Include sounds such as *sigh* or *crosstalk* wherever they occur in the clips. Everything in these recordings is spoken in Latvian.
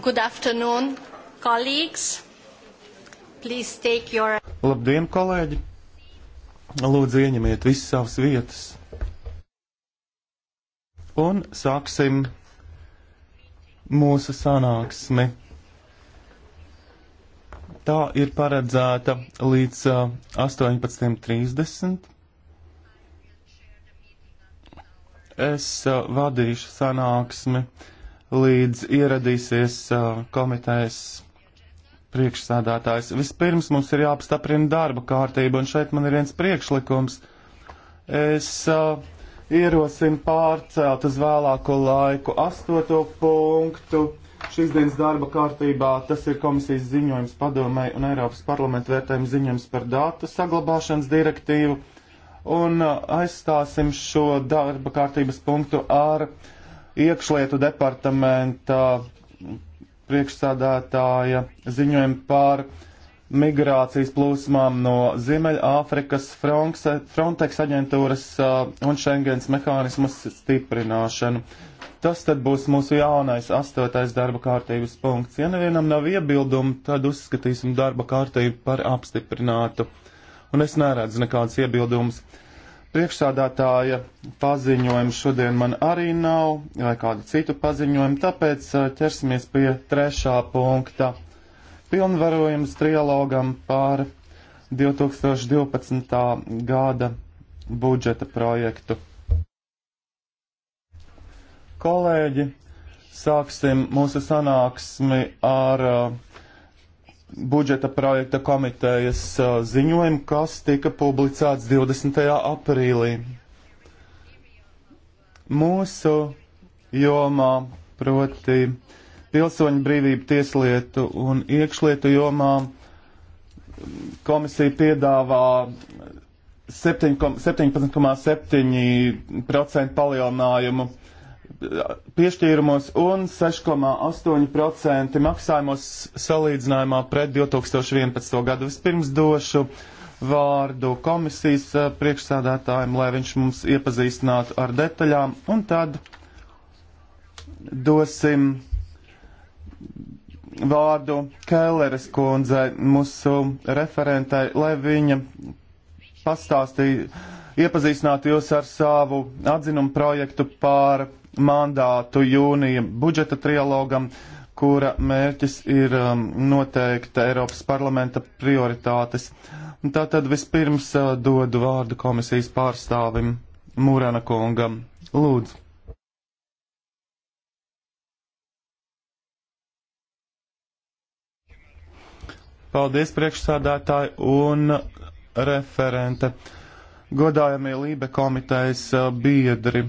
Good afternoon, colleagues. Please take your... Labdien, kolēģi! Lūdzu, ieņemiet visas savas vietas. Un sāksim mūsu sanāksmi. Tā ir paredzēta līdz uh, 18.30. Es uh, vadīšu sanāksmi. Uh, līdz ieradīsies uh, komitejas priekšsādātājs. Vispirms mums ir jāapstaprina darba kārtība, un šeit man ir viens priekšlikums. Es uh, ierosinu pārcelt uz vēlāku laiku astoto punktu. Šīs dienas darba kārtībā tas ir komisijas ziņojums padomai un Eiropas parlamenta vērtējums ziņojums par datu saglabāšanas direktīvu. Un aizstāsim šo darba kārtības punktu ar uh, iekšlietu departamenta priekšsādātāja ziņojumu par migrācijas plūsmām no Ziemeļāfrikas Frontex aģentūras uh, un Schengens mehānismas stiprināšanu. Tas tad būs mūsu jaunais astotais darba kārtības punkts. Ja nevienam nav iebildumu, tad uzskatīsim darba kārtību par apstiprinātu. Un es neredzu nekādas iebildumus. Priekšsādātāja paziņojuma šodien man arī nav, vai kādu citu paziņojumu, tāpēc uh, ķersimies pie trešā punkta. Pilnvarojums trialogam par 2012. gada budžeta projektu. Kolēģi, sāksim mūsu sanāksmi ar uh, budžeta projekta komitejas ziņojumu, kas tika publicēts 20. aprīlī. Mūsu jomā, proti pilsoņu brīvību tieslietu un iekšlietu jomā, komisija piedāvā 17,7% palielinājumu piešķīrumos un 6,8% maksājumos salīdzinājumā pret 2011. gadu. Vispirms došu vārdu komisijas eh, priekšsādātājiem, lai viņš mums iepazīstinātu ar detaļām, un tad dosim vārdu Kēleres kundzei, mūsu referentai, lai viņa pastāstīja iepazīstināt jūs ar savu atzinumu projektu par mandātu jūnija budžeta trialogam, kura mērķis ir um, noteikta Eiropas parlamenta prioritātes. Tātad vispirms uh, dodu vārdu komisijas pārstāvim Mūrana kungam. Lūdzu. Paldies priekšsādātāji un referente. Godājamie Lībe komitejas uh, biedri,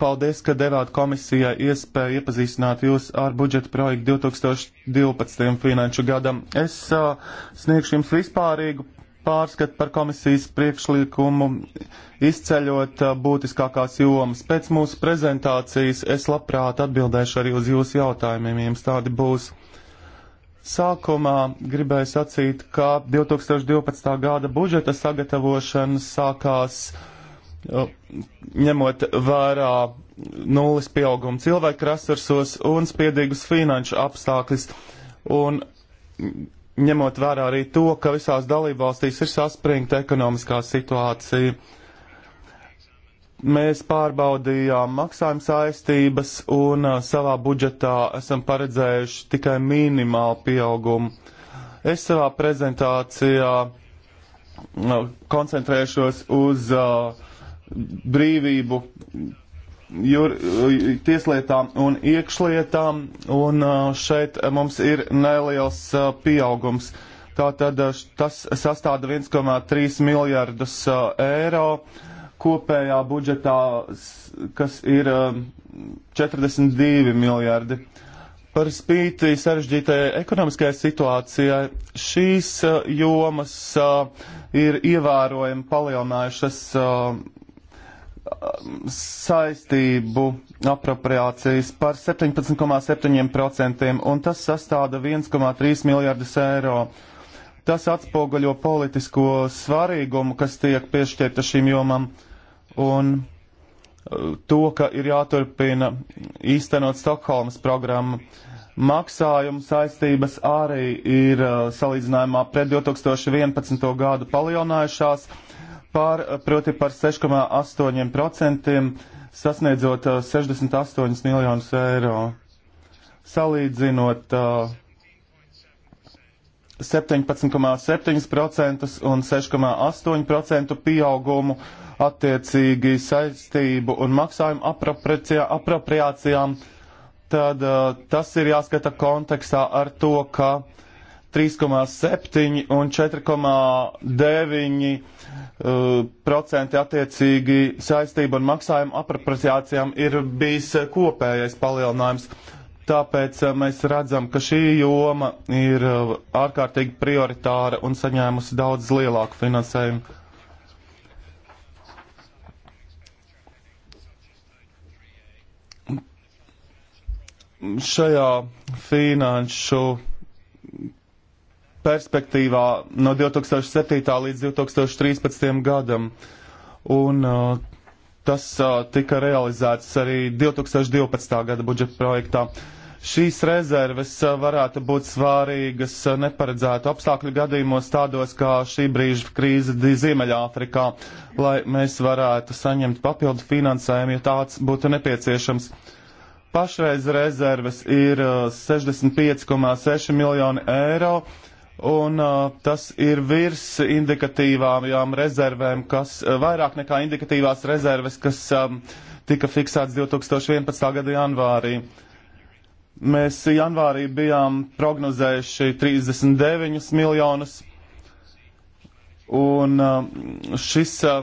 Paldies, ka devāt komisijai iespēju iepazīstināt jūs ar budžeta projektu 2012. finanšu gadam. Es uh, sniegšu jums vispārīgu pārskatu par komisijas priekšlikumu, izceļot uh, būtiskākās jomas. Pēc mūsu prezentācijas es labprāt atbildēšu arī uz jūsu jautājumiem, ja jums tādi būs. Sākumā gribēju sacīt, ka 2012. gada budžeta sagatavošana sākās uh, ņemot vērā nulles pieaugumu cilvēku resursos un spiedīgus finanšu apstākļus, un ņemot vērā arī to, ka visās dalībvalstīs ir saspringta ekonomiskā situācija. Mēs pārbaudījām maksājuma saistības un savā budžetā esam paredzējuši tikai minimālu pieaugumu. Es savā prezentācijā koncentrēšos uz uh, brīvību jur, tieslietām un iekšlietām, un uh, šeit mums ir neliels uh, pieaugums. Tātad uh, tas sastāda 1,3 miljardus eiro kopējā budžetā, kas ir 42 um, miljardi. Par spīti sarežģītajai ekonomiskajai situācijai šīs jomas ir ievērojami palielinājušas saistību apropriācijas par 17,7%, un tas sastāda 1,3 miljardus eiro. Tas atspoguļo politisko svarīgumu, kas tiek piešķirta šīm jomam, un uh, to, ka ir jāturpina īstenot Stokholmas programmu. Maksājuma saistības arī ir uh, salīdzinājumā pret 2011. gadu palielinājušās pār, proti par 6,8% sasniedzot 68 uh, miljonus eiro. Salīdzinot uh, 17,7% un 6,8% pieaugumu attiecīgi saistību un maksājumu apropriācijām, tad uh, tas ir jāskata kontekstā ar to, ka 3,7 un 4,9 Eh, procenti attiecīgi saistību un maksājumu apropriācijām ir bijis eh, kopējais palielinājums. Tāpēc eh, mēs redzam, ka šī joma ir ārkārtīgi prioritāra un saņēmusi daudz lielāku finansējumu. Šajā finanšu perspektīvā no 2007. līdz 2013. gadam. Un uh, tas uh, tika realizēts arī 2012. gada budžeta projektā. Šīs rezerves uh, varētu būt svārīgas uh, neparedzētu apstākļu gadījumos tādos kā šī brīža krīze Ziemeļāfrikā, lai mēs varētu saņemt papildu finansējumu, ja tāds būtu nepieciešams. Pašreiz rezerves ir uh, 65,6 miljoni eiro. Uh, un uh, tas ir virs indikatīvām rezervēm, kas uh, vairāk nekā indikatīvās rezerves, kas um, tika fiksēts 2011. gada janvārī. Mēs janvārī bijām prognozējuši 39 miljonus, un uh, šis uh,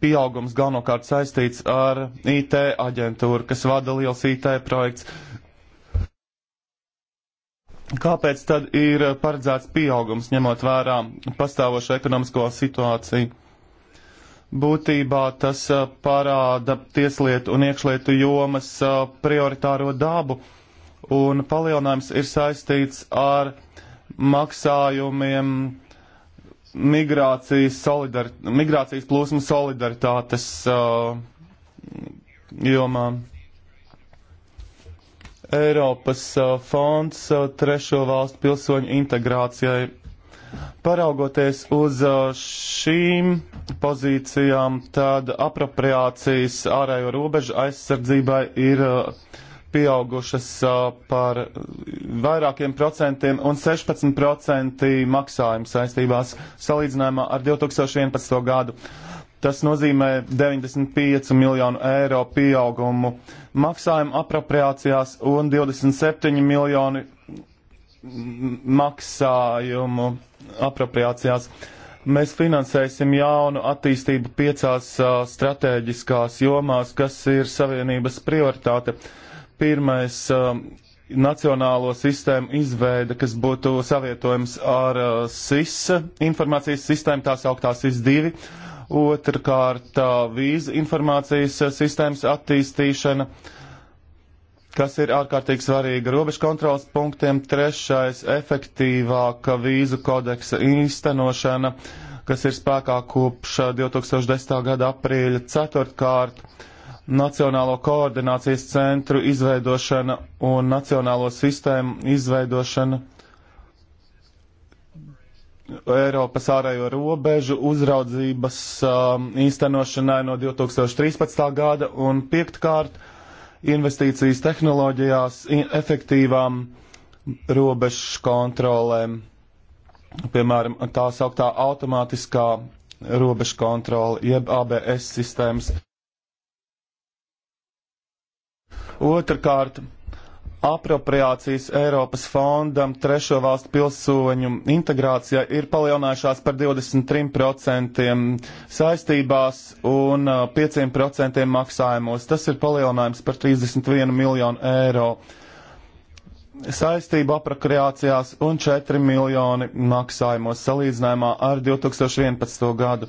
pieaugums galvenokārt saistīts ar IT aģentūru, kas vada liels IT projekts. Uh, Kāpēc tad ir paredzēts pieaugums, ņemot vērā pastāvošo ekonomisko situāciju? Būtībā tas uh, parāda tieslietu un iekšlietu jomas uh, prioritāro dabu, un palielinājums ir saistīts ar maksājumiem migrācijas, solidar migrācijas plūsmu solidaritātes jomām. Uh, Eiropas uh, fonds uh, trešo valstu pilsoņu integrācijai. Paraugoties uz uh, šīm pozīcijām, tad apropriācijas ārējo robežu aizsardzībai ir pieaugušas par vairākiem procentiem un 16% maksājumu saistībās salīdzinājumā ar 2011. gadu. Tas nozīmē 95 miljonu eiro pieaugumu maksājumu apropriācijās un 27 miljonu maksājumu apropriācijās. Mēs finansēsim jaunu attīstību piecās uh, stratēģiskās jomās, kas ir Savienības prioritāte. Pirmais uh, - nacionālo sistēmu izveida, kas būtu savietojams ar uh, SIS informācijas sistēmu, tās augtās SIS 2 Otrkārt, vīza informācijas sistēmas attīstīšana, kas ir ārkārtīgi svarīga robežu kontrolas punktiem. Trešais - efektīvāka vīzu kodeksa īstenošana, kas ir spēkā kopš 2010. gada aprīļa. Ceturtkārt, Nacionālo koordinācijas centru izveidošana un nacionālo sistēmu izveidošana Eiropas ārējo robežu uzraudzības um, īstenošanai no 2013. gada un piektkārt investīcijas tehnoloģijās efektīvām robežu kontrolēm, piemēram, tā sauktā automātiskā robežu kontrole jeb ABS sistēmas. Otrakārt, apropriācijas Eiropas fondam trešo valstu pilsoņu integrācijai ir palielinājušās par 23% saistībās un 5% uh, maksājumos. Tas ir palielinājums par 31 miljonu eiro saistību apropriācijās un 4 miljoni maksājumos salīdzinājumā ar 2011. gadu.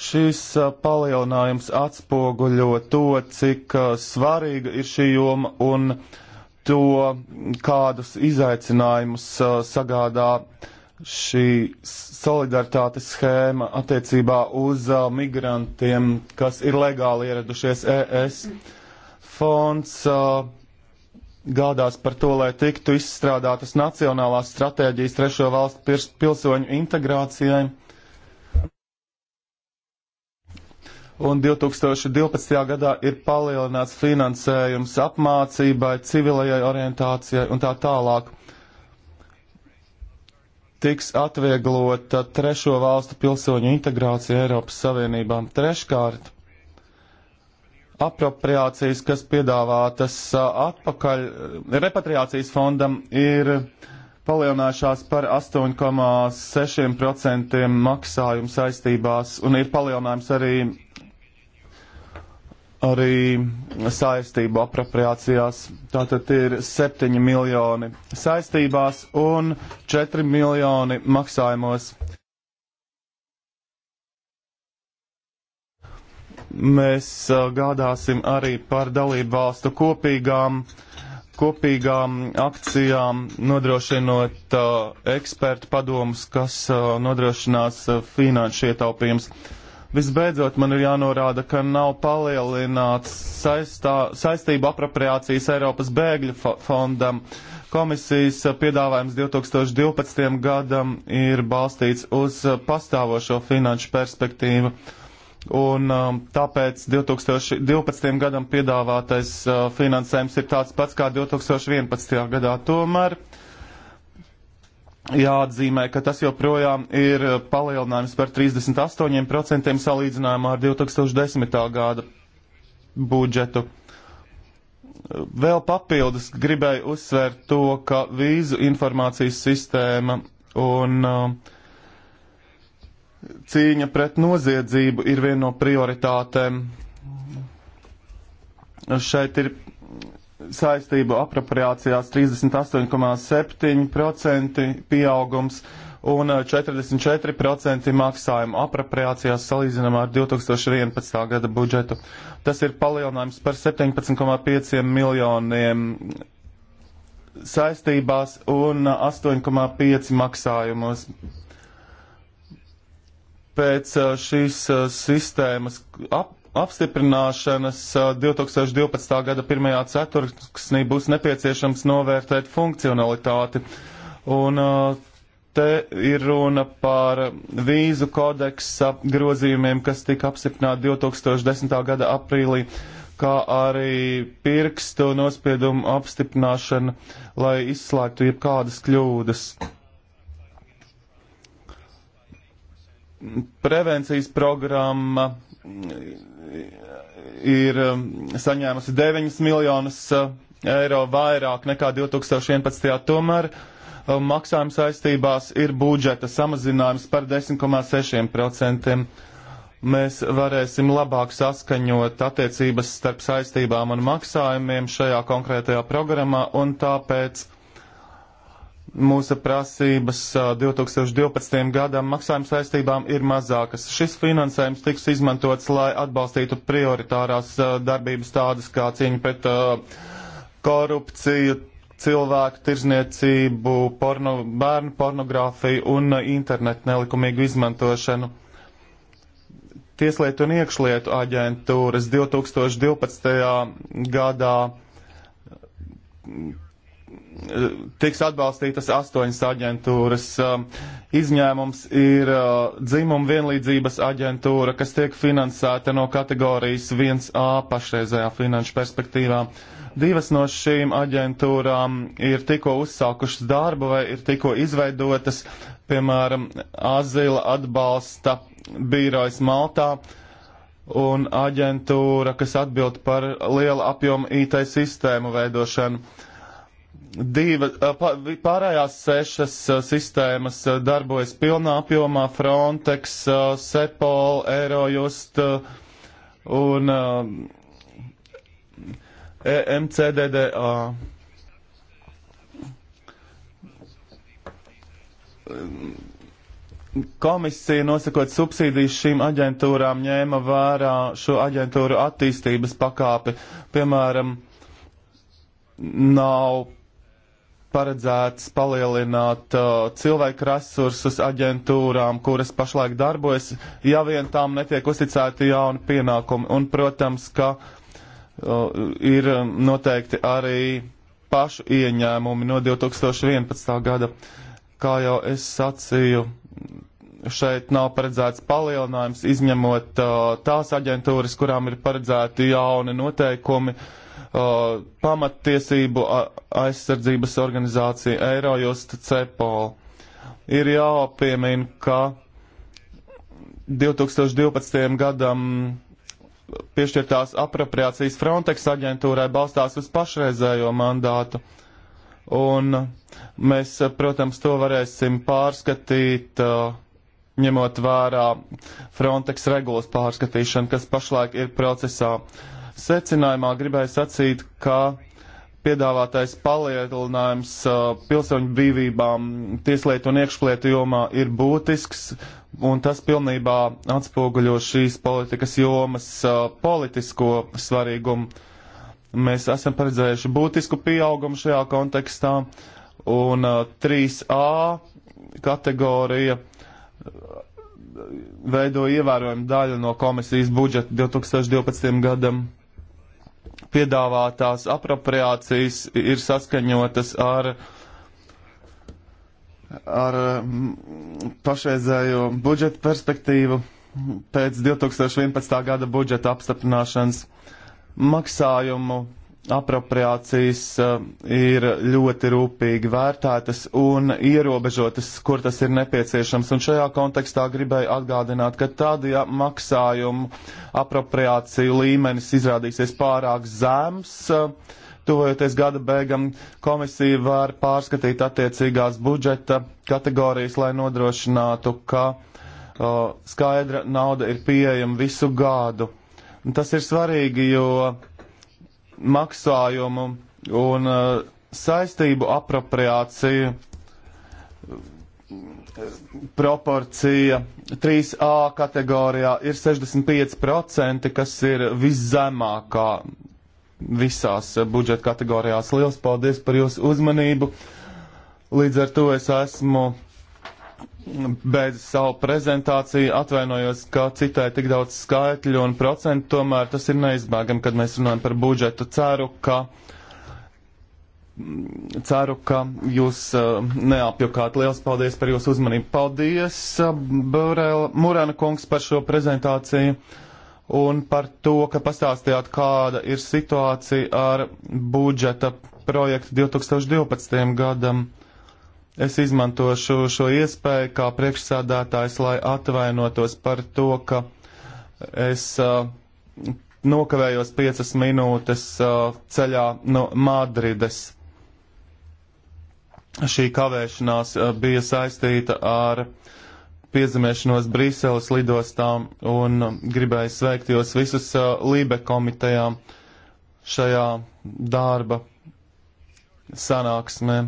Šis uh, palielinājums atspoguļo to, cik uh, svarīga ir šī joma un uh, to, kādus izaicinājumus uh, sagādā šī solidaritātes schēma attiecībā uz uh, migrantiem, kas ir legāli ieradušies ES. Fonds uh, gādās par to, lai tiktu izstrādātas nacionālās stratēģijas trešo valstu pilsoņu integrācijai un 2012. gadā ir palielināts finansējums apmācībai, civilajai orientācijai un tā tālāk. Tiks atvieglota trešo valstu pilsoņu integrācija Eiropas Savienībām. Treškārt, apropriācijas, kas piedāvātas atpakaļ repatriācijas fondam, ir palielinājušās par 8,6% maksājumu saistībās un ir palielinājums arī arī saistību apropriācijās. Tātad ir 7 miljoni saistībās un 4 miljoni maksājumos. Mēs gādāsim arī par dalību valstu kopīgām, kopīgām akcijām, nodrošinot uh, ekspertu padomus, kas uh, nodrošinās uh, finanšu ietaupījumus. Uh, Visbeidzot, man ir jānorāda, ka nav palielināts saistā, saistību apropriācijas Eiropas bēgļu fondam. Komisijas piedāvājums 2012. gadam ir balstīts uz pastāvošo finanšu perspektīvu. Un um, tāpēc 2012. gadam piedāvātais uh, finansējums ir tāds pats kā 2011. gadā. Tomēr uh, Jāatzīmē, ka tas joprojām ir palielinājums par 38% salīdzinājumā ar 2010. gada budžetu. Vēl papildus gribēju uzsvērt to, ka vīzu informācijas sistēma un uh, cīņa pret noziedzību ir viena no prioritātēm. Šeit ir saistību apropriācijās 38,7% pieaugums un 44% eh, maksājumu apropriācijās salīdzinām ar 2011. gada budžetu. Tas ir palielinājums par 17,5 miljoniem saistībās un 8,5 eh, maksājumos. Pēc eh, šīs sistēmas ap, apstiprināšanas 2012. gada 1. ceturksnī būs nepieciešams novērtēt funkcionalitāti. Un te ir runa par vīzu kodeksa grozījumiem, kas tika apstiprināti 2010. gada aprīlī kā arī pirkstu nospiedumu apstiprināšana, lai izslēgtu jebkādas kļūdas. Prevencijas programma ir um, saņēmusi 9 miljonus uh, eiro vairāk nekā 2011. Tomēr um, maksājuma saistībās ir budžeta samazinājums par 10,6%. Mēs varēsim labāk saskaņot attiecības starp saistībām un maksājumiem šajā konkrētajā programmā, un tāpēc mūsu prasības 2012. gadam maksājuma saistībām ir mazākas. Šis finansējums tiks izmantots, lai atbalstītu prioritārās darbības tādas kā cīņa pret korupciju, cilvēku tirzniecību, porno, bērnu pornogrāfiju un internetu nelikumīgu izmantošanu. Tieslietu un iekšlietu aģentūras 2012. gadā tiks atbalstītas astoņas aģentūras. Um, izņēmums ir uh, dzimuma vienlīdzības aģentūra, kas tiek finansēta no kategorijas 1A pašreizējā finanšu perspektīvā. Divas no šīm aģentūrām ir tikko uzsākušas darbu vai ir tikko izveidotas, piemēram, azila atbalsta birojas Maltā un aģentūra, kas atbild par lielu apjomu IT sistēmu veidošanu. Uh, Diva, pārējās sešas sistēmas darbojas pilnā apjomā - Frontex, Sepol, Eurojust un e, MCDDA. Komisija, nosakot subsīdijas šīm aģentūrām, ņēma vērā šo aģentūru attīstības pakāpi. Piemēram, nav paredzēts palielināt uh, cilvēku resursus aģentūrām, kuras pašlaik darbojas, ja vien tām netiek uzticēti jauni pienākumi. Un, protams, ka uh, ir um, noteikti arī pašu ieņēmumi no 2011. gada. Kā jau es sacīju, šeit nav paredzēts palielinājums, izņemot uh, tās aģentūras, kurām ir paredzēti jauni noteikumi. Uh, uh, pamattiesību aizsardzības organizācija Eirojust Cepol. Ir jāpiemina, ka 2012. gadam piešķirtās apropriācijas Frontex aģentūrai balstās uz pašreizējo mandātu. Un mēs, protams, to varēsim pārskatīt, uh, ņemot vērā Frontex regulas pārskatīšanu, kas pašlaik ir procesā. Uh, Secinājumā gribēju sacīt, ka piedāvātais palielinājums uh, pilsoņu brīvībām tieslietu un iekšlietu jomā ir būtisks, un tas pilnībā atspoguļo šīs politikas jomas uh, politisko svarīgumu. Mēs esam paredzējuši būtisku pieaugumu šajā kontekstā, un 3A uh, kategorija veido ievērojumu daļu no komisijas budžeta 2012. gadam piedāvātās apropriācijas ir saskaņotas ar, ar mm, pašreizējo budžeta perspektīvu pēc 2011. gada budžeta apstiprināšanas maksājumu apropriācijas ir ļoti rūpīgi vērtētas un ierobežotas, kur tas ir nepieciešams. Un šajā kontekstā gribēju atgādināt, ka tad, ja maksājumu apropriāciju līmenis izrādīsies pārāk zems, tuvojoties gada beigam, komisija var pārskatīt attiecīgās budžeta kategorijas, lai nodrošinātu, ka uh, skaidra nauda ir pieejama visu gadu. Un tas ir svarīgi, jo maksājumu un uh, saistību apropriācija eh, proporcija 3A kategorijā ir 65%, kas ir viszemākā visās budžeta kategorijās. Lielas paldies par jūsu uzmanību. Līdz ar to es esmu beidzu savu prezentāciju, atvainojos, ka citēju tik daudz skaitļu un procentu, tomēr tas ir neizbēgami, kad mēs runājam par budžetu. Ceru, ka, ceru, ka jūs uh, neapjukāt. Liels paldies par jūsu uzmanību. Paldies, eh, Burela, Murana kungs, par šo prezentāciju un par to, ka pastāstījāt, kāda ir situācija ar budžeta projektu 2012. gadam Es izmantošu šo iespēju kā priekšsādātājs, lai atvainotos par to, ka es uh, nokavējos piecas minūtes uh, ceļā no Madrides. Šī kavēšanās uh, bija saistīta ar piezemēšanos Brīseles lidostām un gribēju sveikt jūs visus uh, Lībe komitejā šajā darba sanāksmē.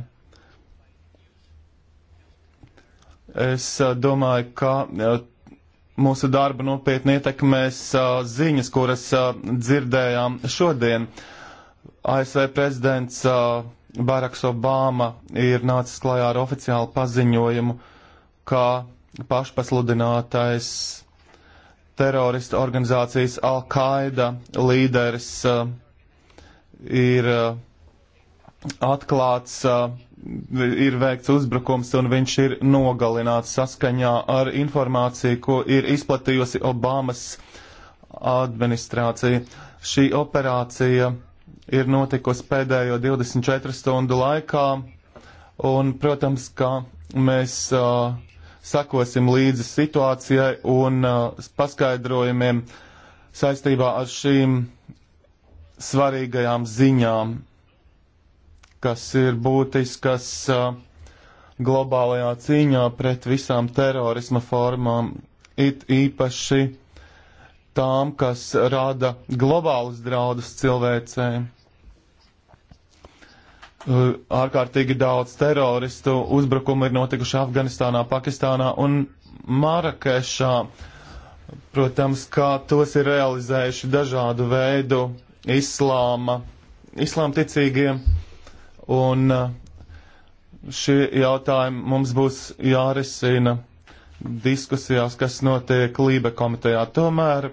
Es domāju, ka mūsu darbu nopietni ietekmēs ziņas, kuras dzirdējām šodien. ASV prezidents Baraks Obama ir nācis klajā ar oficiālu paziņojumu, ka pašpasludinātais terorista organizācijas Al-Qaida līderis ir atklāts uh, ir veikts uzbrukums un viņš ir nogalināts saskaņā ar informāciju, ko ir izplatījusi Obamas administrācija. Šī operācija ir notikusi pēdējo 24 stundu laikā, un, protams, ka mēs uh, sakosim līdzi situācijai un uh, paskaidrojumiem saistībā ar šīm svarīgajām ziņām kas ir būtiskas uh, globālajā cīņā pret visām terorisma formām, it īpaši tām, kas rada globālus draudus cilvēcēm. Uh, ārkārtīgi daudz teroristu uzbrukumu ir notikuši Afganistānā, Pakistānā un Marakešā. Protams, kā tos ir realizējuši dažādu veidu islāma, islāmticīgie. ticīgie Un eh, šie jautājumi mums būs jārisina diskusijās, kas notiek Lībe komitejā. Tomēr eh,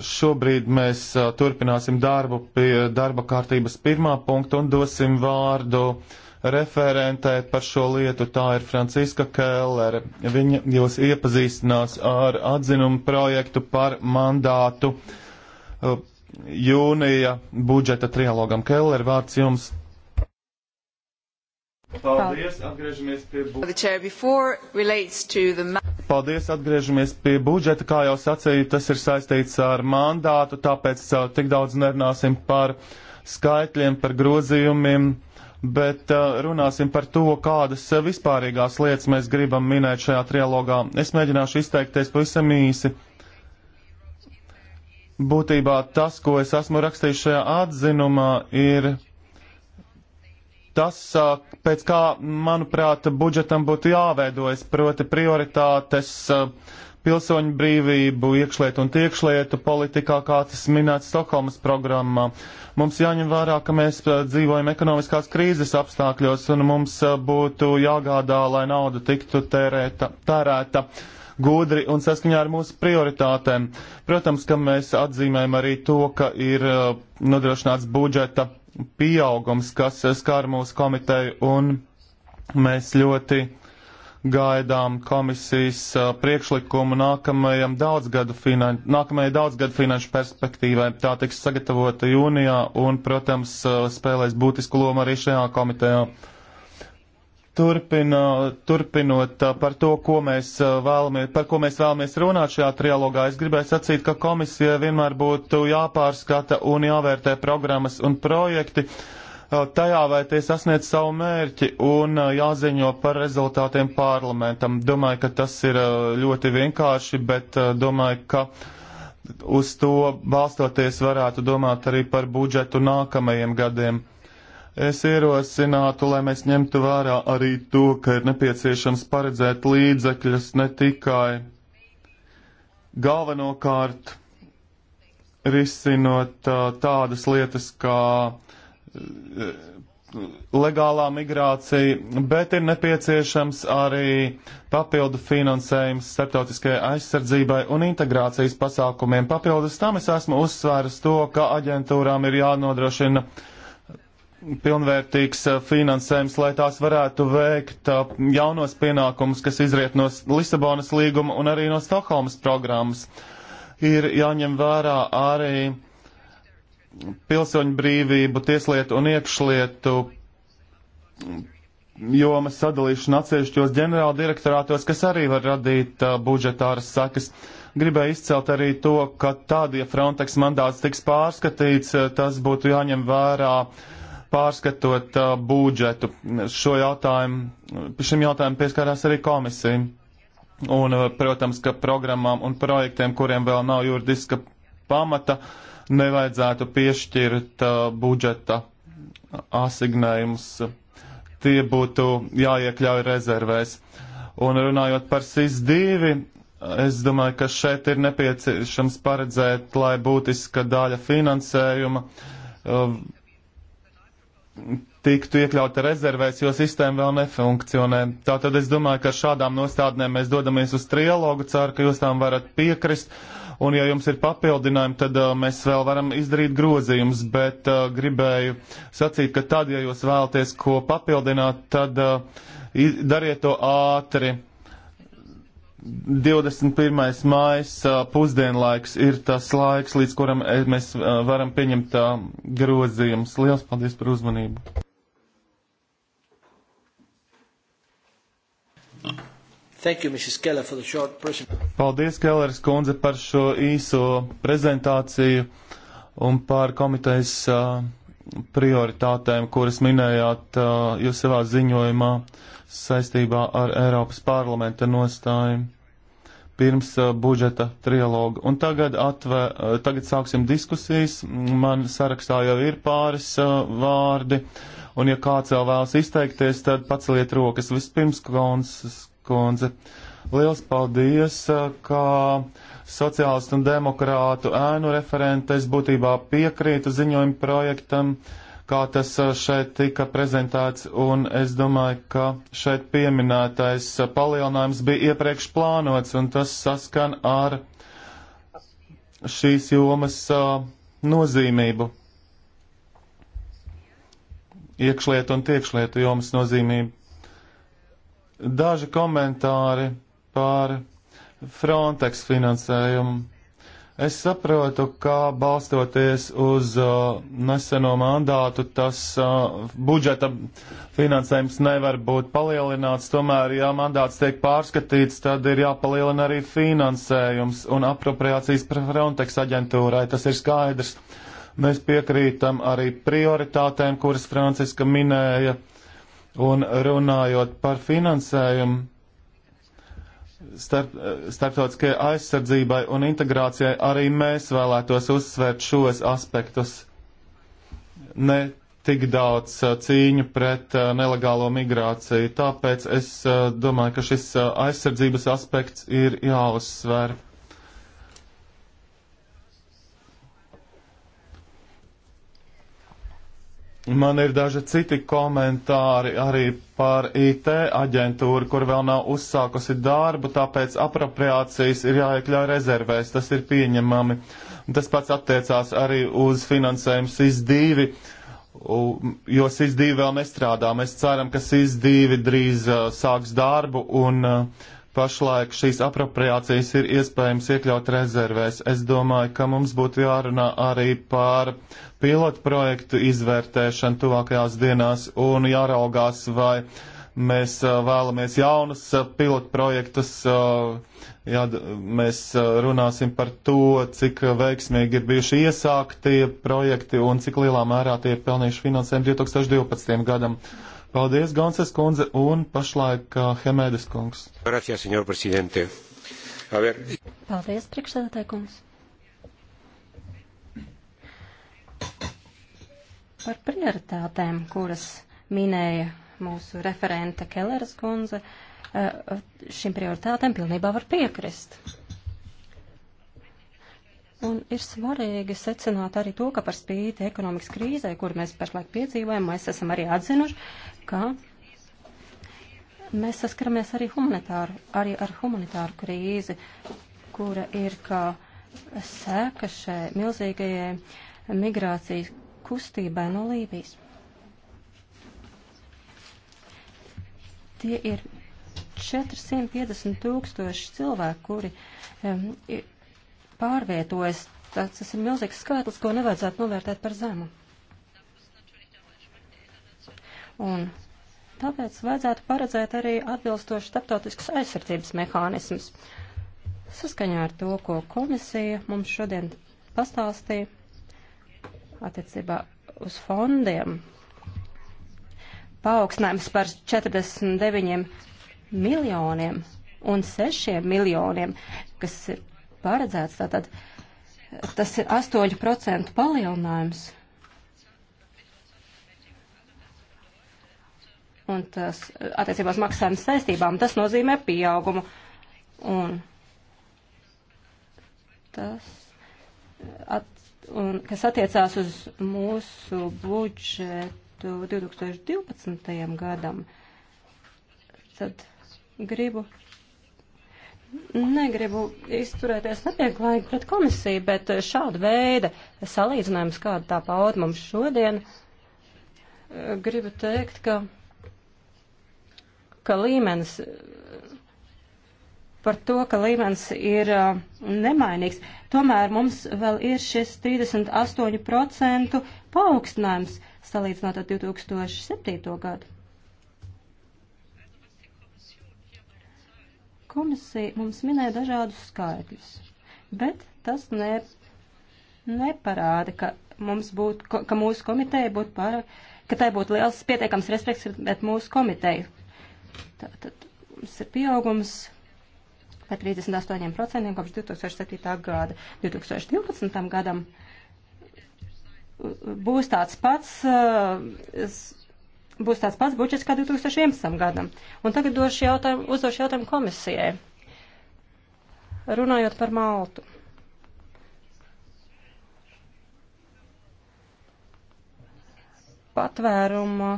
šobrīd mēs eh, turpināsim darbu pie darba kārtības pirmā punkta un dosim vārdu referentē par šo lietu. Tā ir Franciska Kellere. Viņa jūs iepazīstinās ar atzinumu projektu par mandātu jūnija budžeta trialogam. Keller, vārds jums! Paldies, atgriežamies pie budžeta. Paldies, atgriežamies pie budžeta. Kā jau sacīju, tas ir saistīts ar mandātu, tāpēc uh, tik daudz nerunāsim par skaitļiem, par grozījumiem, bet uh, runāsim par to, kādas uh, vispārīgās lietas mēs gribam minēt šajā trialogā. Es mēģināšu izteikties pavisam īsi. Būtībā tas, ko es esmu rakstījis šajā atzinumā, ir tas, pēc kā, manuprāt, budžetam būtu jāveidojas, proti prioritātes pilsoņu brīvību, iekšlietu un tiekšlietu politikā, kā tas minēts Stokholmas programmā. Mums jāņem vērā, ka mēs dzīvojam ekonomiskās krīzes apstākļos un mums būtu jāgādā, lai nauda tiktu tērēta. tērēta gudri un saskaņā ar mūsu prioritātēm. Protams, ka mēs atzīmējam arī to, ka ir nodrošināts budžeta pieaugums, kas skar mūsu komiteju, un mēs ļoti gaidām komisijas priekšlikumu nākamajam daudzgadu, finan nākamajai daudzgadu finanšu perspektīvai. Tā tiks sagatavota jūnijā un, protams, spēlēs būtisku lomu arī šajā komitejā. Turpina, turpinot par to, ko mēs vēlamies, par ko mēs vēlamies runāt šajā trialogā, es gribēju sacīt, ka komisija vienmēr būtu jāpārskata un jāvērtē programmas un projekti tajā, vai tie sasniedz savu mērķi un jāziņo par rezultātiem parlamentam. Domāju, ka tas ir ļoti vienkārši, bet domāju, ka uz to balstoties varētu domāt arī par budžetu nākamajiem gadiem. Es ierosinātu, lai mēs ņemtu vērā arī to, ka ir nepieciešams paredzēt līdzekļus ne tikai galvenokārt risinot uh, tādas lietas kā uh, legālā migrācija, bet ir nepieciešams arī papildu finansējums starptautiskajai aizsardzībai un integrācijas pasākumiem. Papildus tam es esmu uzsvērs to, ka aģentūrām ir jānodrošina uh, pilnvērtīgs eh, finansējums, lai tās varētu veikt eh, jaunos pienākumus, kas izriet no Lisabonas līguma un arī no Stokholmas programmas. Ir jāņem vērā arī pilsoņu brīvību, tieslietu un iekšlietu jomas sadalīšana atsevišķos ģenerāla direktorātos, kas arī var radīt uh, budžetāras sakas. Gribēju izcelt arī to, ka tad, ja Frontex mandāts tiks pārskatīts, tas būtu jāņem vērā uh, pārskatot uh, budžetu. Šo jautājumu, šim jautājumam pieskārās arī komisija. Un, uh, protams, ka programmām un projektiem, kuriem vēl nav juridiska pamata, nevajadzētu piešķirt uh, budžeta asignējumus. Tie būtu jāiekļauj rezervēs. Un runājot par SIS-2, es domāju, ka šeit ir nepieciešams paredzēt, lai būtiska daļa finansējuma uh, tiktu iekļauta rezervēs, jo sistēma vēl nefunkcionē. Tātad es domāju, ka šādām nostādnēm mēs dodamies uz trialogu, ceru, ka jūs tām varat piekrist. Un, ja jums ir papildinājumi, tad uh, mēs vēl varam izdarīt grozījumus, bet uh, gribēju sacīt, ka tad, ja jūs vēlaties ko papildināt, tad uh, dariet to ātri. Uh, 21. mājas pusdienlaiks ir tas laiks, līdz kuram mēs varam pieņemt grozījumus. Lielas paldies par uzmanību! Thank you, Mrs. Keller, for the short presentation. Paldies, Kelleris kundze, par šo īso prezentāciju un par komitejas uh, prioritātēm, kuras minējāt uh, jūs savā ziņojumā. Uh, saistībā ar Eiropas parlamenta nostājumu pirms uh, budžeta trialoga. Un tagad, atvē, uh, tagad sāksim diskusijas. Man sarakstā jau ir pāris uh, vārdi, un ja kāds vēl vēlas izteikties, tad paceliet rokas. Vispirms, konze, liels paldies, kā sociālistu un demokrātu ēnu referente. Es būtībā piekrītu ziņojumu projektam. Uh, kā tas šeit tika prezentēts, un es domāju, ka šeit pieminētais palielinājums bija iepriekš plānots, un tas saskan ar šīs jomas nozīmību. Iekšlietu un tiekšlietu jomas nozīmību. Daži komentāri par Frontex finansējumu Es saprotu, ka balstoties uz uh, neseno mandātu, tas uh, budžeta finansējums nevar būt palielināts. Tomēr, ja mandāts tiek pārskatīts, tad ir jāpalielina arī finansējums un apropriācijas Frontex aģentūrai. Tas ir skaidrs. Mēs piekrītam arī prioritātēm, kuras Franciska minēja, un runājot par finansējumu starp, starptautiskajai aizsardzībai un integrācijai arī mēs vēlētos uzsvērt šos aspektus. Ne tik daudz uh, cīņu pret uh, nelegālo migrāciju, tāpēc es uh, domāju, ka šis aizsardzības aspekts ir jāuzsver. Man ir daži citi komentāri arī par IT aģentūru, kur vēl nav uzsākusi darbu, tāpēc apropriācijas ir jāiekļauj rezervēs, tas ir pieņemami. Tas pats attiecās arī uz finansējumu SIS-2, jo SIS-2 vēl nestrādā. Mēs ceram, ka SIS-2 drīz uh, sāks darbu un uh, Pašlaik šīs apropriācijas ir iespējams iekļaut rezervēs. Es domāju, ka mums būtu jārunā arī par pilotu projektu izvērtēšanu tuvākajās dienās un jāraugās, vai mēs uh, vēlamies jaunus uh, pilotu projektus. Uh, jā, mēs runāsim par to, cik veiksmīgi ir bijuši iesāktie projekti un cik lielā mērā tie ir pelnījuši finansējumu 2012. gadam. Paldies, Ganses kundze, un pašlaik uh, Hemēdes kungs. Gracias, senor presidente. A ver. Paldies, priekšsēdētāj kungs. Par prioritātēm, kuras minēja mūsu referente Kelleras kundze, uh, šīm prioritātēm pilnībā var piekrist. Un ir svarīgi secināt arī to, ka par spīti ekonomikas krīzē, kur mēs pašlaik piedzīvojam, mēs esam arī atzinuši, ka mēs saskaramies arī, humanitāru, arī ar humanitāru krīzi, kura ir kā sēka šai milzīgajai migrācijas kustībai no Lībijas. Tie ir 450 tūkstoši cilvēku, kuri um, pārvietojas. Tas, tas ir milzīgs skaitlis, ko nevajadzētu novērtēt par zemu. Un tāpēc vajadzētu paredzēt arī atbilstoši starptautiskus aizsardzības mehānismus. Saskaņā ar to, ko komisija mums šodien pastāstīja attiecībā uz fondiem, paaugstinājums par 49 miljoniem un 6 miljoniem, kas ir paredzēts. Tātad eh, tas ir 8% palielinājums. Un tas eh, attiecībās maksājums saistībām, tas nozīmē pieaugumu. Un tas, eh, at, un, kas attiecās uz mūsu budžetu 2012. gadam, tad gribu negribu izturēties nepieklājīgi pret komisiju, bet šāda veida salīdzinājums, kāda tā paud mums šodien, gribu teikt, ka, ka līmenis par to, ka līmenis ir uh, nemainīgs. Tomēr mums vēl ir šis 38% paaugstinājums salīdzinot ar 2007. gadu. Komisija mums minēja dažādus skaitļus, bet tas ne, neparāda, ka, mums būtu, ka mūsu komiteja būtu pārāk, ka tai būtu liels pietiekams respekts pret mūsu komiteju. Tātad mums ir pieaugums par 38% kopš 2007. gada. 2012. gadam būs tāds pats. Uh, būs tāds pats budžets kā 2011. gadam. Un tagad došu jautājumu, uzdošu jautājumu komisijai. Runājot par Maltu. Patvēruma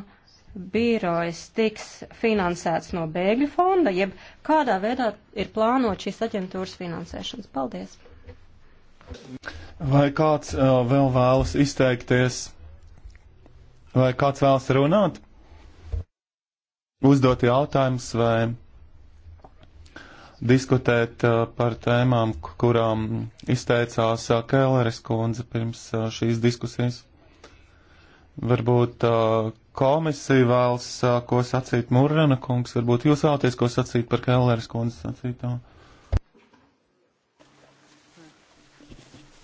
birojas tiks finansēts no bēgļu fonda, jeb kādā veidā ir plānot šīs aģentūras finansēšanas. Paldies! Vai kāds uh, vēl vēlas izteikties? Vai kāds vēlas runāt? uzdot jautājumus vai diskutēt uh, par tēmām, kurām izteicās uh, Kēleres kundze pirms uh, šīs diskusijas. Varbūt komisija vēlas ko sacīt Murrana kungs, varbūt jūs vēlaties ko sacīt par Kēleres kundzes sacītāju.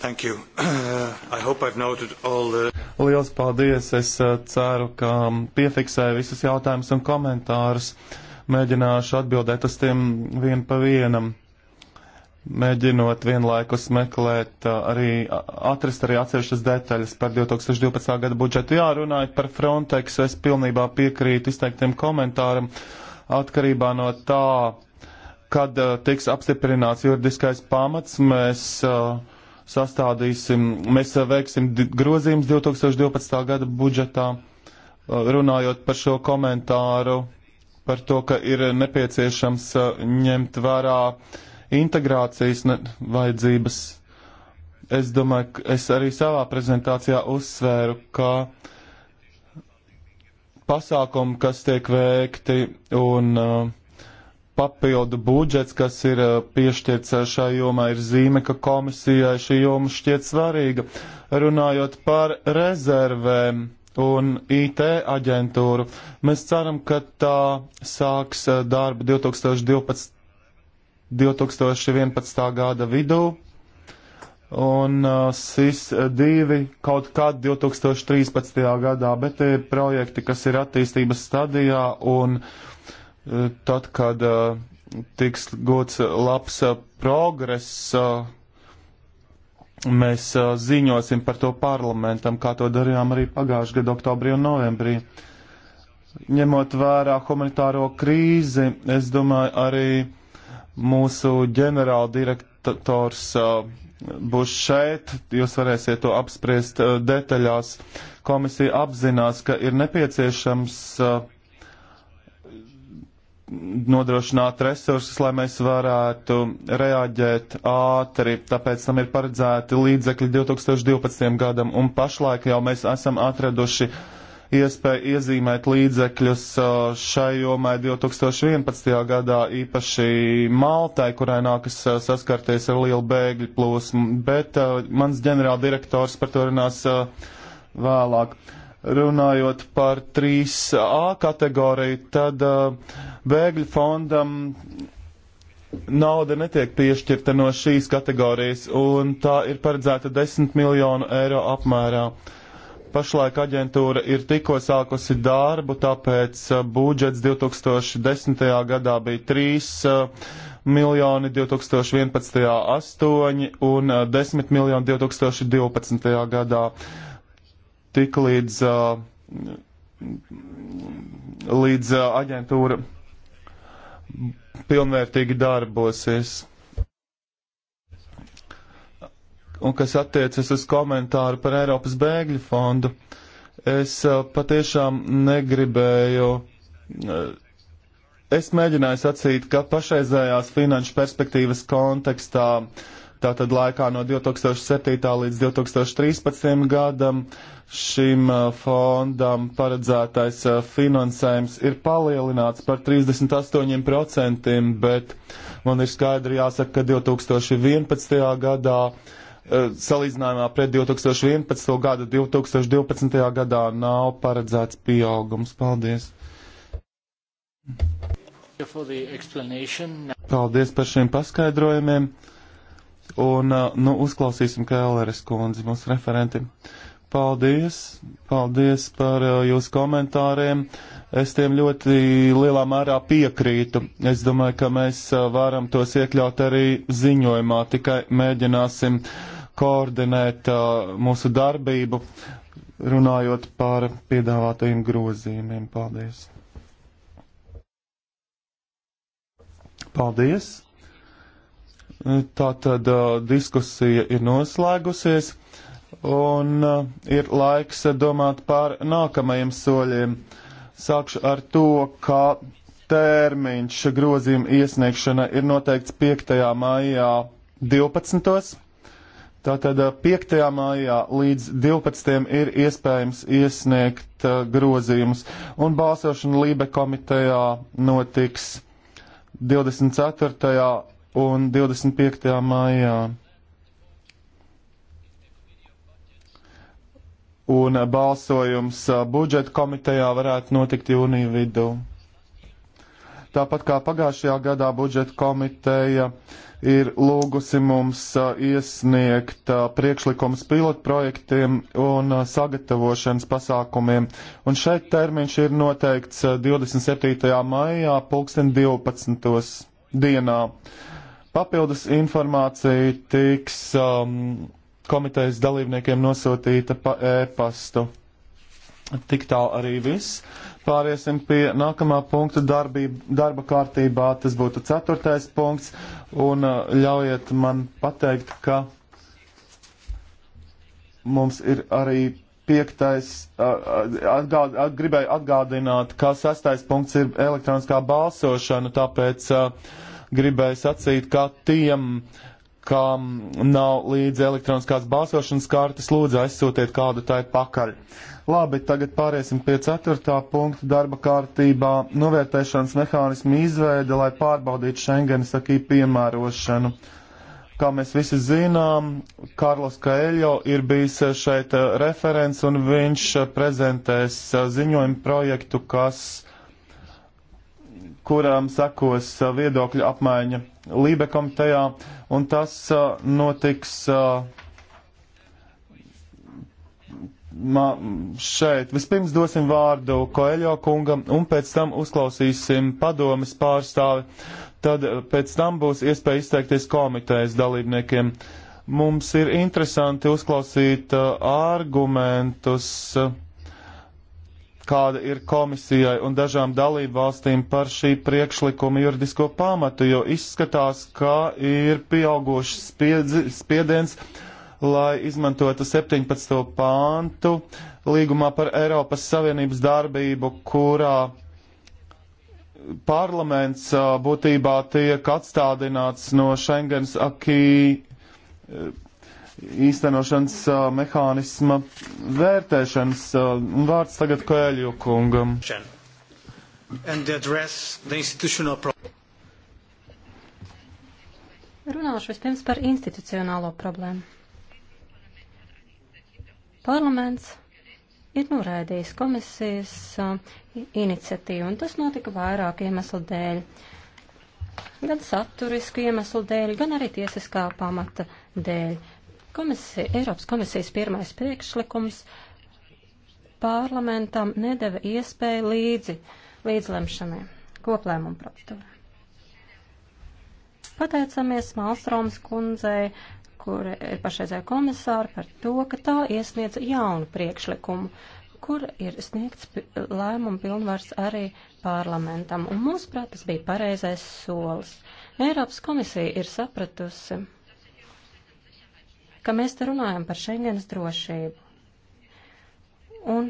Thank you. Uh, *clears throat* I hope I've noted all the... Liels paldies! Es uh, ceru, ka um, piefiksēju visus jautājumus un komentārus. Mēģināšu atbildēt uz tiem vien pa vienam, mēģinot vienlaikus meklēt uh, arī, atrast arī atsevišķas detaļas par 2012. gada budžetu. Jā, runājot par Frontex, es pilnībā piekrītu izteiktiem komentāram atkarībā no tā, kad uh, tiks apstiprināts juridiskais pamats. Mēs uh, sastādīsim, mēs eh, veiksim grozījums 2012. gada budžetā, eh, runājot par šo komentāru, par to, ka ir nepieciešams eh, ņemt vērā integrācijas vajadzības. Es domāju, es arī savā prezentācijā uzsvēru, ka pasākumi, kas tiek veikti un uh, papildu budžets, kas ir uh, piešķirts uh, šai jomai, ir zīme, ka komisijai šī joma šķiet svarīga. Runājot par rezervēm un IT aģentūru, mēs ceram, ka tā sāks uh, darbu 2012, 2011. gada vidū. Un uh, SIS-2 kaut kad 2013. gadā, bet tie ir projekti, kas ir attīstības stadijā un uh, tad, kad uh, tiks gūts uh, labs uh, progress, mēs ziņosim par to parlamentam, kā to darījām arī pagājušajā gadā, oktobrī un novembrī. Ņemot vērā humanitāro krīzi, es domāju, arī mūsu ģenerāldirektors būs šeit, jūs varēsiet to apspriest detaļās. Komisija apzinās, ka ir nepieciešams uh, nodrošināt resursus, lai mēs varētu reaģēt ātri, tāpēc tam ir paredzēti līdzekļi 2012. gadam, un pašlaik jau mēs esam atraduši iespēju iezīmēt līdzekļus uh, šai jomai 2011. gadā, īpaši Maltai, kurai nākas uh, saskarties ar lielu bēgļu plūsmu, bet uh, mans ģenerāldirektors par to runās uh, vēlāk. Uh, runājot par 3A kategoriju, tad uh, bēgļu fondam nauda netiek piešķirta no šīs kategorijas, un tā ir paredzēta 10 miljonu eiro apmērā. Pašlaik aģentūra ir tikko sākusi darbu, tāpēc uh, budžets 2010. gadā bija 3 uh, miljoni, 2011. 8 un 10 uh, miljoni 2012. gadā tik līdz, līdz aģentūra pilnvērtīgi darbosies. Un kas attiecas uz komentāru par Eiropas bēgļu fondu, es patiešām negribēju. Es mēģināju sacīt, ka pašreizējās finanšu perspektīvas kontekstā uh, Tātad laikā no 2007. līdz 2013. gadam šim fondam paredzētais finansējums ir palielināts par 38%, bet man ir skaidri jāsaka, ka 2011. gadā salīdzinājumā pret 2011. gadu 2012. gadā nav paredzēts pieaugums. Paldies! Paldies par šiem paskaidrojumiem. Un, uh, nu, uzklausīsim Kēleres kundzi, mūsu referenti. Paldies, paldies par uh, jūsu komentāriem. Es tiem ļoti lielā mērā piekrītu. Es domāju, ka mēs uh, varam tos iekļaut arī ziņojumā, tikai mēģināsim koordinēt uh, mūsu darbību, runājot par piedāvātajiem grozījumiem. Paldies! Paldies! Tātad diskusija ir noslēgusies un ir laiks domāt par nākamajiem soļiem. Sākšu ar to, ka termiņš grozījuma iesniegšana ir noteikts 5. maijā 12. Tātad 5. maijā līdz 12. ir iespējams iesniegt uh, grozījumus, un balsošana Lībe komitejā notiks 24 un 25. maijā. Un balsojums budžeta komitejā varētu notikt jūnija vidū. Tāpat kā pagājušajā gadā budžeta komiteja ir lūgusi mums iesniegt priekšlikums pilotprojektiem un sagatavošanas pasākumiem. Un šeit termiņš ir noteikts 27. maijā pulksten 12. dienā. Papildus informācija tiks um, komitejas dalībniekiem nosūtīta pa e-pastu. Tik tālu arī viss. Pāriesim pie nākamā punkta darbība, darba kārtībā. Tas būtu ceturtais punkts. Un uh, ļaujiet man pateikt, ka mums ir arī piektais, uh, uh, atgād, at, gribēju atgādināt, ka sastais punkts ir elektroniskā balsošana, tāpēc uh, gribēju sacīt, ka tiem, kam nav līdzi elektroniskās balsošanas kartes, lūdzu aizsūtiet kādu tai pakaļ. Labi, tagad pāriesim pie ceturtā punkta darba kārtībā - novērtēšanas mehānismu izveide, lai pārbaudītu Schengenas akī piemērošanu. Kā mēs visi zinām, Karlos Kaeļo ir bijis šeit referents un viņš prezentēs ziņojumu projektu, kas kurām sekos uh, viedokļu apmaiņa Lībe komitejā, un tas uh, notiks uh, šeit. Vispirms dosim vārdu Koeļo kungam, un pēc tam uzklausīsim padomis pārstāvi. Tad pēc tam būs iespēja izteikties komitejas dalībniekiem. Mums ir interesanti uzklausīt argumentus. Uh, kāda ir komisijai un dažām dalību valstīm par šī priekšlikuma juridisko pamatu, jo izskatās, ka ir pieaugušs spiedzi, spiediens, lai izmantotu 17. pāntu līgumā par Eiropas Savienības darbību, kurā parlaments būtībā tiek atstādināts no Schengens akī īstenošanas uh, mehānisma vērtēšanas uh, vārds tagad Koēļu kungam. Runāšu vispirms par institucionālo problēmu. Parlaments ir noraidījis komisijas uh, iniciatīvu, un tas notika vairāku iemeslu dēļ. Gan saturisku iemeslu dēļ, gan arī tiesiskā pamata dēļ. Uh, Komisija, Eiropas komisijas pirmais priekšlikums parlamentam nedeva iespēju līdzi līdzlemšanai, koplēmumu procedūrā. Pateicamies Malstroms kundzei, kur ir pašreizēja komisāra, par to, ka tā iesniedz jaunu priekšlikumu, kur ir sniegts lēmumu pilnvars arī parlamentam. Un mūsuprāt, tas bija pareizais solis. Eiropas komisija ir sapratusi ka mēs te runājam par Schengenas drošību. Un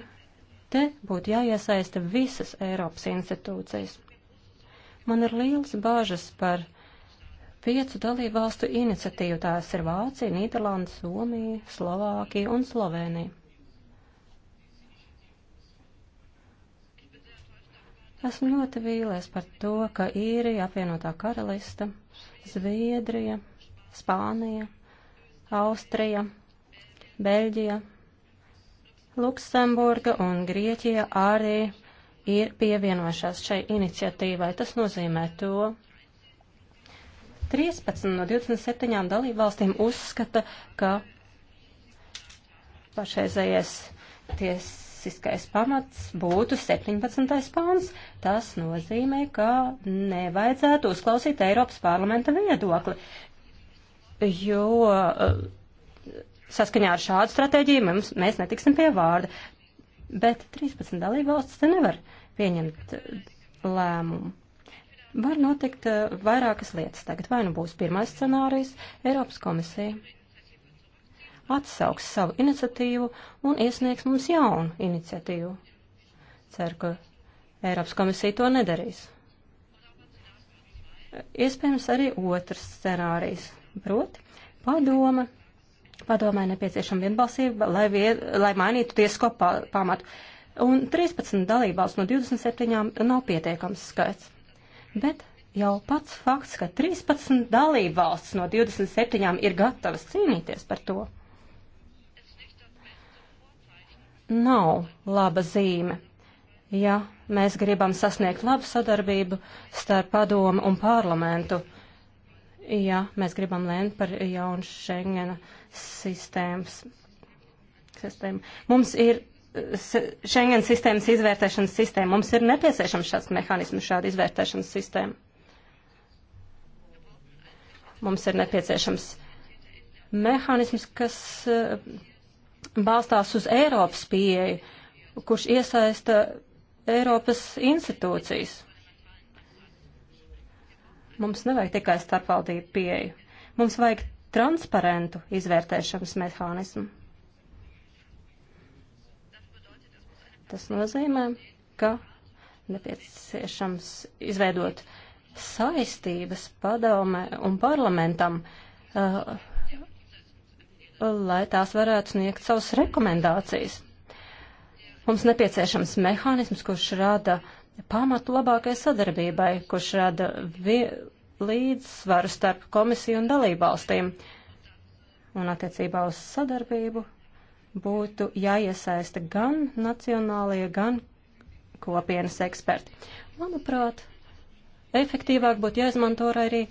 te būtu jāiesaista visas Eiropas institūcijas. Man ir liels bāžas par piecu dalību valstu iniciatīvu. Tās ir Vācija, Nīderlanda, Somija, Slovākija un Slovenija. Esmu ļoti vīlies par to, ka īrija, apvienotā karalista, Zviedrija, Spānija Austrija, Beļģija, Luksemburga un Grieķija arī ir pievienojušās šai iniciatīvai. Tas nozīmē to, 13 no 27 dalībvalstīm uzskata, ka pašreizējais tiesiskais pamats būtu 17. pāns. Tas nozīmē, ka nevajadzētu uzklausīt Eiropas parlamenta viedokli, jo eh, saskaņā ar šādu stratēģiju mums, mēs netiksim pie vārda. Bet 13 dalību valstis te nevar pieņemt eh, lēmumu. Var notikt eh, vairākas lietas. Tagad vai nu būs pirmais scenārijs, Eiropas komisija atsauks savu iniciatīvu un iesniegs mums jaunu iniciatīvu. Ceru, ka Eiropas komisija to nedarīs. Iespējams arī otrs scenārijs Proti, padoma. Padomē nepieciešama vienbalsība, lai, vien, lai mainītu tiesisko pa, pamatu. Un 13 dalībvalsts no 27 nav pietiekams skaits. Bet jau pats fakts, ka 13 dalībvalsts no 27 ir gatavas cīnīties par to, nav laba zīme. Ja mēs gribam sasniegt labu sadarbību starp padomu un parlamentu, ja mēs gribam lēmt par jaunu Schengena sistēmas. Sistēmu. Mums ir Schengen sistēmas izvērtēšanas sistēma. Mums ir nepieciešams šāds mehānisms, šāda izvērtēšanas sistēma. Mums ir nepieciešams mehānisms, kas eh, balstās uz Eiropas pieeju, kurš iesaista Eiropas institūcijas. Mums nevajag tikai starpvaldību pieeju. Mums vajag transparentu izvērtēšanas mehānismu. Tas nozīmē, ka nepieciešams izveidot saistības padome un parlamentam, uh, lai tās varētu sniegt savas rekomendācijas. Mums nepieciešams mehānisms, kurš rada pamatu labākai sadarbībai, kurš rada līdzsvaru starp komisiju un dalībvalstīm. Un attiecībā uz sadarbību būtu jāiesaista gan nacionālie, gan kopienas eksperti. Manuprāt, efektīvāk būtu jāizmanto arī e,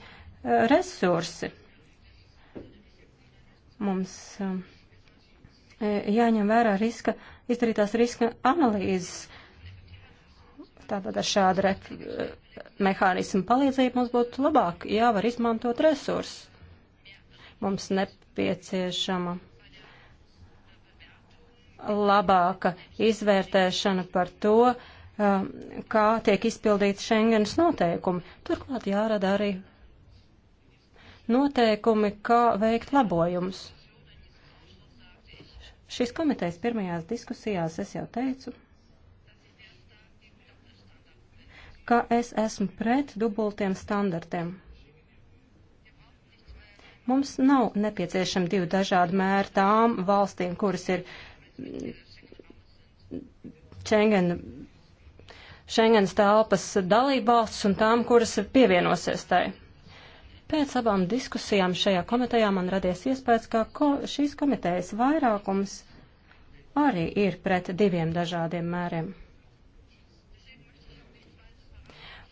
resursi. Mums e, jāņem vērā riska, izdarītās riska analīzes. Tātad ar šādu mehānismu palīdzību mums būtu labāk, jā, var izmantot resursus. Mums nepieciešama labāka izvērtēšana par to, um, kā tiek izpildīti Schengenas noteikumi. Turklāt jārada arī noteikumi, kā veikt labojumus. Šis komitejas pirmajās diskusijās es jau teicu, ka es esmu pret dubultiem standartiem. Mums nav nepieciešami divi dažādi mēri tām valstīm, kuras ir Schengen, Schengens telpas dalībvalsts un tām, kuras pievienosies tai. Pēc abām diskusijām šajā komitejā man radies iespējas, ka ko, šīs komitejas vairākums arī ir pret diviem dažādiem mēriem.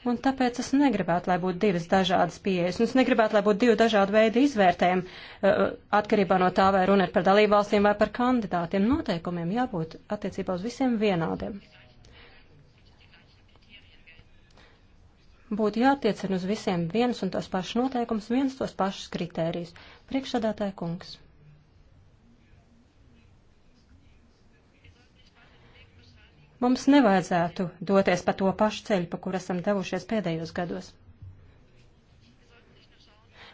Un tāpēc es negribētu, lai būtu divas dažādas pieejas. Un es negribētu, lai būtu divi dažādi veidi izvērtējumi, uh, uh, atkarībā no tā, vai runa ir par dalībvalstīm vai par kandidātiem. Noteikumiem jābūt attiecībā uz visiem vienādiem. Būtu jātiecina uz visiem viens un tos pašus noteikums, viens tos pašus kritērijus. Priekšsādātāja kungs. Mums nevajadzētu doties pa to pašu ceļu, pa kur esam devušies pēdējos gados.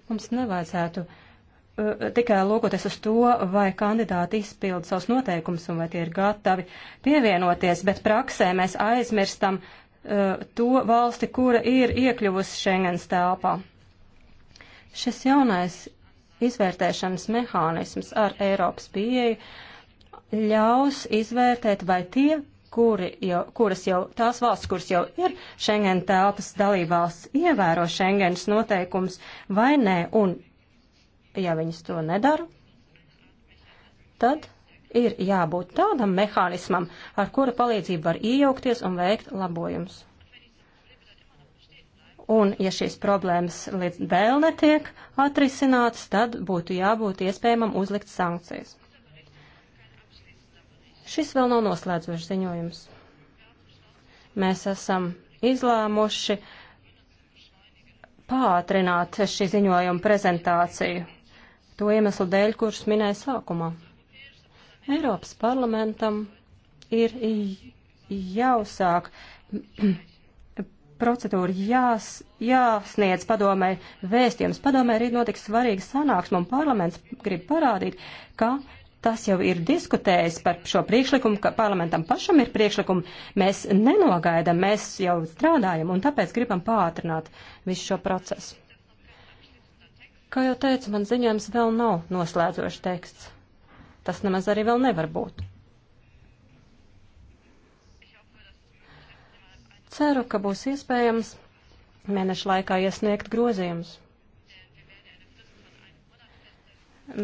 Mums nevajadzētu uh, tikai lūkoties uz to, vai kandidāti izpilda savus noteikumus un vai tie ir gatavi pievienoties, bet praksē mēs aizmirstam uh, to valsti, kura ir iekļuvusi Schengens telpā. Šis jaunais izvērtēšanas mehānisms ar Eiropas pieeju ļaus izvērtēt, vai tie kuri jau, kuras jau, tās valsts, kuras jau ir Schengen telpas dalībvalsts, ievēro Schengenas noteikums vai nē, un ja viņas to nedara, tad ir jābūt tādam mehānismam, ar kura palīdzību var iejaukties un veikt labojumus. Un, ja šīs problēmas līdz vēl netiek atrisinātas, tad būtu jābūt iespējamam uzlikt sankcijas. Šis vēl nav noslēdzošs ziņojums. Mēs esam izlēmuši pātrināt šī ziņojuma prezentāciju, to iemeslu dēļ, kurus minēju sākumā. Eiropas parlamentam ir jāuzsāk procedūra jās, jāsniedz padomē vēstījums. Padomē arī notiks svarīga sanāksme, un parlaments grib parādīt, ka tas jau ir diskutējis par šo priekšlikumu, ka parlamentam pašam ir priekšlikumi. Mēs nenogaidam, mēs jau strādājam un tāpēc gribam pātrināt visu šo procesu. Kā jau teicu, man ziņojums vēl nav noslēdzošs teksts. Tas nemaz arī vēl nevar būt. Ceru, ka būs iespējams mēnešu laikā iesniegt grozījumus.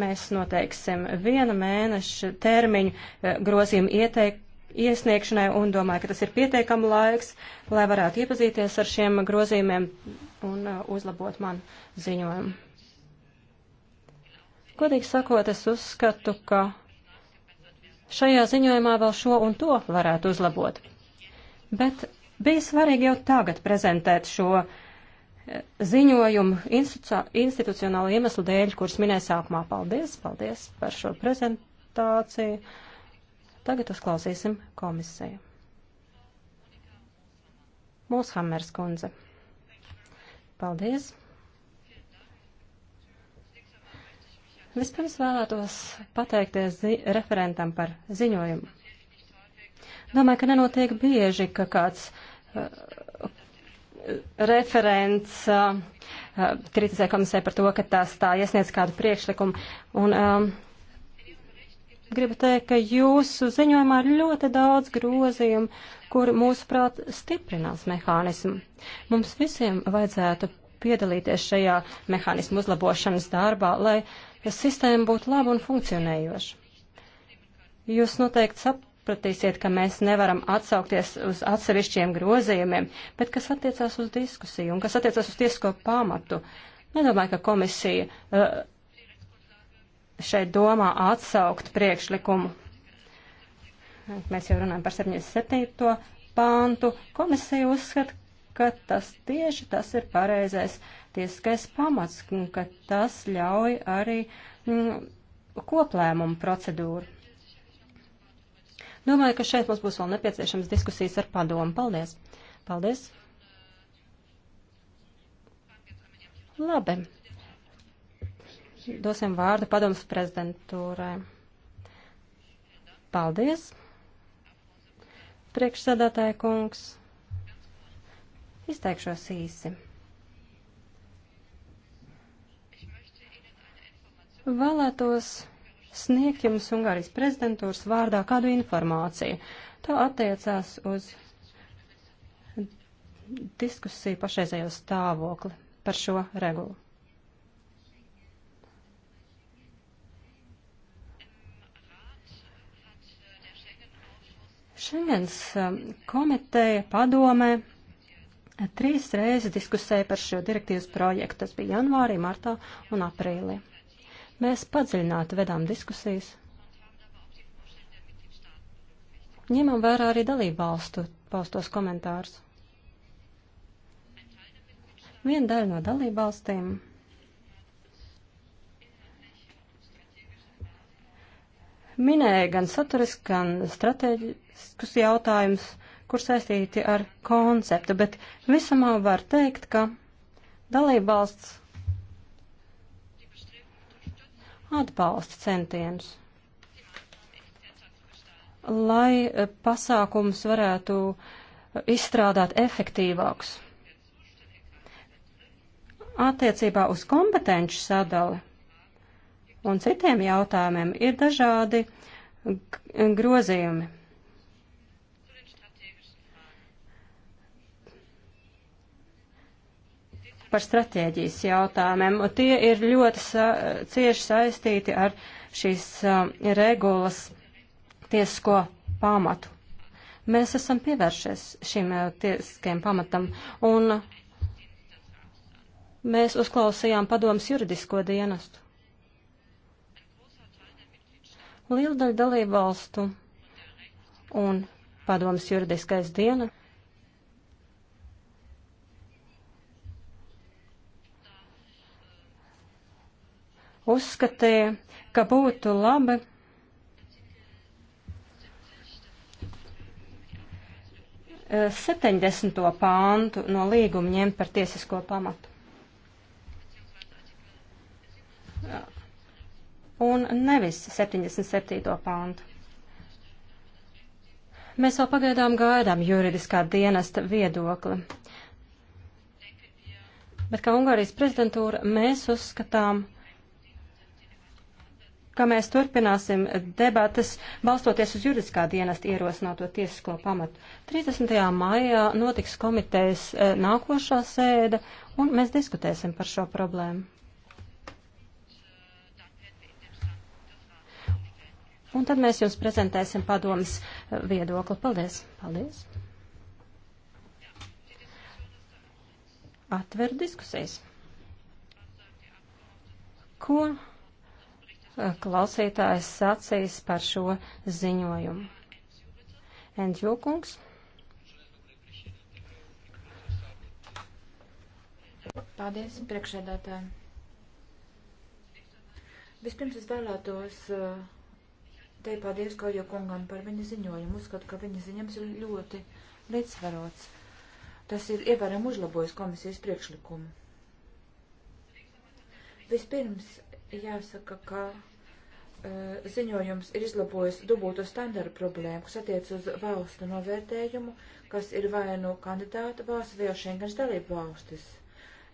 Mēs noteiksim viena mēneša termiņu eh, grozījumu ieteikumu iesniegšanai un domāju, ka tas ir pietiekama laiks, lai varētu iepazīties ar šiem grozījumiem un eh, uzlabot man ziņojumu. Godīgi sakot, es uzskatu, ka šajā ziņojumā vēl šo un to varētu uzlabot. Bet bija svarīgi jau tagad prezentēt šo ziņojumu institucionālu iemeslu dēļ, kurus minēju sākumā. Paldies, paldies par šo prezentāciju. Tagad uzklausīsim komisiju. Mūsu Hammers kundze. Paldies. Vispirms vēlētos pateikties referentam par ziņojumu. Domāju, ka nenotiek bieži, ka kāds uh, referents uh, uh, kritizē komisē par to, ka tās tā iesniedz kādu priekšlikumu. Un, um, gribu teikt, ka jūsu ziņojumā ir ļoti daudz grozījumu, kuri, mūsuprāt, stiprinās mehānismu. Mums visiem vajadzētu piedalīties šajā mehānismu uzlabošanas darbā, lai sistēma būtu laba un funkcionējoša. Jūs noteikti sap sapratīsiet, ka mēs nevaram atsaukties uz atsevišķiem grozījumiem, bet kas attiecās uz diskusiju un kas attiecās uz tiesisko pamatu. Nedomāju, ka komisija uh, šeit domā atsaukt priekšlikumu. Mēs jau runājam par 77. pāntu. Komisija uzskata, ka tas tieši tas ir pareizais tiesiskais pamats, un ka tas ļauj arī mm, koplēmumu procedūru. Domāju, ka šeit mums būs vēl nepieciešams diskusijas ar padomu. Paldies! Paldies! Labi. Dosim vārdu padomas prezidentūrai. Paldies! Priekšsēdētāja kungs. Izteikšos īsi. Vēlētos sniegt jums Ungārijas prezidentūras vārdā kādu informāciju. Tā attiecās uz diskusiju pašreizējo stāvokli par šo regulu. Šengens um, komiteja padomē trīs reizes diskusēja par šo direktīvas projektu. Tas bija janvārī, martā un aprīlī. Mēs padziļināti vedām diskusijas. Ņemam vērā arī dalību valstu paustos komentārus. Viena daļa no dalību valstīm minēja gan saturisku, gan strateģiskus jautājumus, kur saistīti ar konceptu, bet visamā var teikt, ka dalībvalsts atbalsta centienus. Lai eh, pasākums varētu eh, izstrādāt efektīvāks. Attiecībā uz kompetenci sadali un citiem jautājumiem ir dažādi grozījumi. par stratēģijas jautājumiem. Tie ir ļoti sa cieši saistīti ar šīs uh, regulas tiesisko pamatu. Mēs esam pievēršies šim uh, tiesiskajam pamatam un mēs uzklausījām padomus juridisko dienestu. Liela daļa dalību valstu un padomus juridiskais dienests uzskatīja, ka būtu labi e, septiņdesmito pāntu no līguma ņemt par tiesisko pamatu. Un nevis 77. pāntu. Mēs vēl pagaidām gaidām juridiskā dienesta viedokli. Bet kā Ungārijas prezidentūra mēs uzskatām, ka ka mēs turpināsim debatas balstoties uz juridiskā dienesta ierosināto tiesisko pamatu. 30. maijā notiks komitejas e, nākošā sēde, un mēs diskutēsim par šo problēmu. Un tad mēs jums prezentēsim padomas e, viedokli. Paldies! Paldies! Atver diskusijas. Ko? klausītājs sacīs par šo ziņojumu. Endjūkungs. Paldies, priekšēdētāji. Vispirms es vēlētos eh, teikt paldies Kaujo kungam par viņa ziņojumu. Uzskatu, ka viņa ziņojums ir ļoti līdzsvarots. Tas ir ievērojami uzlabojis komisijas priekšlikumu. Vispirms Jāsaka, ka uh, ziņojums ir izlabojis dubulto standartu problēmu, kas attiec uz valstu novērtējumu, kas ir vai nu no kandidāta valsts vai jau Schengens dalību valstis.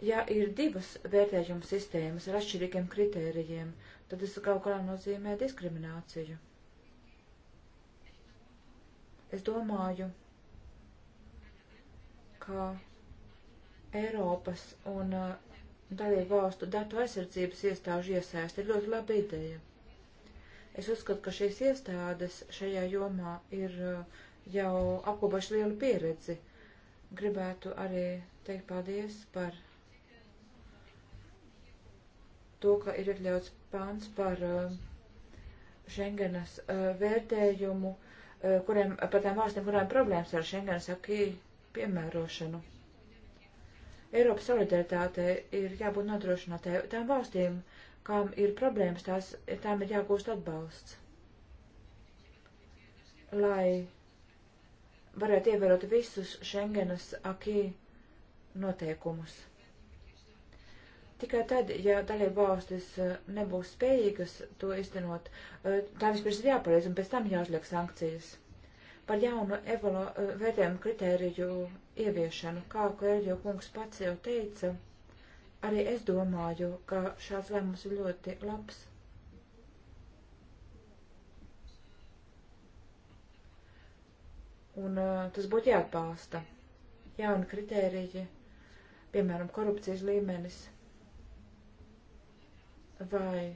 Ja ir divas vērtējuma sistēmas ar atšķirīgiem kritērijiem, tad tas kaut kādā nozīmē diskrimināciju. Es domāju, ka Eiropas un uh, dalību valstu datu aizsardzības iestāžu iesaisti ir ļoti laba ideja. Es uzskatu, ka šīs iestādes šajā jomā ir uh, jau apguvuši lielu pieredzi. Gribētu arī teikt paldies par to, ka ir iekļauts pāns par uh, Schengenas uh, vērtējumu, kuriem, par tām valstīm, kurām problēmas ar Schengenas akī piemērošanu. Eiropas solidaritāte ir jābūt nodrošinātai tām valstīm, kām ir problēmas, tās, tām ir jāgūst atbalsts, lai varētu ievērot visus Schengenas akī noteikumus. Tikai tad, ja dalība valstis eh, nebūs spējīgas to iztenot, eh, tā vispirms ir jāpareiz un pēc tam jāuzliek sankcijas par jaunu evalo, eh, vērtējumu kritēriju ieviešanu. Kā Kērļo kungs pats jau teica, arī es domāju, ka šāds lēmums ir ļoti labs. Un uh, tas būtu jāatbalsta. Jauni kritēriji, piemēram, korupcijas līmenis vai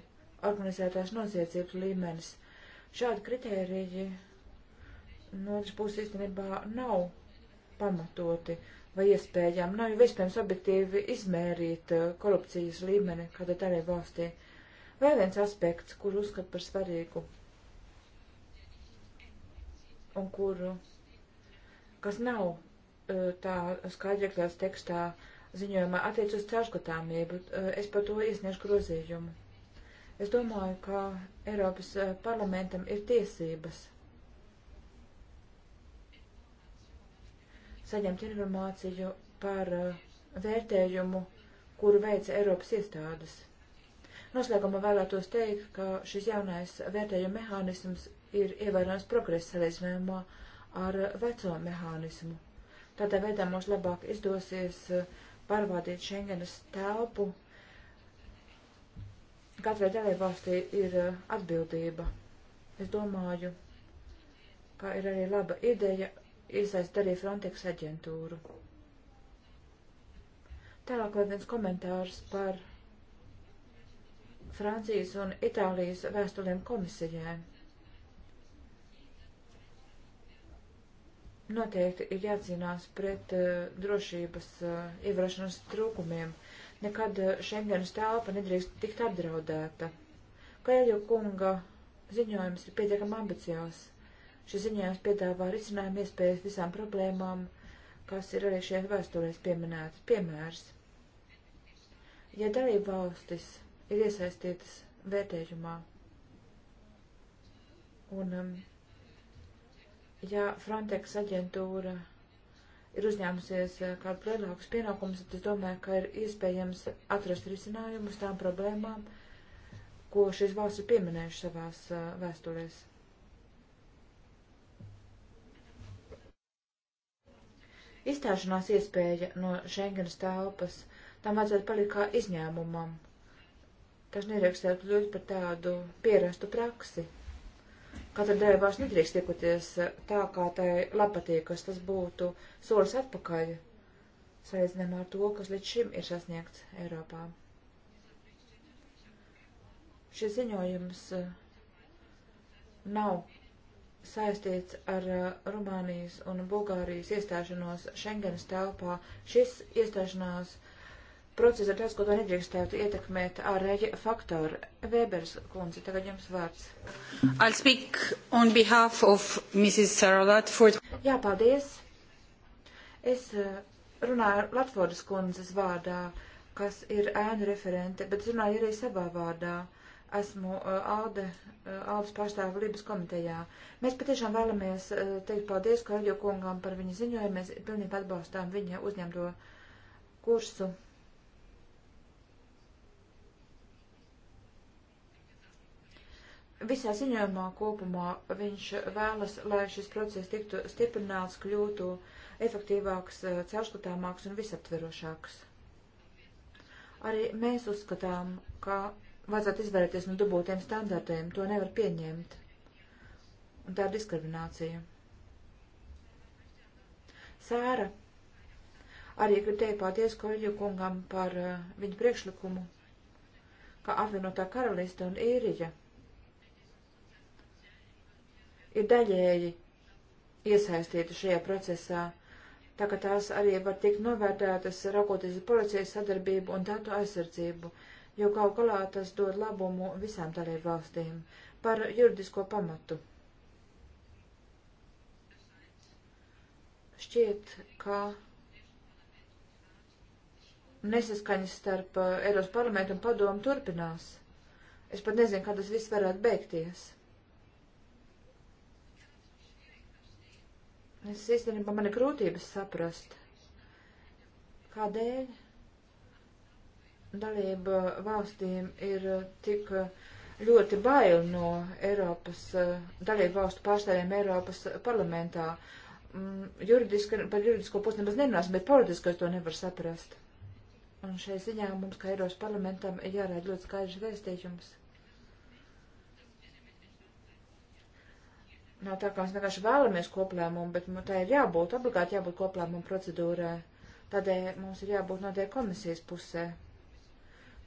organizētās noziedzības līmenis. Šādi kritēriji no otras puses īstenībā nav pamatoti vai iespējām. Nav jau iespējams objektīvi izmērīt eh, korupcijas līmeni kādā tādā valstī. Vēl viens aspekts, kur uzskat par svarīgu un kuru, eh, kas nav eh, tā skaidrīgās tekstā ziņojumā, attiec uz caurskatāmību. Es par to iesniešu grozījumu. Es domāju, ka Eiropas parlamentam ir tiesības saņemt informāciju par uh, vērtējumu, kuru veica Eiropas iestādes. Noslēgumā vēlētos teikt, ka šis jaunais vērtējuma mehānisms ir ievērojams progress salīdzinājumā ar veco mehānismu. Tādā veidā mums labāk izdosies uh, pārvādīt Schengenas telpu. Katrai dalībvalstī ir uh, atbildība. Es domāju, ka ir arī laba ideja iesaist arī Frontex aģentūru. Tālāk vēl viens komentārs par Francijas un Itālijas vēstulēm komisijai. Noteikti ir jācīnās pret uh, drošības uh, ievērošanas trūkumiem. Nekad uh, Schengenas telpa nedrīkst tikt apdraudēta. Kaļu kunga ziņojums ir pietiekami ambiciozs. Šis ziņojums piedāvā risinājumu iespējas visām problēmām, kas ir arī šajās vēsturēs pieminētas. Piemērs. Ja dalība valstis ir iesaistītas vērtējumā un um, ja Frontex aģentūra ir uzņēmusies uh, kādu lielākus pienākumus, tad es domāju, ka ir iespējams atrast risinājumus tām problēmām, ko šīs valsts ir pieminējušas savās uh, vēstulēs. Izstāšanās iespēja no Schengenas telpas tam vajadzētu palikt kā izņēmumam. Tas nerakstētu kļūt par tādu pierastu praksi. Katra dēļ vairs nedrīkst tikoties eh, tā, kā tai labpatīkas, tas būtu solis atpakaļ, salīdzinām ar to, kas līdz šim ir sasniegts Eiropā. Šis ziņojums eh, nav saistīts ar uh, Rumānijas un Bulgārijas iestāšanos Schengenas telpā. Šis iestāšanās process ir tas, ko to nedrīkstētu ietekmēt ārēģi faktori. Vēbers kundze, tagad jums vārds. I'll speak on behalf of Mrs. Sarah Latford. Jā, paldies. Es uh, runāju Latfordas kundzes vārdā, kas ir ēnu referente, bet runāju arī savā vārdā. Uh, esmu uh, Alde, uh, Aldes pārstāvu Libas komitejā. Mēs patiešām vēlamies uh, teikt paldies Kaļģo kungam par viņa ziņojumu. Mēs pilnībā atbalstām viņa uzņemto kursu. Visā ziņojumā kopumā viņš vēlas, lai šis process tiktu stiprināts, kļūtu efektīvāks, caurskatāmāks un visaptverošāks. Arī mēs uzskatām, ka vajadzētu izvairīties no dubultiem standartiem. To nevar pieņemt. Un tā ir diskriminācija. Sēra arī grib teikt paldies Koļu kungam par uh, viņu priekšlikumu, ka apvienotā karaliste un īrija ir daļēji iesaistīti šajā procesā, tā ka tās arī var tikt novērtētas, raugoties uz policijas sadarbību un datu aizsardzību. Uh, jo kaut galā tas dod labumu visām dalību valstīm par juridisko pamatu. Šķiet, ka nesaskaņas starp uh, Eiropas parlamentu un padomu turpinās. Es pat nezinu, kā tas viss varētu beigties. Es īstenībā man ir grūtības saprast, kādēļ dalība valstīm ir eh, tik eh, ļoti bail no Eiropas, eh, dalību valstu pārstāvjiem Eiropas parlamentā. Mm, juridiski, par juridisko pusi nemaz nenās, bet politiski to nevar saprast. Un šai ziņā mums, kā Eiropas parlamentam, ir jārāda ļoti skaidrs vēstījums. Nav tā, ka mēs vienkārši vēlamies koplēmumu, bet tā ir jābūt, obligāti jābūt koplēmumu procedūrai. Tādēļ mums ir jābūt no tie komisijas pusē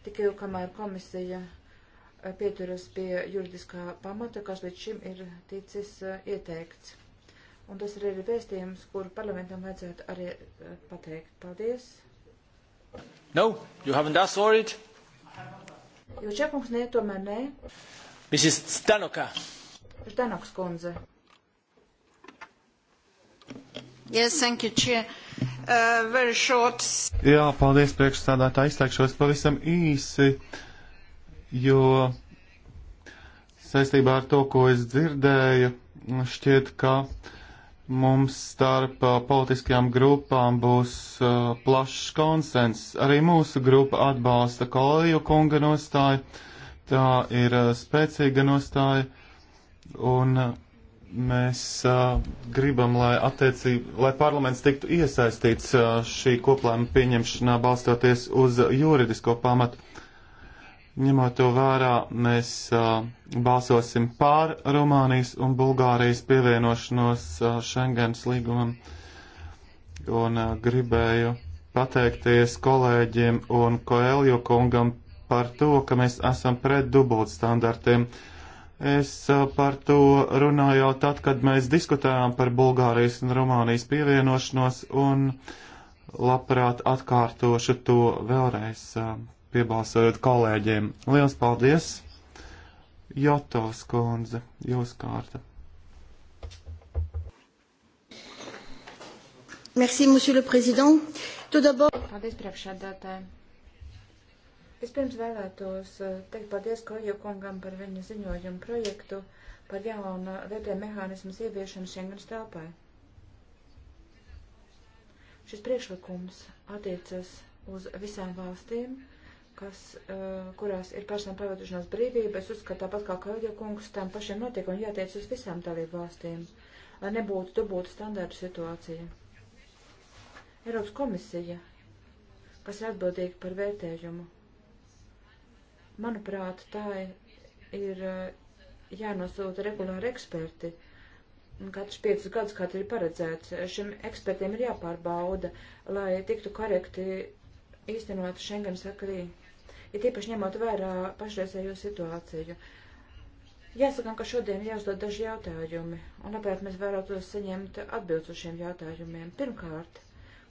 tikai jau kamēr komisija eh, pieturas pie juridiskā pamata, kas līdz šim ir ticis eh, ieteikts. Un tas arī ir vēstījums, kuru parlamentam vajadzētu arī eh, pateikt. Paldies! No, you haven't asked for it. Jo Čekungs nē, tomēr nē. Mrs. Stanoka. Stanoks kundze. Yes, thank you, Chair. Uh, very short. Jā, paldies priekšstādātā. Izteikšos pavisam īsi, jo saistībā ar to, ko es dzirdēju, šķiet, ka mums starp uh, politiskajām grupām būs uh, plašs konsens. Arī mūsu grupa atbalsta Koliju kunga nostāju. Tā ir uh, spēcīga nostāja. Un uh, mēs uh, gribam, lai attiecība, lai parlaments tiktu iesaistīts uh, šī koplēma pieņemšanā balstoties uz juridisko pamatu. Ņemot to vērā, mēs uh, balsosim pār Rumānijas un Bulgārijas pievienošanos uh, Schengens līgumam un uh, gribēju pateikties kolēģiem un Koeljo kungam par to, ka mēs esam pret dubultstandartiem. standartiem Es uh, par to runāju jau tad, kad mēs diskutējām par Bulgārijas un Rumānijas pievienošanos, un labprāt atkārtošu to vēlreiz uh, piebalsojot kolēģiem. Liels paldies! Jotovs kundze, jūs kārta. Merci, monsieur le président. Tout d'abord. Paldies, priekšsēdētāji. Vispirms vēlētos eh, teikt paldies Kojo kungam par viņa ziņojumu projektu par jaunu vērtējumu mehānismu ieviešanu Schengens telpai. Šis priekšlikums attiecas uz visām valstīm, kas, uh, kurās ir personu pavadošanās brīvība. Es uzskatu tāpat kā Kaļģa kungs, tām pašiem notikumiem jātiec uz visām dalību valstīm, lai nebūtu dubulta standārtu situācija. Eiropas komisija, kas ir atbildīga par vērtējumu, Manuprāt, tā ir eh, jānosūta regulāri eksperti. Katrs piecus gadus, kā tas ir paredzēts, šiem ekspertiem ir jāpārbauda, lai tiktu korekti īstenot Schengen sakarī. Ir ja tīpaši ņemot vērā pašreizējo situāciju. Jāsaka, ka šodien jāuzdod daži jautājumi, un labprāt mēs vēlētos saņemt atbildes uz šiem jautājumiem. Pirmkārt,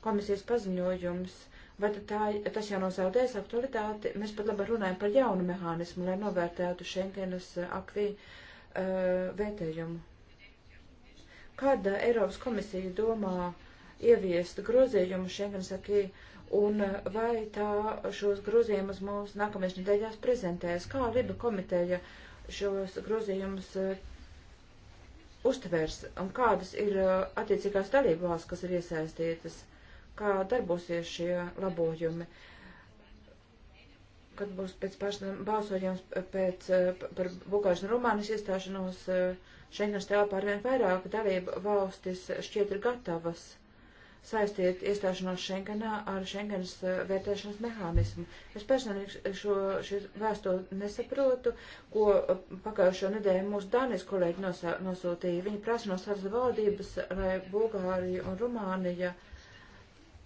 komisijas paziņojums, vai tā, tas jau nav zaudējis aktualitāti? Mēs pat labi runājam par jaunu mehānismu, lai novērtētu Schengenas eh, akvī uh, vērtējumu. Kāda eh, Eiropas komisija domā ieviest grozījumu Schengenas akvī un vai tā šos grozījumus mums nākamajās nedēļās prezentēs? Kā Liba komiteja šos grozījumus uh, uztvērs un kādas ir uh, attiecīgās dalībās, kas ir iesaistītas? kā darbosies šie labojumi, kad būs pēc pašnam balsojums pēc, par Bulgārijas un Rumānijas iestāšanos Šengenas telpā arvien vairāk dalību valstis šķiet ir gatavas saistīt iestāšanos Schengenā ar Schengenas vērtēšanas mehānismu. Es personīgi šo, šo vēstuli nesaprotu, ko pagājušo nedēļu mūsu Dānijas kolēģi nosā, nosūtīja. Viņi prasa no savas valdības, lai Bulgārija un Rumānija uh,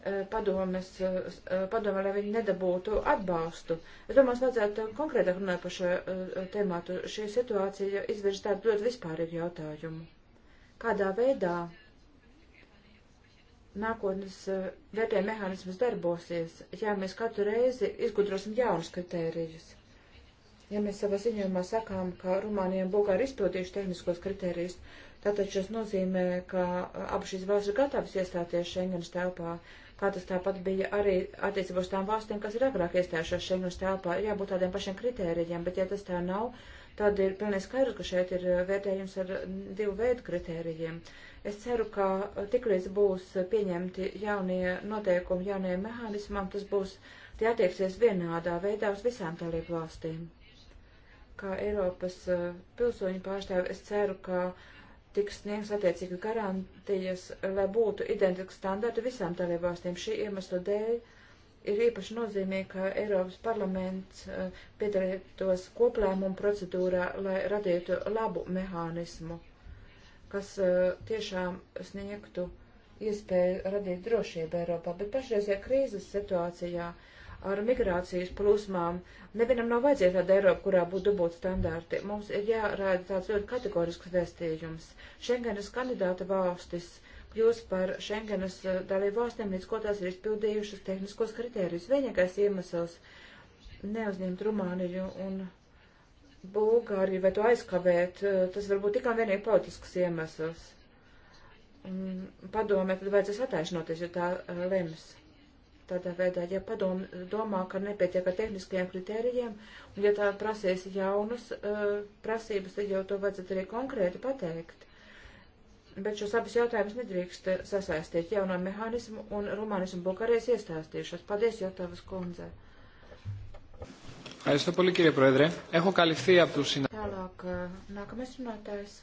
Eh, padomes, eh, padome, lai viņi nedabūtu atbalstu. Es domāju, vajadzētu konkrētāk runāt par šo eh, tēmātu. Šī situācija izvirz tādu ļoti vispārīgu jautājumu. Kādā veidā nākotnes vērtē mehānismas darbosies, ja mēs katru reizi izgudrosim jaunus kritērijus? Ja mēs savā ziņojumā sakām, ka Rumānija un Bulgāri izpildījuši tehniskos kritērijus, tad tas nozīmē, ka abi šīs valsts ir gatavas iestāties Schengenas telpā. Uh, kā tas tāpat bija arī attiecībā uz tām valstīm, kas ir agrāk iestājušās Schengens telpā. Ir jābūt tādiem pašiem kritērijiem, bet ja tas tā nav, tad ir pilnīgi skaidrs, ka šeit ir vērtējums ar divu veidu kritērijiem. Es ceru, ka tiklīdz būs pieņemti jaunie noteikumi, jaunie mehānismam, tas būs, tie attieksies vienādā veidā uz visām dalību valstīm kā Eiropas uh, pilsoņu pārstāvi, es ceru, ka tiks sniegs attiecīgi garantijas, lai būtu identiski standarti visām dalībvalstīm. Šī iemesla dēļ ir īpaši nozīmīgi, ka Eiropas parlaments eh, piedalītos koplēmumu procedūrā, lai radītu labu mehānismu, kas eh, tiešām sniegtu iespēju radīt drošību Eiropā. Bet pašreizajā krīzes situācijā. Ja ar migrācijas plūsmām. Nevienam nav vajadzīga tāda Eiropa, kurā būtu dubult standārti. Mums ir jārāda tāds ļoti kategorisks vēstījums. Šengenas kandidāta valstis kļūs par Šengenas eh, dalību valstīm, līdz ko tās ir izpildījušas tehniskos kritērijus. Vienīgais iemesls neuzņemt Rumāniju un Bulgāriju vai to aizkavēt, eh, tas varbūt tikai vienīgi politisks iemesls. Padomē, tad vajadzēs attaisnoties, ja tā eh, lems. Uh, tādā veidā, ja padom domā, ka nepietiek ar tehniskajiem kritērijiem, un ja tā prasīs jaunas uh, prasības, tad jau to vajadzētu arī konkrēti pateikt. Bet šos abus jautājumus nedrīkst sasaistīt jauno mehānismu un rumānismu Bulgārijas iestāstīšos. Paldies, Jotavas kundze. Ευχαριστώ πολύ κύριε Πρόεδρε. Έχω καλυφθεί από τους συναδέλφους. Tālāk, eh, nākamais runātājs.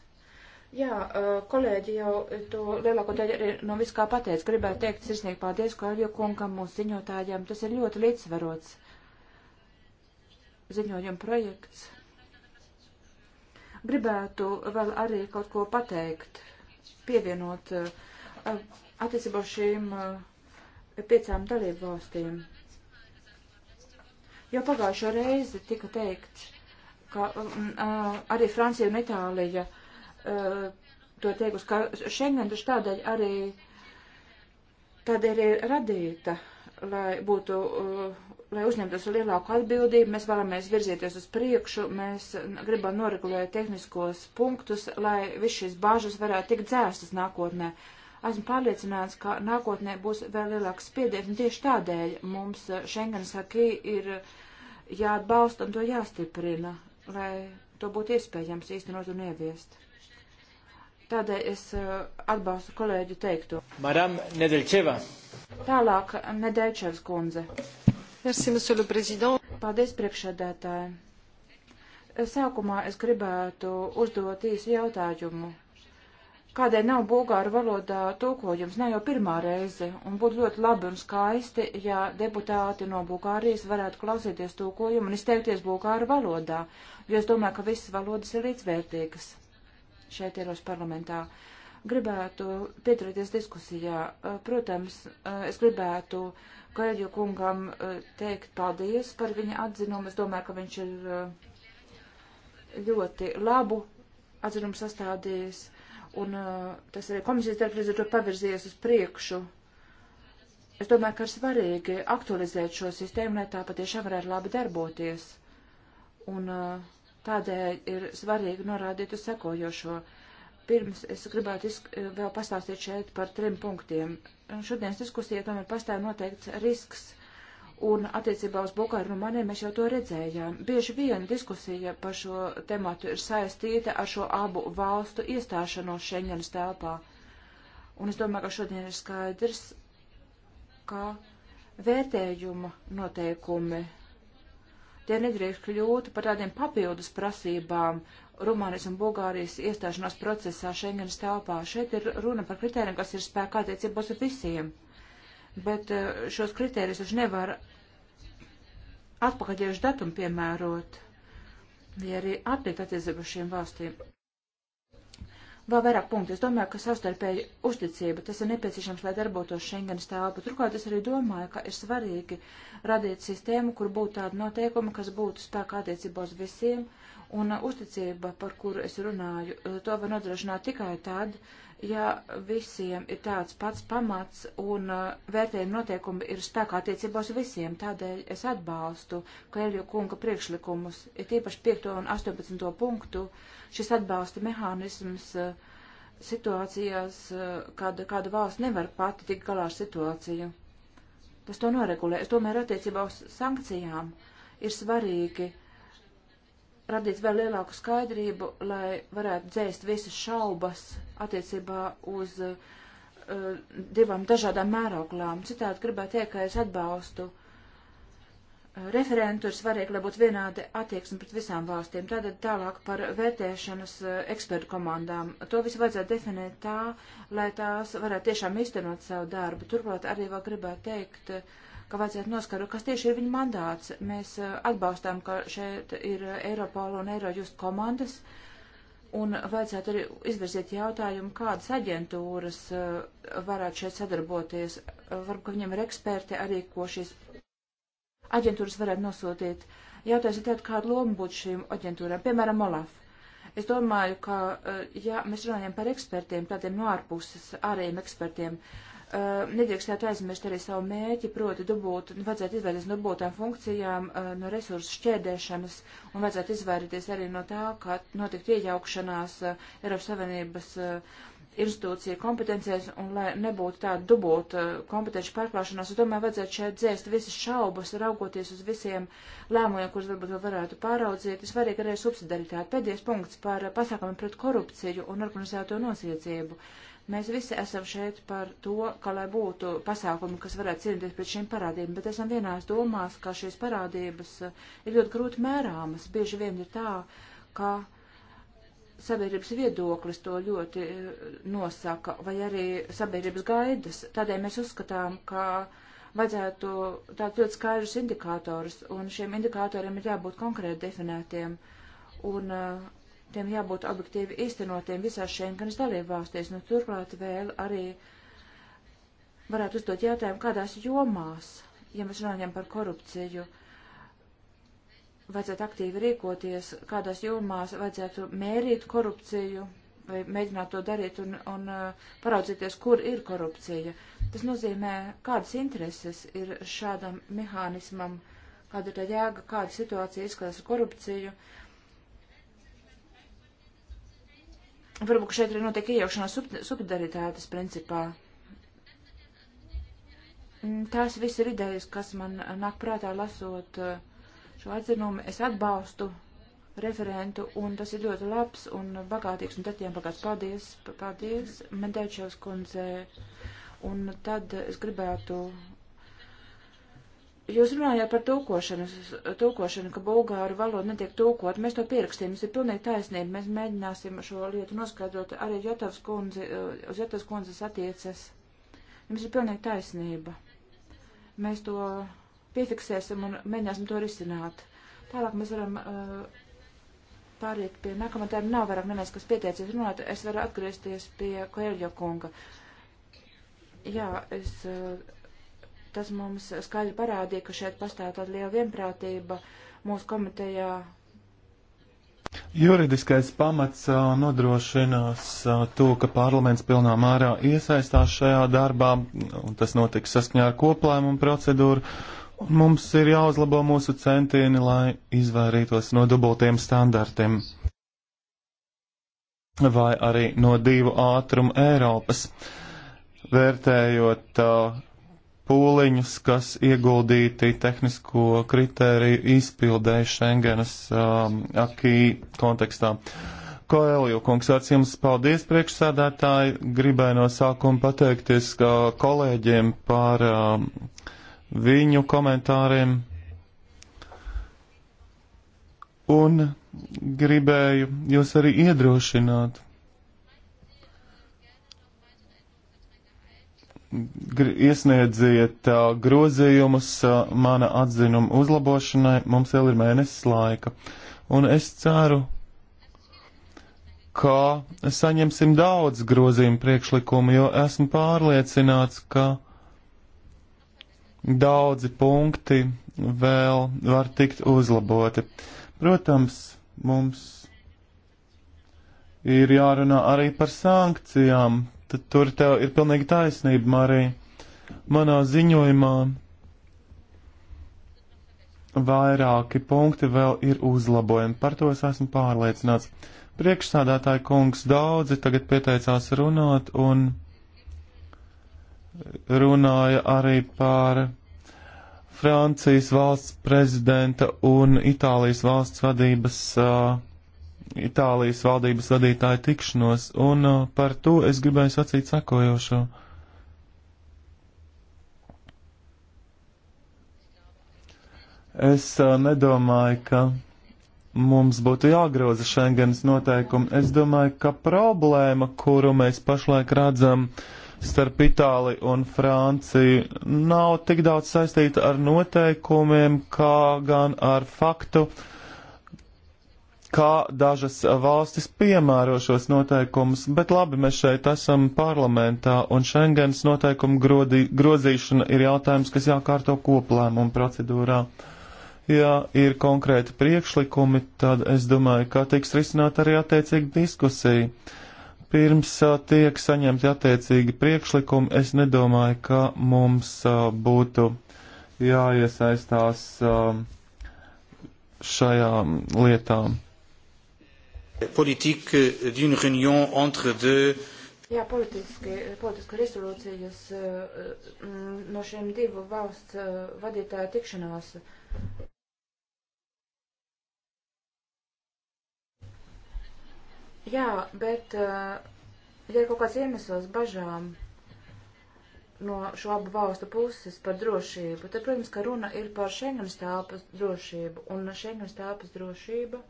Jā, uh, kolēģi jau to lielāko daļu arī no viss kā pateic. Gribētu teikt sirsnīgi paldies Koļu kungam, mūsu ziņotājiem. Tas ir ļoti līdzsvarots ziņojuma projekts. Gribētu vēl arī kaut ko pateikt, pievienot uh, attiecībā šīm uh, piecām dalību valstīm. Jau pagājušo reizi tika teikts, ka mm, arī Francija un Itālija uh, uh, to teikusi, ka Schengen taču tādēļ arī tādēļ ir radīta, lai būtu, uh, lai uzņemtos lielāku atbildību, mēs vēlamies virzīties uz priekšu, mēs gribam noregulēt tehniskos punktus, lai viss šīs bāžas varētu tikt dzēstas nākotnē. Esmu pārliecināts, ka nākotnē būs vēl lielāks spiediens, un tieši tādēļ mums Schengens akī ir jāatbalsta un to jāstiprina, lai to būtu iespējams īstenot un ieviest. Tādēļ es eh, atbalstu kolēģu teikto. Madam Nedelčeva. Tālāk eh, Nedelčevs kundze. Merci, monsieur le président. Paldies, priekšsēdētāji. Eh, sākumā es gribētu uzdot īsu jautājumu. Kādēļ nav bulgāru valodā tulkojums? Ne jau pirmā reize, un būtu ļoti labi un skaisti, ja deputāti no Bulgārijas varētu klausīties tulkojumu un izteikties bulgāru valodā, jo es domāju, ka visas valodas ir līdzvērtīgas šeit Eiropas parlamentā. Gribētu pieturēties diskusijā. Eh, protams, eh, es gribētu Kaļģu kungam eh, teikt paldies par viņa atzinumu. Es domāju, ka viņš ir ļoti labu atzinumu sastādījis. Un tas arī komisijas darbs līdz ar to pavirzies uz priekšu. Es domāju, ka ir svarīgi aktualizēt šo sistēmu, lai tā patiešām varētu labi darboties. Un uh, Tādēļ ir svarīgi norādīt uz sekojošo. Pirms es gribētu eh, vēl pastāstīt šeit par trim punktiem. Šodienas diskusija tomēr pastāv noteikts risks, un attiecībā uz Bulgāriju un maniem mēs jau to redzējām. Bieži vien diskusija par šo tematu ir saistīta ar šo abu valstu iestāšanos Schengenas telpā. Un es domāju, ka šodien ir skaidrs, ka vērtējuma noteikumi Tie nedrīkst kļūt par tādiem papildus prasībām Rumānijas un Bulgārijas iestāšanās procesā Schengenas telpā. Šeit ir runa par kritērijiem, kas ir spēkā attiecībos ar visiem. Bet eh, šos kritērijus viņš nevar atpakaļiešu datumu piemērot, ja arī atlikt attiecību šīm valstīm. Vēl vairāk punktu. Es domāju, ka savstarpēji uzticība tas ir nepieciešams, lai darbotos Schengenas telpa. Turklāt es arī domāju, ka ir svarīgi radīt sistēmu, kur būtu tāda noteikuma, kas būtu spēkā attiecībos visiem, un uh, uzticība, par kuru es runāju, uh, to var nodrošināt tikai tad, ja visiem ir tāds pats pamats un uh, vērtējuma noteikumi ir spēkā attiecībos visiem. Tādēļ es atbalstu Klēļu kunga priekšlikumus, ir tīpaši 5. un 18. punktu. Šis atbalsta mehānisms uh, situācijās, uh, kad kāda valsts nevar pati tik galā ar situāciju. Tas to noregulē. Es tomēr attiecībā uz sankcijām ir svarīgi radīt vēl lielāku skaidrību, lai varētu dzēst visas šaubas attiecībā uz uh, divām dažādām mēroglām. Citādi gribētu teikt, ka es atbalstu uh, referentu, ir svarīgi, lai būtu vienāda attieksme pret visām valstīm. Tātad tālāk par vērtēšanas uh, ekspertu komandām. To visu vajadzētu definēt tā, lai tās varētu tiešām iztenot savu darbu. Turklāt arī vēl gribētu teikt, uh, ka vajadzētu noskaidrot, kas tieši ir viņa mandāts. Mēs eh, atbalstām, ka šeit ir Eiropola un Eirojust komandas, un vajadzētu arī izvirzīt jautājumu, kādas aģentūras eh, varētu šeit sadarboties. Varbūt, ka viņiem ir eksperti arī, ko šīs aģentūras varētu nosūtīt. Jautājums ir tāds, kāda loma būtu šīm aģentūrām, piemēram, Olaf. Es domāju, ka, eh, ja mēs runājam par ekspertiem, tādiem no ārpuses, ārējiem ekspertiem, uh, Uh, nedrīkstētu aizmirst arī savu mērķi, proti dabūt, nu, vajadzētu izvairīties no dubultām funkcijām, uh, no resursu šķēdēšanas, un vajadzētu izvairīties arī no tā, ka notikt iejaukšanās uh, Eiropas Savienības institūcija kompetencijas, un lai nebūtu tāda dubulta kompetenci pārklāšanās, es domāju, vajadzētu šeit dzēst visas šaubas, raugoties uz visiem lēmumiem, kurus varbūt vēl varētu pāraudzīt. Ir svarīgi arī subsidaritāte. Pēdējais punkts par pasākumiem pret korupciju un organizēto noziedzību. Uh, Mēs visi esam šeit par to, ka lai būtu pasākumi, kas varētu cīnīties pret šīm parādībām, bet esam vienās domās, ka šīs parādības eh, ir ļoti grūti mērāmas. Bieži vien ir tā, ka sabiedrības viedoklis to ļoti eh, nosaka, vai arī sabiedrības gaidas. Tādēļ mēs uzskatām, ka vajadzētu tādus ļoti skaidrus indikātorus, un šiem indikātoriem ir jābūt konkrēti definētiem. Un uh, tiem jābūt objektīvi īstenotiem visās Schengenas dalībvalstīs. Nu, turklāt vēl arī varētu uzdot jautājumu, kādās jomās, ja mēs runājam par korupciju, vajadzētu aktīvi rīkoties, kādās jomās vajadzētu mērīt korupciju vai mēģināt to darīt un, un uh, paraudzīties, kur ir korupcija. Tas nozīmē, kādas intereses ir šādam mehānismam, kāda ir tā jēga, kāda situācija izskatās ar korupciju. Uh, Varbūt, ka šeit arī notiek iejaukšanās subsidaritātes principā. Mm, tās viss ir idejas, kas man nāk prātā lasot uh, šo atzinumu. Es atbalstu referentu, un tas ir ļoti labs un bagātīgs, un tad jām bagāts paldies, paldies Mendēčevs kundzei. Un tad es gribētu Jūs runājāt par tūkošanu, tūkošanu, ka bulgāru valoda netiek tūkot. Mēs to pierakstījām, mums ir pilnīgi taisnība. Mēs mēģināsim šo lietu noskaidrot. Arī Jotovs kundze, eh, uz Jotovs kundzes attiecas. Jums ir pilnīgi taisnība. Mēs to piefiksēsim un mēģināsim to risināt. Tālāk mēs varam uh, pāriet pie nākamā tēma. Nav vairāk neviens, kas pieteicies runāt. Es varu atgriezties pie Koeļo kunga. Jā, es. Uh, Tas mums skaidri parādīja, ka šeit pastāv tāda liela vienprātība mūsu komitejā. Juridiskais pamats nodrošinās to, ka parlaments pilnā mērā iesaistās šajā darbā, un tas notiks saskaņā ar koplēmumu procedūru. Un mums ir jāuzlabo mūsu centieni, lai izvairītos no dubultiem standartiem vai arī no divu ātrumu Eiropas. Vērtējot uh, pūliņus, kas ieguldīti tehnisko kritēriju izpildē Schengenas um, akī kontekstā. Koeliju kungs, ar jums paldies priekšsādātāji. Gribēju no sākuma pateikties uh, kolēģiem par um, viņu komentāriem. Un gribēju jūs arī iedrošināt iesniedziet uh, grozījumus uh, mana atzinuma uzlabošanai. Mums vēl ir mēnesis laika. Un es ceru, ka saņemsim daudz grozījumu priekšlikumu, jo esmu pārliecināts, ka daudzi punkti vēl var tikt uzlaboti. Protams, mums ir jārunā arī par sankcijām, tad tur tev ir pilnīgi taisnība, Marija. Manā ziņojumā vairāki punkti vēl ir uzlabojumi. Par to es esmu pārliecināts. Priekšsādātāja kungs daudzi tagad pieteicās runāt un runāja arī par Francijas valsts prezidenta un Itālijas valsts vadības uh, Itālijas valdības vadītāju tikšanos, un uh, par to es gribēju sacīt sakojošo. Es uh, nedomāju, ka mums būtu jāgroza Schengens noteikumi. Es domāju, ka problēma, kuru mēs pašlaik redzam starp Itāliju un Franciju, nav tik daudz saistīta ar noteikumiem, kā gan ar faktu, uh, kā dažas valstis piemēro šos noteikumus, bet labi, mēs šeit esam parlamentā, un Schengens noteikumu grodi, grozīšana ir jautājums, kas jākārto koplēmumu procedūrā. Ja ir konkrēti priekšlikumi, tad es domāju, ka tiks risināt arī attiecīgi diskusija. Pirms a, tiek saņemti attiecīgi priekšlikumi, es nedomāju, ka mums a, būtu jāiesaistās a, šajām lietām politique d'une réunion entre deux. Jā, politisku rezolūcijas eh, mm, no šiem divu valsts eh, vadītāju tikšanās. Jā, bet eh, ja ir kaut kāds iemesls bažām no šo abu valstu puses par drošību, tad, protams, ka runa ir par Schengen stāpas drošību, un Schengen stāpas drošība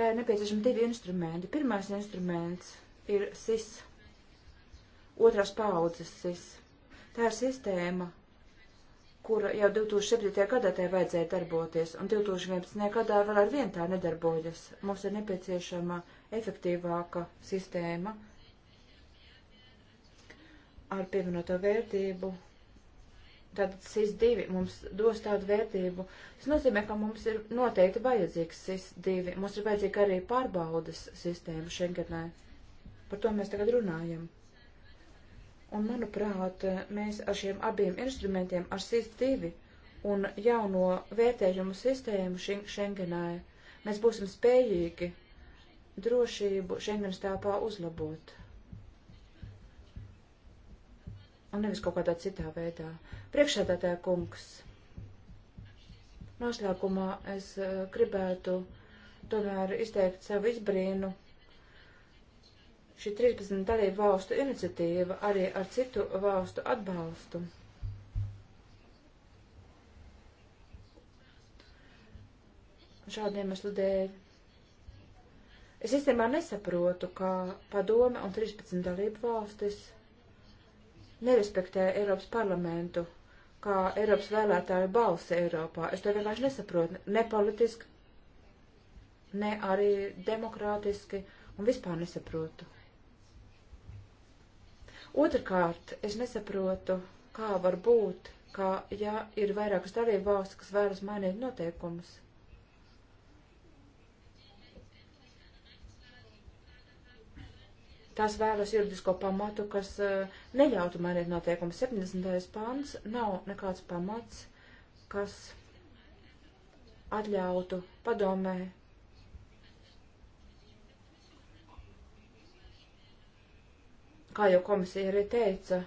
Tā ir nepieciešama divi instrumenti. Pirmais instruments ir SIS, otrās paudzes SIS. Tā ir sistēma, kura jau 2007. gadā tai vajadzēja darboties, un 2011. gadā vēl ar vien tā nedarbojas. Mums ir nepieciešama efektīvāka sistēma ar pievienoto vērtību tad SIS-2 mums dos tādu vērtību. Tas nozīmē, ka mums ir noteikti vajadzīgs SIS-2. Mums ir vajadzīga arī pārbaudas sistēma Schengenē. Par to mēs tagad runājam. Un, manuprāt, mēs ar šiem abiem instrumentiem, ar SIS-2 un jauno vērtējumu sistēmu Schengenē, mēs būsim spējīgi drošību Schengen stāvā uzlabot. un nevis kaut kādā citā veidā. Priekšsēdētāja kungs, noslēgumā es eh, gribētu tomēr izteikt savu izbrīnu. Šī 13 dalību valstu iniciatīva arī ar citu valstu atbalstu. Šādiem iemeslu dēļ. Es īstenībā nesaprotu, kā padome un 13 dalību valstis nerespektē Eiropas parlamentu kā Eiropas vēlētāju balsi Eiropā. Es to vienkārši nesaprotu, ne politiski, ne arī demokrātiski un vispār nesaprotu. Otrakārt, es nesaprotu, kā var būt, ka, ja ir vairākas dalība valsts, kas vēlas mainīt noteikumus, tās vēlas juridisko pamatu, kas eh, neļautu mainīt noteikumu. 70. pāns nav nekāds pamats, kas atļautu padomē kā jau komisija arī teica,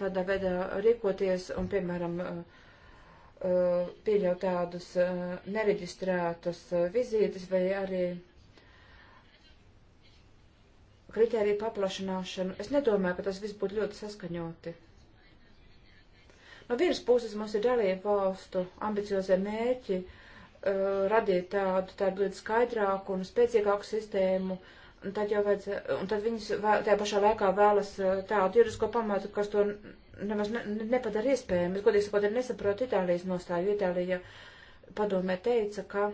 tādā veidā rīkoties un, piemēram, eh, eh, pieļaut tādus nereģistrētus vizītes vai arī kritēriju paplašināšanu, es nedomāju, ka tas viss būtu ļoti saskaņoti. No vienas puses mums ir dalība valstu ambiciozie mērķi uh, radīt tādu, tādu ļoti skaidrāku un spēcīgāku sistēmu, un tad jau vajadz, un tad viņas vēl, tajā pašā laikā vēlas uh, tādu juridisko pamatu, kas to nemaz ne, nepadara iespējami. Es godīgi sakot, nesaprotu Itālijas nostāju. Itālija padomē teica, ka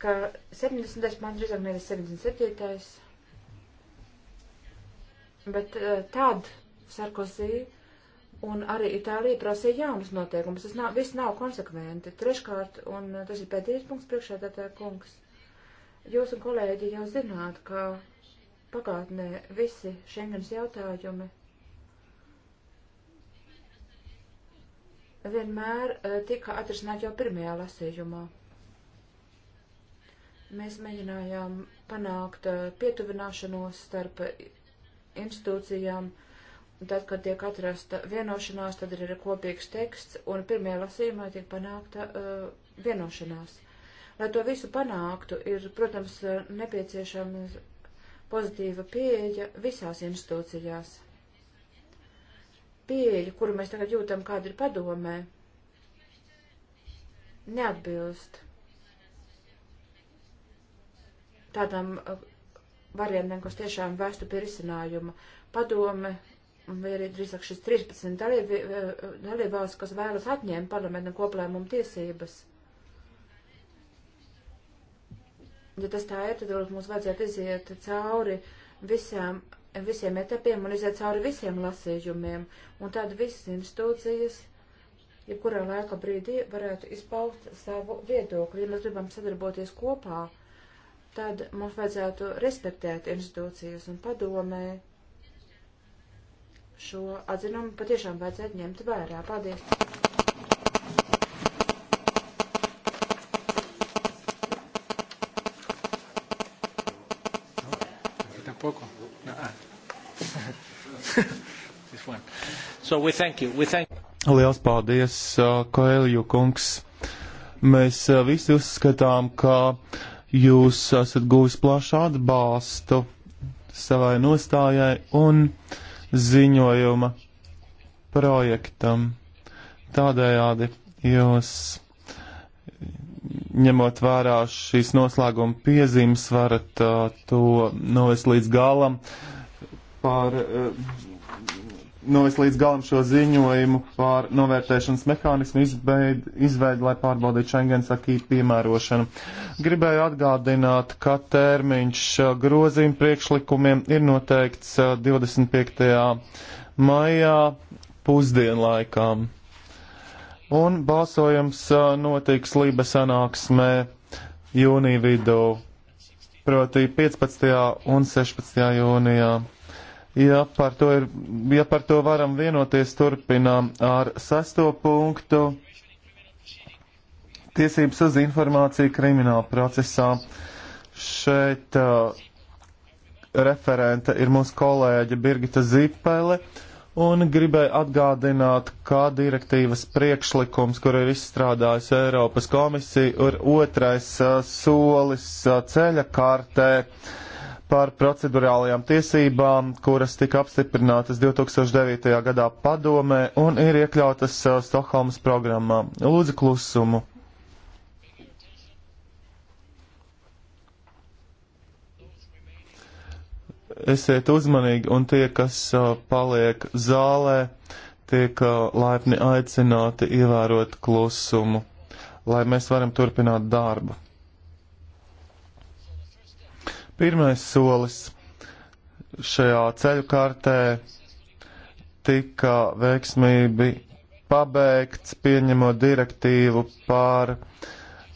ka 70. man drīzāk nevis 77. Bet eh, tad Sarkozī un arī Itālija prasīja jaunus noteikumus. Tas nav, viss nav konsekventi. Treškārt, un eh, tas ir pēdējais punkts priekšētātā kungs, jūs un kolēģi jau zināt, ka pagātnē visi Schengens jautājumi vienmēr eh, tika atrisināt jau pirmajā lasījumā. Mēs mēģinājām panākt uh, pietuvināšanos starp institūcijām. Tad, kad tiek atrasta vienošanās, tad ir kopīgs teksts, un pirmajā lasījumā tiek panākta uh, vienošanās. Lai to visu panāktu, ir, protams, uh, nepieciešama pozitīva pieeja visās institūcijās. Pieeja, kuru mēs tagad jūtam, kāda ir padomē, neatbilst tādām uh, variantiem, kas tiešām vēstu pie risinājuma. Padome, vai arī drīzāk šis 13 uh, dalībvalsts, kas vēlas atņemt parlamentam koplēmumu tiesības. Ja tas tā ir, tad varbūt mums vajadzētu iziet cauri visām, visiem etapiem un iziet cauri visiem lasījumiem. Un tad visas institūcijas, jebkurā ja laika brīdī, varētu izpaust savu viedokli. Ja mēs gribam sadarboties kopā, tad mums vajadzētu respektēt institūcijas un padomē šo atzinumu patiešām vajadzētu ņemt vērā. Paldies! Tampoco. No. *laughs* This one. So we thank you. We thank Liels paldies, uh, Koelju kungs. Mēs uh, visi uzskatām, ka uh, jūs esat guvis plašu atbalstu savai nostājai un ziņojuma projektam. Tādējādi jūs, ņemot vērā šīs noslēguma piezīmes, varat uh, to novest līdz galam par uh, novest nu, līdz galam šo ziņojumu par novērtēšanas mehānismu izveidu, lai pārbaudītu Schengens akī piemērošanu. Gribēju atgādināt, ka termiņš uh, grozījuma priekšlikumiem ir noteikts 25. Uh, maijā pusdienlaikā. Un balsojums uh, notiks Lība sanāksmē jūnija vidū, proti 15. un 16. jūnijā. Ja par to, ir, ja par to varam vienoties, turpinām ar sesto punktu. Tiesības uz informāciju krimināla procesā. Šeit uh, referente ir mūsu kolēģe Birgita Zipele. Un gribēju atgādināt, kā direktīvas priekšlikums, kur ir izstrādājusi Eiropas komisija, ir otrais uh, solis uh, ceļa kārtē. Uh, par procedurālajām tiesībām, kuras tika apstiprinātas 2009. gadā padomē un ir iekļautas uh, Stokholmas programmā. Lūdzu klusumu. Esiet uzmanīgi un tie, kas uh, paliek zālē, tiek uh, laipni aicināti ievērot klusumu, lai mēs varam turpināt darbu. Pirmais solis šajā ceļu kārtē tika veiksmīgi pabeigts, pieņemot direktīvu par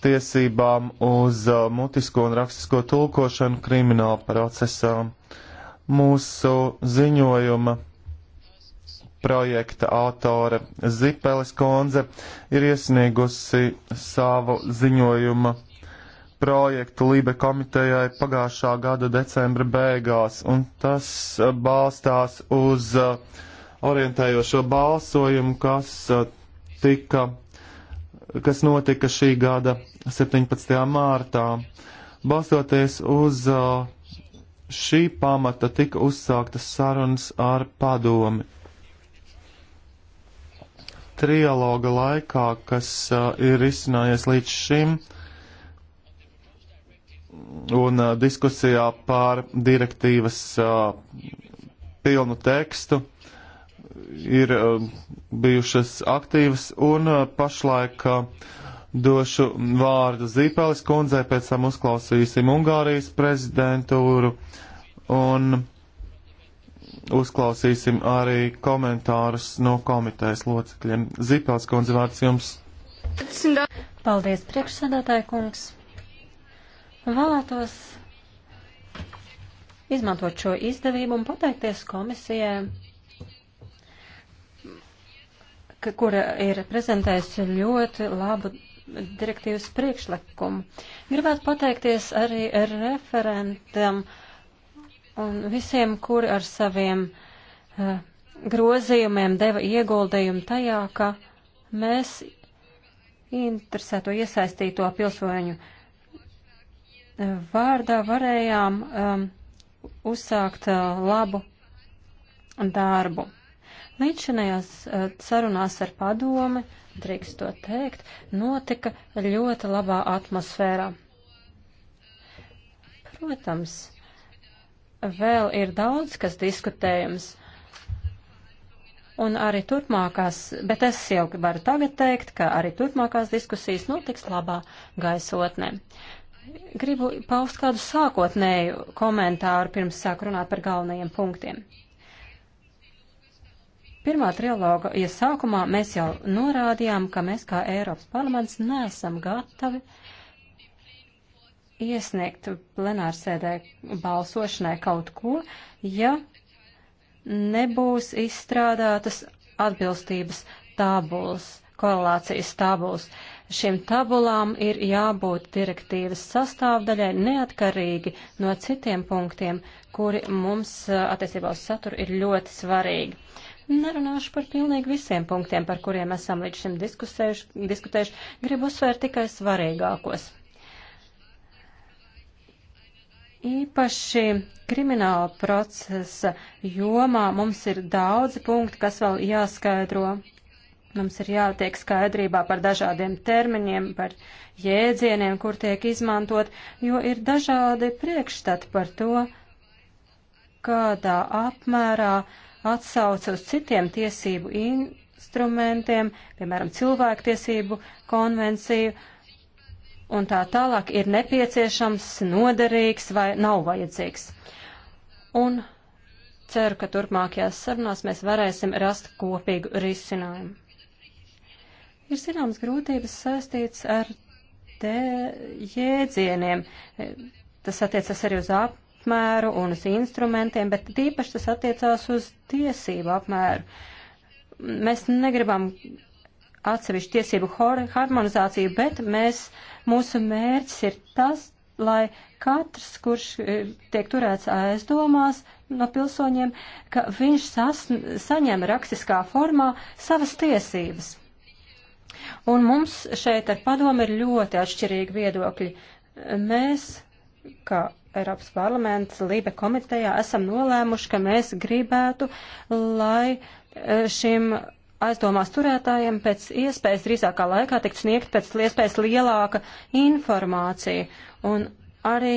tiesībām uz uh, mutisko un rakstisko tulkošanu krimināla procesā. Mūsu ziņojuma projekta autore Zipelis Konze ir iesniegusi savu ziņojuma projektu Lībe komitejai pagājušā gada decembra beigās, un tas uh, balstās uz uh, orientējošo balsojumu, kas uh, tika kas notika šī gada 17. mārtā. Balstoties uz šī pamata tika uzsāktas sarunas ar padomi. Trialoga laikā, kas ir izcinājies līdz šim, un uh, diskusijā par direktīvas uh, pilnu tekstu ir uh, bijušas aktīvas un uh, pašlaik uh, došu vārdu Zīpelis kundzei, pēc tam uzklausīsim Ungārijas prezidentūru un uzklausīsim arī komentārus no komitejas locekļiem. Zīpelis kundze vārds jums. Paldies, priekšsēdētāji kungs. Vēlētos izmantot šo izdevību un pateikties komisijai, kura ir prezentējusi ļoti labu direktīvas priekšlikumu. Gribētu pateikties arī referentam un visiem, kuri ar saviem uh, grozījumiem deva ieguldījumu tajā, ka mēs interesēto iesaistīto pilsoņu vārdā varējām um, uzsākt uh, labu darbu. Līdzinājās uh, sarunās ar padomi, drīkst to teikt, notika ļoti labā atmosfērā. Protams, vēl ir daudz, kas diskutējams. Un arī turpmākās, bet es jau varu tagad teikt, ka arī turpmākās diskusijas notiks labā gaisotnē gribu paust kādu sākotnēju komentāru pirms sāku runāt par galvenajiem punktiem. Pirmā trialoga iesākumā ja mēs jau norādījām, ka mēs kā Eiropas parlaments neesam gatavi iesniegt plenārsēdē balsošanai kaut ko, ja nebūs izstrādātas atbilstības tabulas, korelācijas tabulas. Uh, Šim tabulām ir jābūt direktīvas sastāvdaļai neatkarīgi no citiem punktiem, kuri mums attiecībā uz saturu ir ļoti svarīgi. Nerunāšu par pilnīgi visiem punktiem, par kuriem esam līdz šim diskutējuši. Gribu uzsvērt tikai svarīgākos. Īpaši krimināla procesa jomā mums ir daudzi punkti, kas vēl jāskaidro. Mums ir jātiek skaidrībā par dažādiem termiņiem, par jēdzieniem, kur tiek izmantot, jo ir dažādi priekšstati par to, kādā apmērā atsauce uz citiem tiesību instrumentiem, piemēram, cilvēktiesību konvenciju, un tā tālāk ir nepieciešams, noderīgs vai nav vajadzīgs. Un ceru, ka turpmākajās sarunās mēs varēsim rast kopīgu risinājumu. Ir zināmas grūtības saistīts ar te jēdzieniem. Tas attiecas arī uz apmēru un uz instrumentiem, bet tīpaši tas attiecās uz tiesību apmēru. Mēs negribam atsevišķu tiesību harmonizāciju, bet mēs, mūsu mērķis ir tas, lai katrs, kurš e, tiek turēts aizdomās no pilsoņiem, ka viņš sas, saņem rakstiskā formā savas tiesības. Un mums šeit ar padomu ir ļoti atšķirīgi viedokļi. Mēs, kā Eiropas parlaments, Lībe komitejā, esam nolēmuši, ka mēs gribētu, lai e, šim aizdomās turētājiem pēc iespējas drīzākā laikā tiktu sniegt pēc iespējas lielāka informācija. Un arī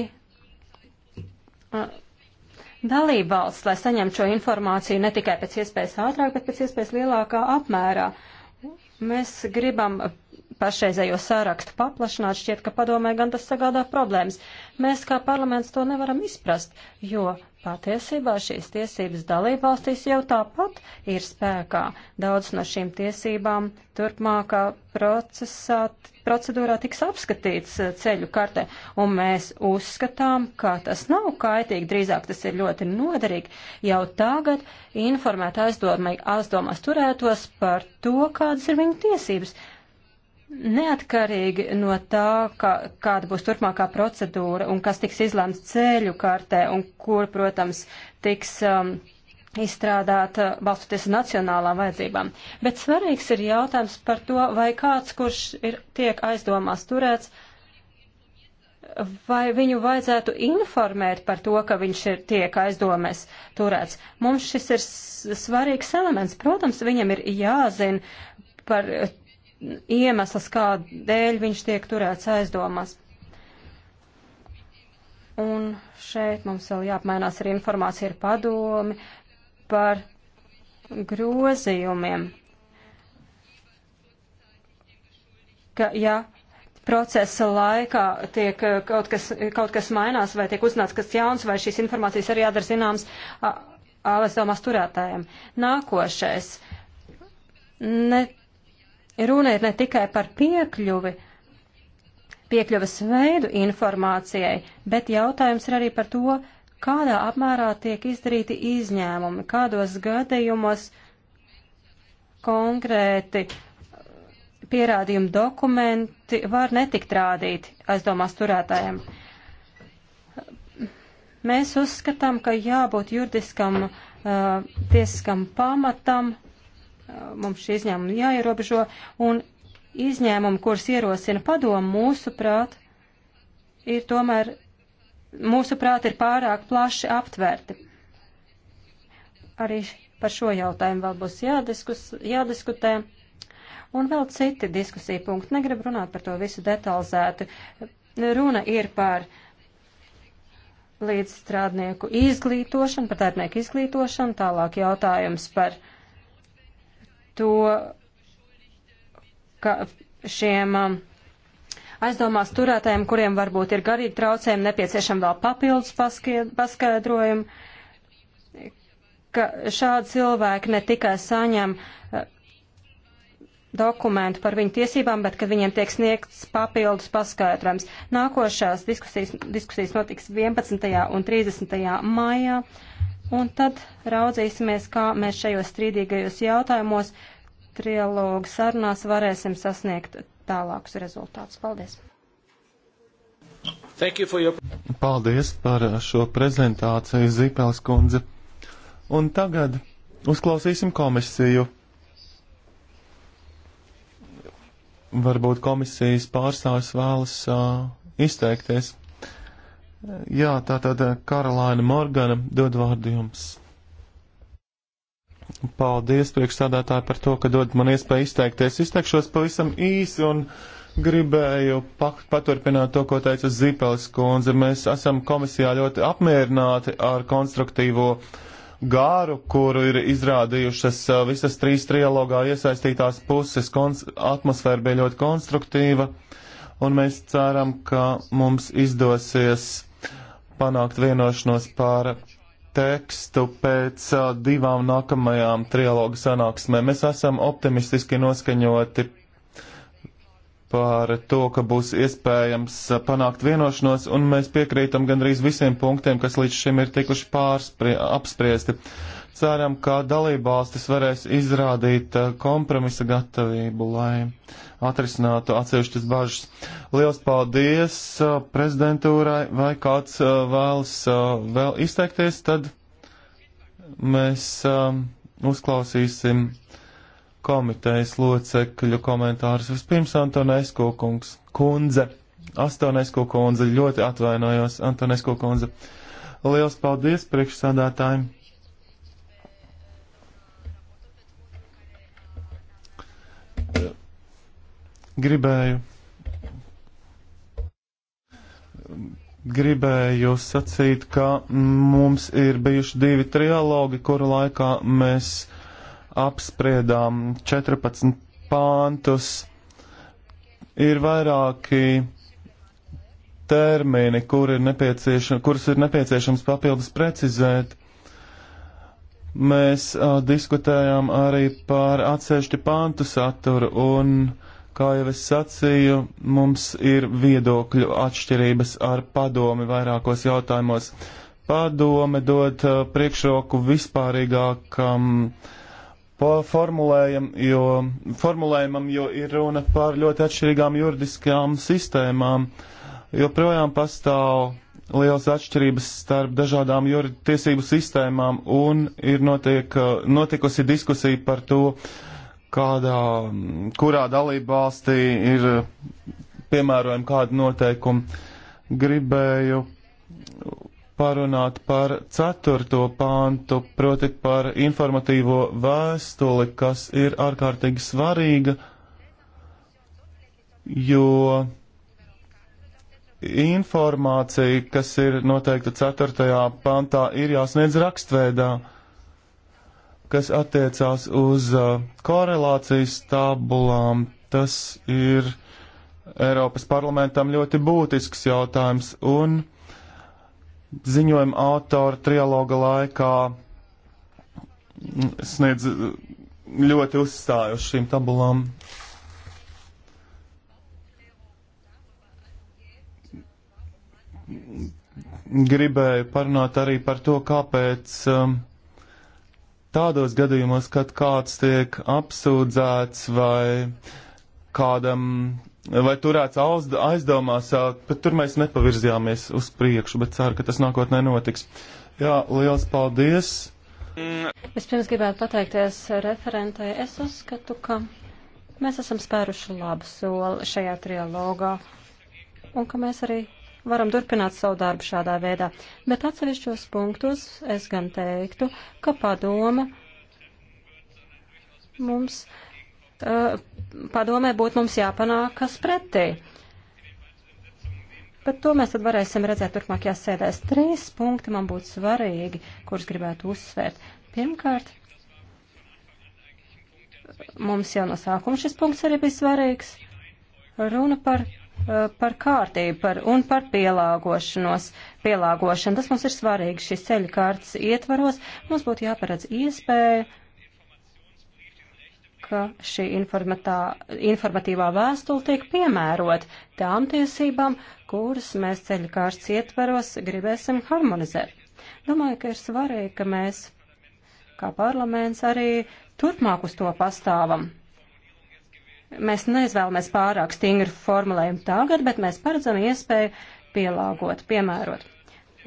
dalībvalsts, lai saņemtu šo informāciju ne tikai pēc iespējas ātrāk, bet pēc iespējas lielākā apmērā. Uh, Mēs gribam pašreizējo sārakstu paplašināt, šķiet, ka padomē gan tas sagādā problēmas. Mēs kā parlaments to nevaram izprast, jo Patiesībā šīs tiesības dalībvalstīs jau tāpat ir spēkā. Daudz no šīm tiesībām turpmākā procesā, procedūrā tiks apskatīts eh, ceļu kartē, un mēs uzskatām, ka tas nav kaitīgi, drīzāk tas ir ļoti noderīgi. Jau tagad informēt aizdomai, aizdomās turētos par to, kādas ir viņu tiesības. Neatkarīgi no tā, ka, kāda būs turpmākā procedūra un kas tiks izlēmts ceļu kartē un kur, protams, tiks um, izstrādāt uh, balstoties nacionālām vajadzībām. Bet svarīgs ir jautājums par to, vai kāds, kurš ir, tiek aizdomās turēts, vai viņu vajadzētu informēt par to, ka viņš ir tiek aizdomēs turēts. Mums šis ir svarīgs elements. Protams, viņam ir jāzina par iemesls, kādēļ viņš tiek turēts aizdomās. Un šeit mums vēl jāapmainās arī informācija ar padomi par grozījumiem, ka ja procesa laikā tiek eh, kaut kas, kaut kas mainās vai tiek uzzināts kas jauns vai šīs informācijas arī jādara zināms ASV domās turētājiem. Nākošais. Ne Runa ir ne tikai par piekļuvi, piekļuvas veidu informācijai, bet jautājums ir arī par to, kādā apmērā tiek izdarīti izņēmumi, kādos gadījumos konkrēti pierādījumu dokumenti var netikt rādīti aizdomās turētājiem. Mēs uzskatām, ka jābūt juridiskam, uh, tiesiskam pamatam mums šie izņēmumi jāierobežo, un izņēmumi, kurus ierosina padomu, mūsuprāt, ir tomēr, mūsuprāt, ir pārāk plaši aptverti. Arī par šo jautājumu vēl būs jādiskus, jādiskutē. Un vēl citi diskusija punkti. Negribu runāt par to visu detalizētu. Runa ir par līdzstrādnieku izglītošanu, par darbinieku izglītošanu, tālāk jautājums par uh, to, ka šiem um, aizdomās turētājiem, kuriem varbūt ir garīgi traucējumi, nepieciešami vēl papildus paskaidrojumi, ka šādi cilvēki ne tikai saņem uh, dokumentu par viņu tiesībām, bet kad viņiem tiek sniegts papildus paskaidrojums. Nākošās diskusijas, diskusijas notiks 11. un 30. maijā un tad raudzīsimies, kā mēs šajos strīdīgajos jautājumos trialogu sarunās varēsim sasniegt tālākus rezultātus. Paldies! You your... Paldies par šo prezentāciju, Zīpels kundze. Un tagad uzklausīsim komisiju. Varbūt komisijas pārstāvis vēlas uh, izteikties. Jā, tātad eh, Karolaina Morgana dod vārdu jums. Paldies priekšstādātāji par to, ka dod man iespēju izteikties. Izteikšos pavisam īsi un gribēju paturpināt to, ko teica Zipelis kundze. Mēs esam komisijā ļoti apmierināti ar konstruktīvo gāru, kuru ir izrādījušas eh, visas trīs trialogā iesaistītās puses. Kons atmosfēra bija ļoti konstruktīva. Un mēs ceram, ka mums izdosies panākt vienošanos par tekstu pēc uh, divām nākamajām trialogu sanāksmēm. Mēs esam optimistiski noskaņoti par to, ka būs iespējams uh, panākt vienošanos, un mēs piekrītam gandrīz visiem punktiem, kas līdz šim ir tikuši pārspri, apspriesti. Ceram, ka dalībvalstis varēs izrādīt uh, kompromisa gatavību, lai uh, atrisinātu atsevišķas bažas. Liels paldies uh, prezidentūrai, vai kāds uh, vēlas uh, vēl izteikties, tad mēs um, uzklausīsim komitejas locekļu komentārus. Vispirms Antonesko kungs, kundze, Astonesko kundze, ļoti atvainojos, Antonesko kundze. Liels paldies priekšsādātājiem! Gribēju. Gribēju sacīt, ka mums ir bijuši divi trialogi, kuru laikā mēs apspriedām 14 pāntus. Ir vairāki termini, kur ir kurus ir nepieciešams papildus precizēt. Mēs uh, diskutējām arī par atsevišķu pāntu saturu un Kā jau es sacīju, mums ir viedokļu atšķirības ar padomi vairākos jautājumos. Padome dod uh, priekšroku vispārīgākam uh, formulējam, jo, formulējumam, jo ir runa par ļoti atšķirīgām juridiskām sistēmām. Joprojām pastāv liels atšķirības starp dažādām tiesību sistēmām un ir notiek, uh, notikusi diskusija par to, kādā, kurā dalībvalstī ir piemērojami kādi noteikumi. Gribēju parunāt par ceturto pāntu, proti par informatīvo vēstuli, kas ir ārkārtīgi svarīga, jo informācija, kas ir noteikta ceturtajā pāntā, ir jāsniedz rakstveidā. Uh, kas attiecās uz uh, korelācijas tabulām, tas ir Eiropas parlamentam ļoti būtisks jautājums, un ziņojuma autora trialoga laikā sniedz ļoti uzstāju uz šīm tabulām. Gribēju parunāt arī par to, kāpēc um, Tādos gadījumos, kad kāds tiek apsūdzēts vai kādam vai turēts aizdomās, bet tur mēs nepavirzījāmies uz priekšu, bet ceru, ka tas nākotnē notiks. Jā, liels paldies! Vispirms gribētu pateikties referentai. Es uzskatu, ka mēs esam spēruši labu soli šajā trialogā un ka mēs arī varam turpināt savu darbu šādā veidā. Bet atsevišķos punktus es gan teiktu, ka padome mums, eh, padomē būtu mums jāpanāk kas pretī. Bet to mēs tad varēsim redzēt turpmākajās sēdēs. Trīs punkti man būtu svarīgi, kurus gribētu uzsvērt. Pirmkārt, mums jau no sākuma šis punkts arī bija svarīgs. Runa par Eh, par kārtību par, un par pielāgošanos. Pielāgošana, tas mums ir svarīgi šīs ceļu kārtas ietvaros. Mums būtu jāparedz iespēja, ka šī informatīvā vēstule tiek piemērot tām tiesībām, kuras mēs ceļu kārtas ietvaros gribēsim harmonizēt. Domāju, ka ir svarīgi, ka mēs, kā parlaments, arī turpmāk uz to pastāvam. Mēs neizvēlamies pārāk stingru formulējumu tagad, bet mēs paredzam iespēju pielāgot, piemērot.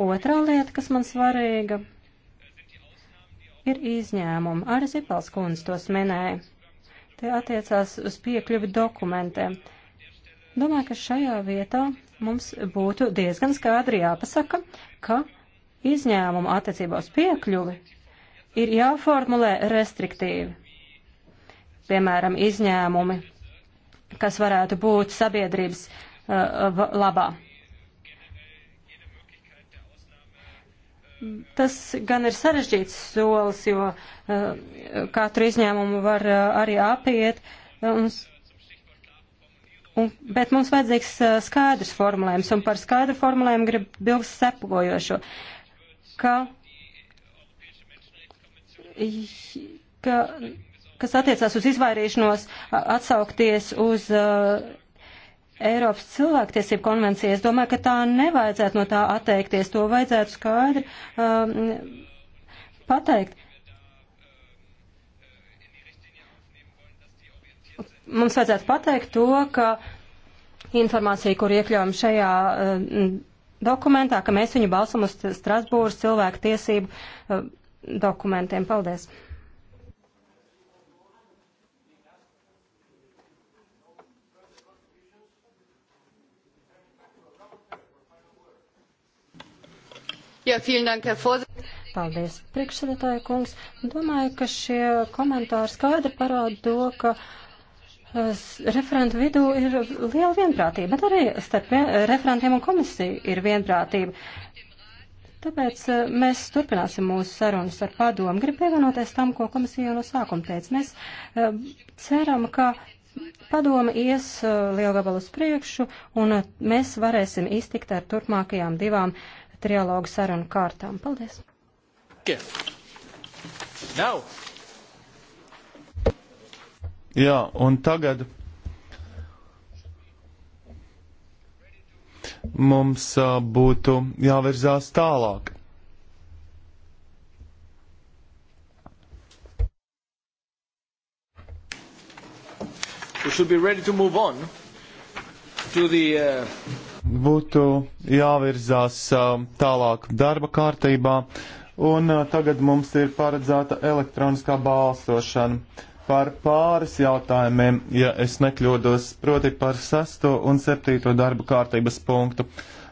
Otrā lieta, kas man svarīga, ir izņēmumi. Arī Zipels kundze tos minēja. Tie attiecās uz piekļuvi dokumentiem. Domāju, ka šajā vietā mums būtu diezgan skaidri jāpasaka, ka izņēmumu attiecībā uz piekļuvi ir jāformulē restriktīvi. Piemēram, izņēmumi kas varētu būt sabiedrības uh, labā. Tas gan ir sarežģīts solis, jo uh, katru izņēmumu var uh, arī apiet, uh, un, un, bet mums vajadzīgs uh, skaidrs formulējums, un par skaidru formulējumu grib bilst sepojošo, ka, ka kas attiecās uz izvairīšanos atsaukties uz uh, Eiropas cilvēktiesību konvenciju. Es domāju, ka tā nevajadzētu no tā atteikties. To vajadzētu skaidri um, pateikt. Mums vajadzētu pateikt to, ka informācija, kur iekļaujam šajā uh, dokumentā, ka mēs viņu balsam uz Strasbūras cilvēku tiesību uh, dokumentiem. Paldies! Ja, dank, Paldies, priekšsēdētāja kungs. Domāju, ka šie komentāri skaidri parāda to, ka referentu vidū ir liela vienprātība, bet arī starp referentiem un komisiju ir vienprātība. Tāpēc eh, mēs turpināsim mūsu sarunas ar padomu. Gribu pievienoties tam, ko komisija jau no sākuma teica. Mēs eh, ceram, ka padoma ies eh, lielgabalus priekšu un mēs varēsim iztikt ar turpmākajām divām uh, trialogu sarunu kārtām. Paldies! Now. Jā, un tagad mums būtu jāvirzās tālāk. We should be ready to move on to the uh, būtu jāvirzās um, tālāk darba kārtībā, un uh, tagad mums ir paredzēta elektroniskā balsošana par pāris jautājumiem, ja es nekļūdos, proti par sesto un septīto darba kārtības punktu.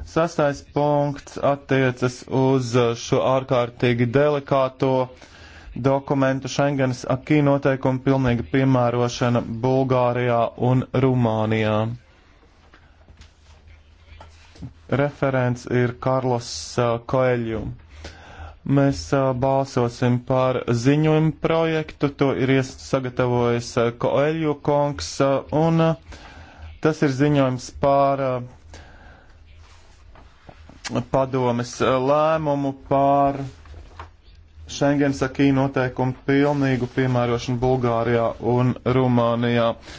Sastais punkts attiecas uz uh, šo ārkārtīgi delikāto dokumentu Schengenas akī noteikumu pilnīga piemērošana Bulgārijā un Rumānijā. Referents ir Karlos Koeļu. Eh, Mēs eh, balsosim par ziņojumu projektu, to ir sagatavojis Koeļu eh, kungs, un tas ir ziņojums par padomes lēmumu par Schengens akī noteikumu pilnīgu piemērošanu Bulgārijā un Rumānijā. Uh,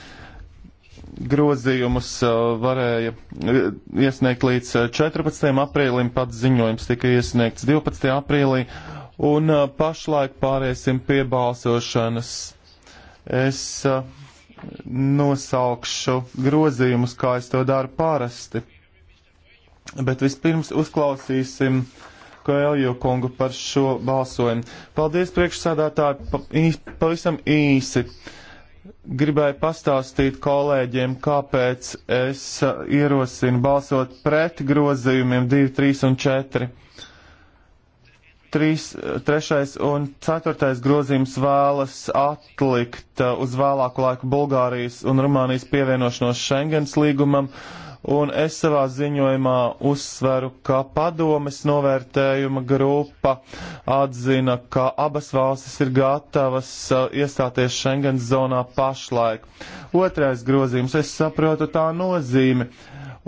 grozījumus uh, varēja uh, iesniegt līdz 14. Uh, aprīlim, pats ziņojums tika iesniegts 12. aprīlī, un pašlaik pāriesim pie balsošanas. Es nosaukšu grozījumus, kā es to daru parasti, bet vispirms uzklausīsim. Koeljo kungu par šo balsojumu. Paldies priekšsādātāji, pa, īs, pavisam īsi. Uh, gribēju pastāstīt kolēģiem, kāpēc es uh, ierosinu balsot pret grozījumiem 2, 3 un 4. 3, 3 un 4 grozījums vēlas atlikt uh, uz vēlāku laiku Bulgārijas un Rumānijas pievienošanos Schengens līgumam. Uh, un es savā ziņojumā uzsveru, ka padomes novērtējuma grupa atzina, ka abas valstis ir gatavas uh, iestāties Schengens zonā pašlaik. Otrais grozījums, es saprotu tā nozīmi.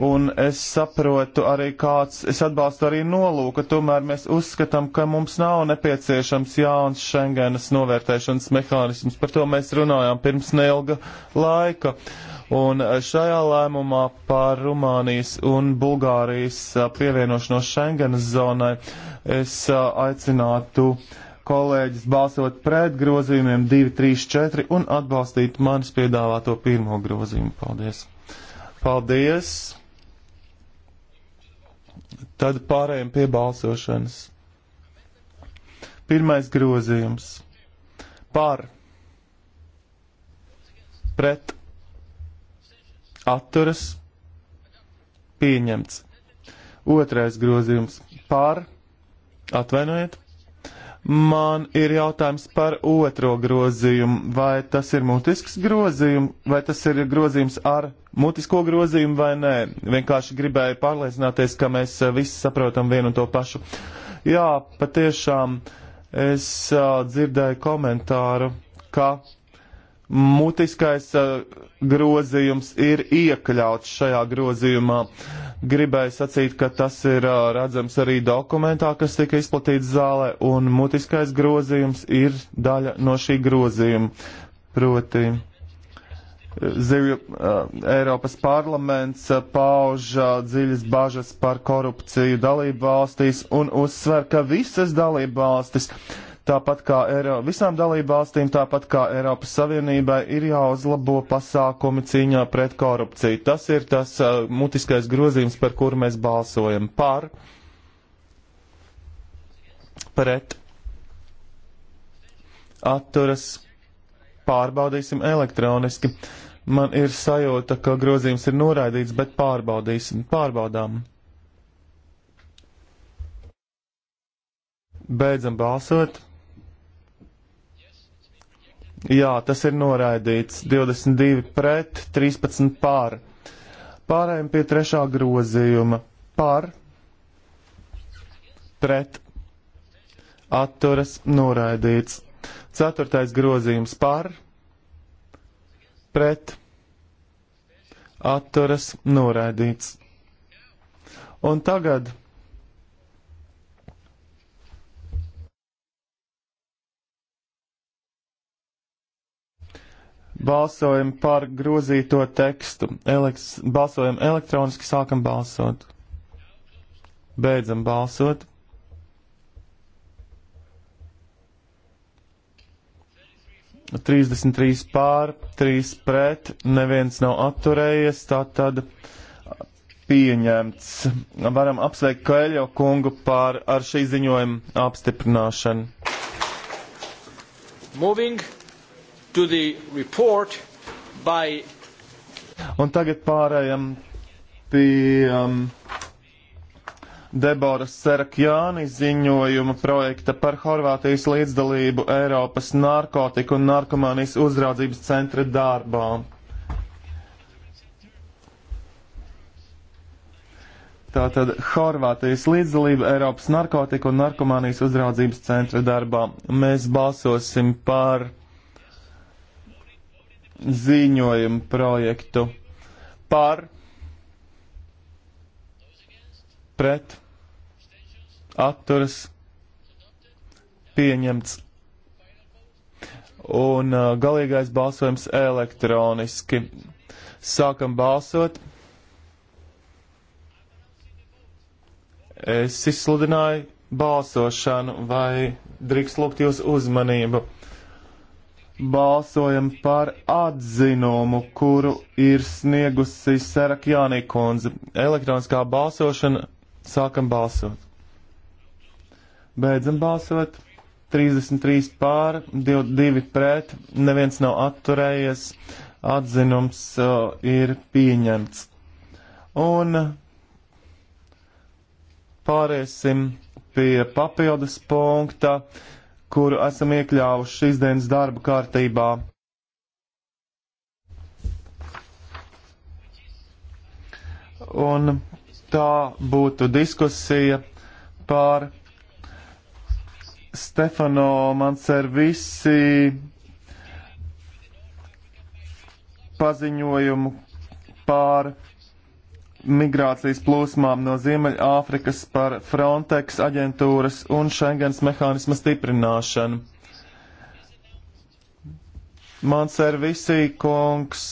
Un es saprotu arī kāds, es atbalstu arī nolūku, tomēr mēs uzskatām, ka mums nav nepieciešams jauns Schengenas novērtēšanas mehānisms. Par to mēs runājām pirms neilga laika. Uh, Un eh, šajā lēmumā par Rumānijas un Bulgārijas eh, pievienošanos Schengenas zonai es eh, aicinātu kolēģis balsot pret grozījumiem 2, 3, 4 un atbalstīt manis piedāvāto pirmo grozījumu. Paldies! Paldies! Tad pārējiem pie balsošanas. Pirmais grozījums. Par. Pret atturas pieņemts. Otrais grozījums par atvainojiet. Man ir jautājums par otro grozījumu. Vai tas ir mutisks grozījums, vai tas ir grozījums ar mutisko grozījumu vai nē? Vienkārši gribēju pārliecināties, ka mēs eh, visi saprotam vienu un to pašu. Jā, patiešām es uh, dzirdēju komentāru, ka Mutiskais uh, grozījums ir iekļauts šajā grozījumā. Gribēju sacīt, ka tas ir uh, redzams arī dokumentā, kas tika izplatīts zālē, un mutiskais grozījums ir daļa no šī grozījuma. Proti, zivju, uh, Eiropas parlaments pauž dziļas bažas par korupciju dalību valstīs un uzsver, ka visas dalību valstis uh, tāpat kā Eiro, visām dalībvalstīm, tāpat kā Eiropas Savienībai, ir jāuzlabo pasākumi cīņā pret korupciju. Tas ir tas uh, mutiskais grozījums, par kuru mēs balsojam par, pret, atturas, pārbaudīsim elektroniski. Man ir sajūta, ka grozījums ir noraidīts, bet pārbaudīsim, pārbaudām. Beidzam balsot. Jā, tas ir noraidīts. 22 pret, 13 pār. Pārējiem pie trešā grozījuma. Par, pret, atturas, noraidīts. Ceturtais grozījums par, pret, atturas, noraidīts. Un tagad Balsojam par grozīto tekstu. Eleks, balsojam elektroniski, sākam balsot. Beidzam balsot. Trīsdesmit trīs pār, trīs pret, neviens nav atturējies, tā tad pieņemts. Varam apsveikt Koeļo kungu par ar šī ziņojuma apstiprināšanu. Moving to the report by. Un tagad pārējām pie um, Deboras Serakjāni ziņojuma projekta par Horvātijas līdzdalību Eiropas narkotiku un narkomānijas uzraudzības centra darbā. Tātad Horvātijas līdzdalība Eiropas narkotiku un narkomānijas uzraudzības centra darbā. Mēs balsosim par ziņojumu projektu par pret atturas pieņemts un uh, galīgais balsojums elektroniski. Sākam balsot. Es izsludināju balsošanu, vai drīkst lūgt jūsu uzmanību balsojam par atzinumu, kuru ir sniegusi Sarakjānī kundze. Elektroniskā balsošana. Sākam balsot. Beidzam balsot. 33 pār, 22 pret, neviens nav atturējies. Atzinums uh, ir pieņemts. Un pāriesim pie papildus punkta. Uh, kuru esam iekļāvuši šīs dienas darba kārtībā. Un tā būtu diskusija par Stefano Manservisi paziņojumu par migrācijas plūsmām no Ziemeļāfrikas par Frontex aģentūras un Schengens mehānisma stiprināšanu. Mans servisī kungs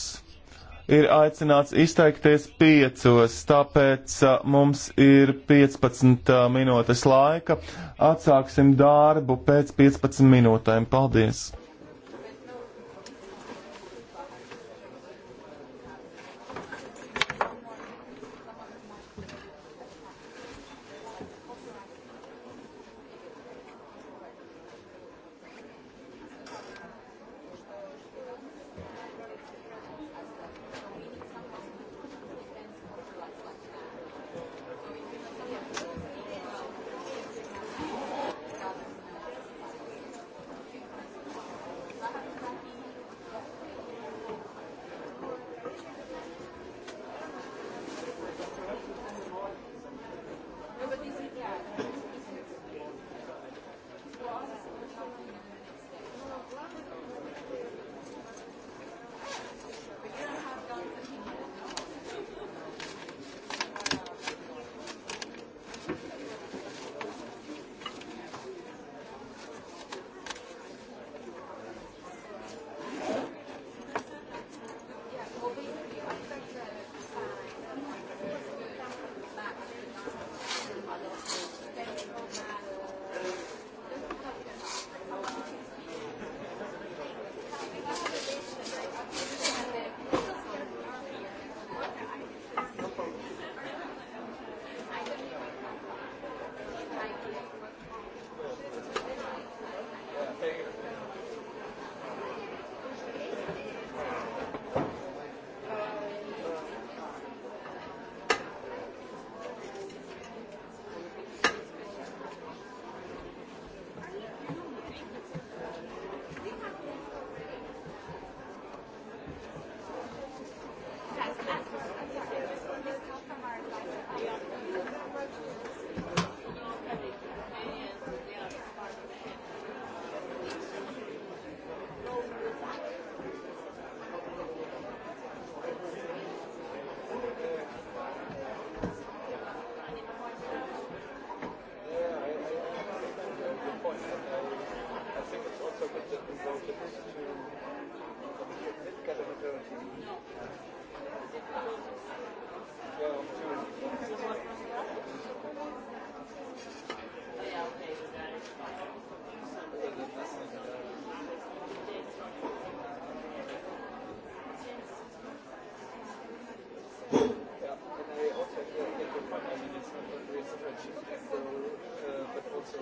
ir aicināts izteikties piecos, tāpēc uh, mums ir 15 uh, minūtes laika. Atsāksim darbu pēc 15 minūtēm. Paldies!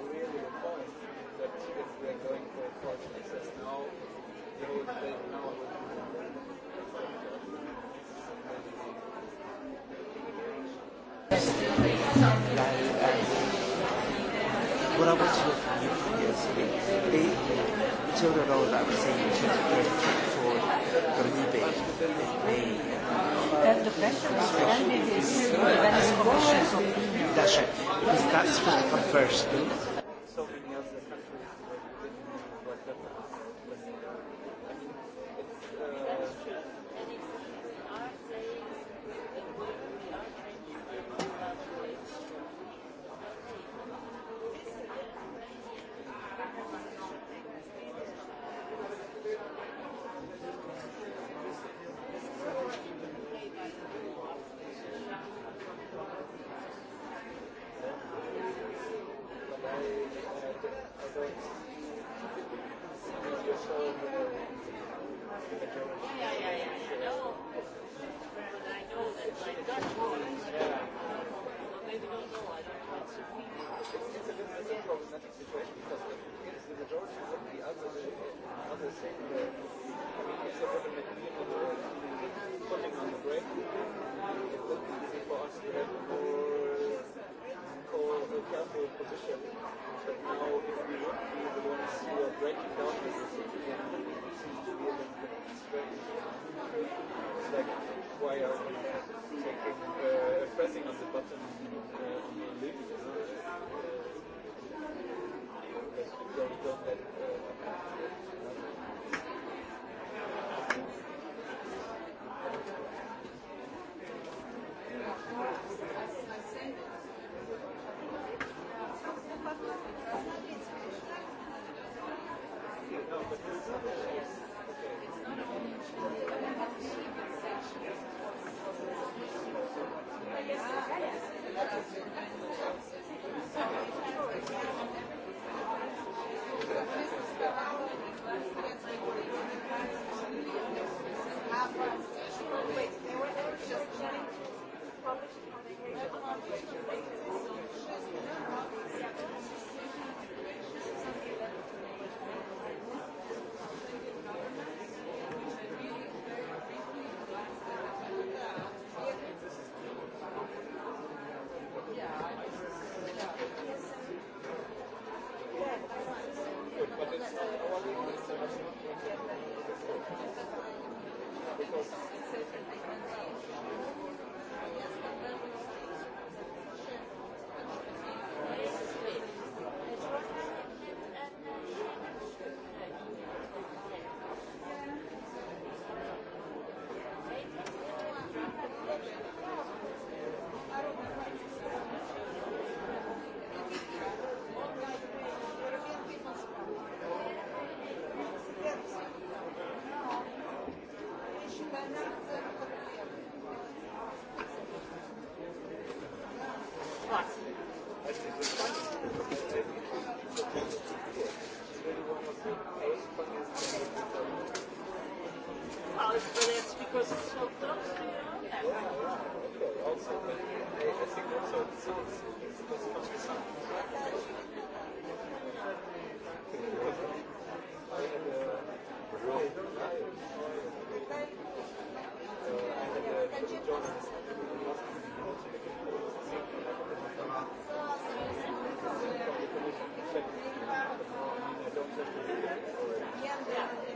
really the point that if we are going for forced access now, the whole debate now would be what I want to do for you is they each other know that we're saying each other from eBay. Then the better branded is, then it's commercial. That's right. Because that's what comes first. No? Well, but that's because it's so close to your own neck. Yeah, yeah. Okay, also, but I, I think also it sounds, it's because from the sound. I had a journalist Yeah.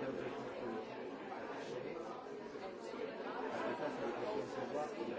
Thank you.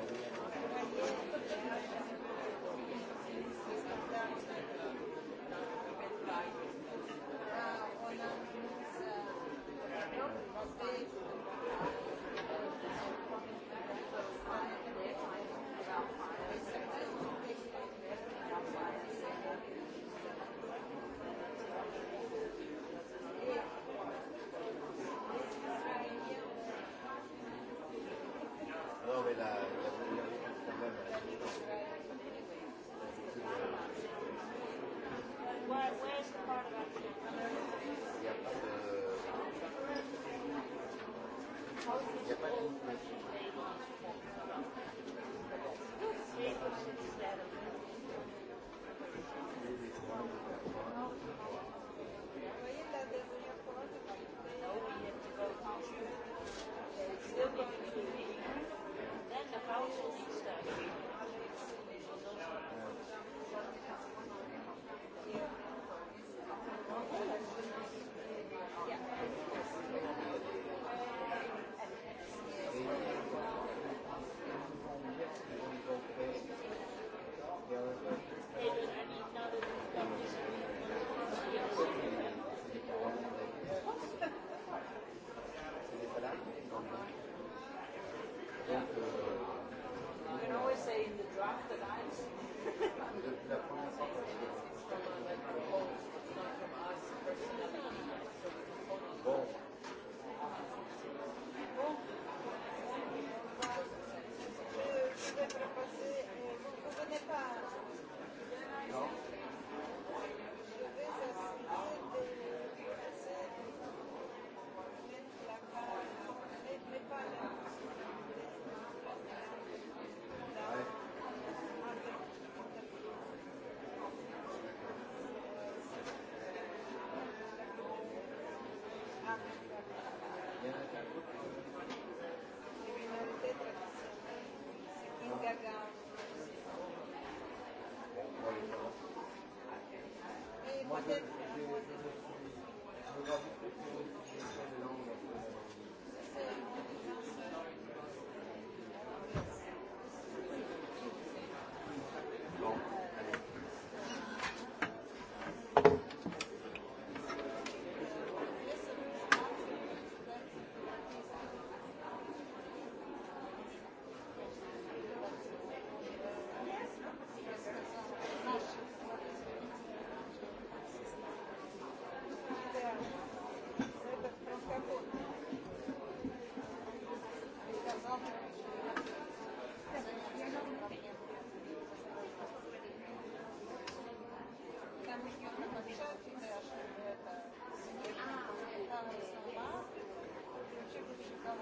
Thank you. Poate Dlaczego przyjechała na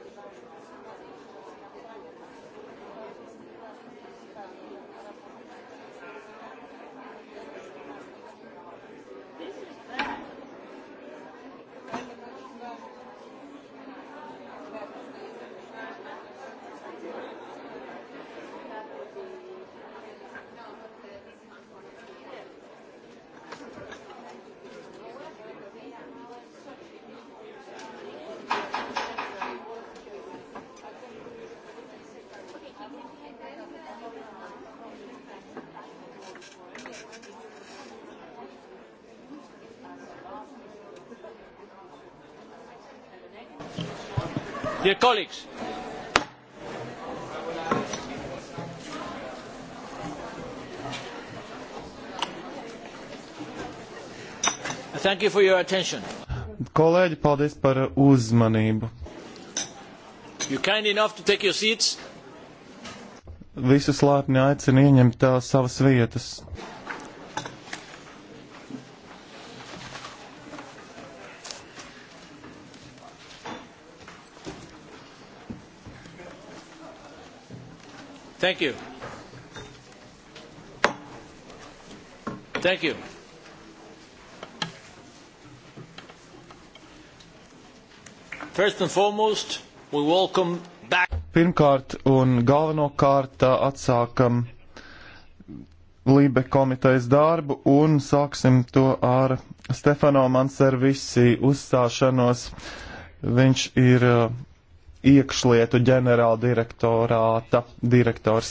Dear colleagues, thank you for your attention. Kolēģi, paldies par uzmanību. You kind enough to take your seats. Visus lēpni aicinu ieņemt uh, savas vietas. Thank you. Thank you. First and foremost, we welcome back. Pirmkārt un galvenokārt uh, atsākam Lībe komitejas darbu un sāksim to ar Stefano Manservisi uzstāšanos. Viņš ir uh, iekšlietu ģenerāla direktorāta direktors.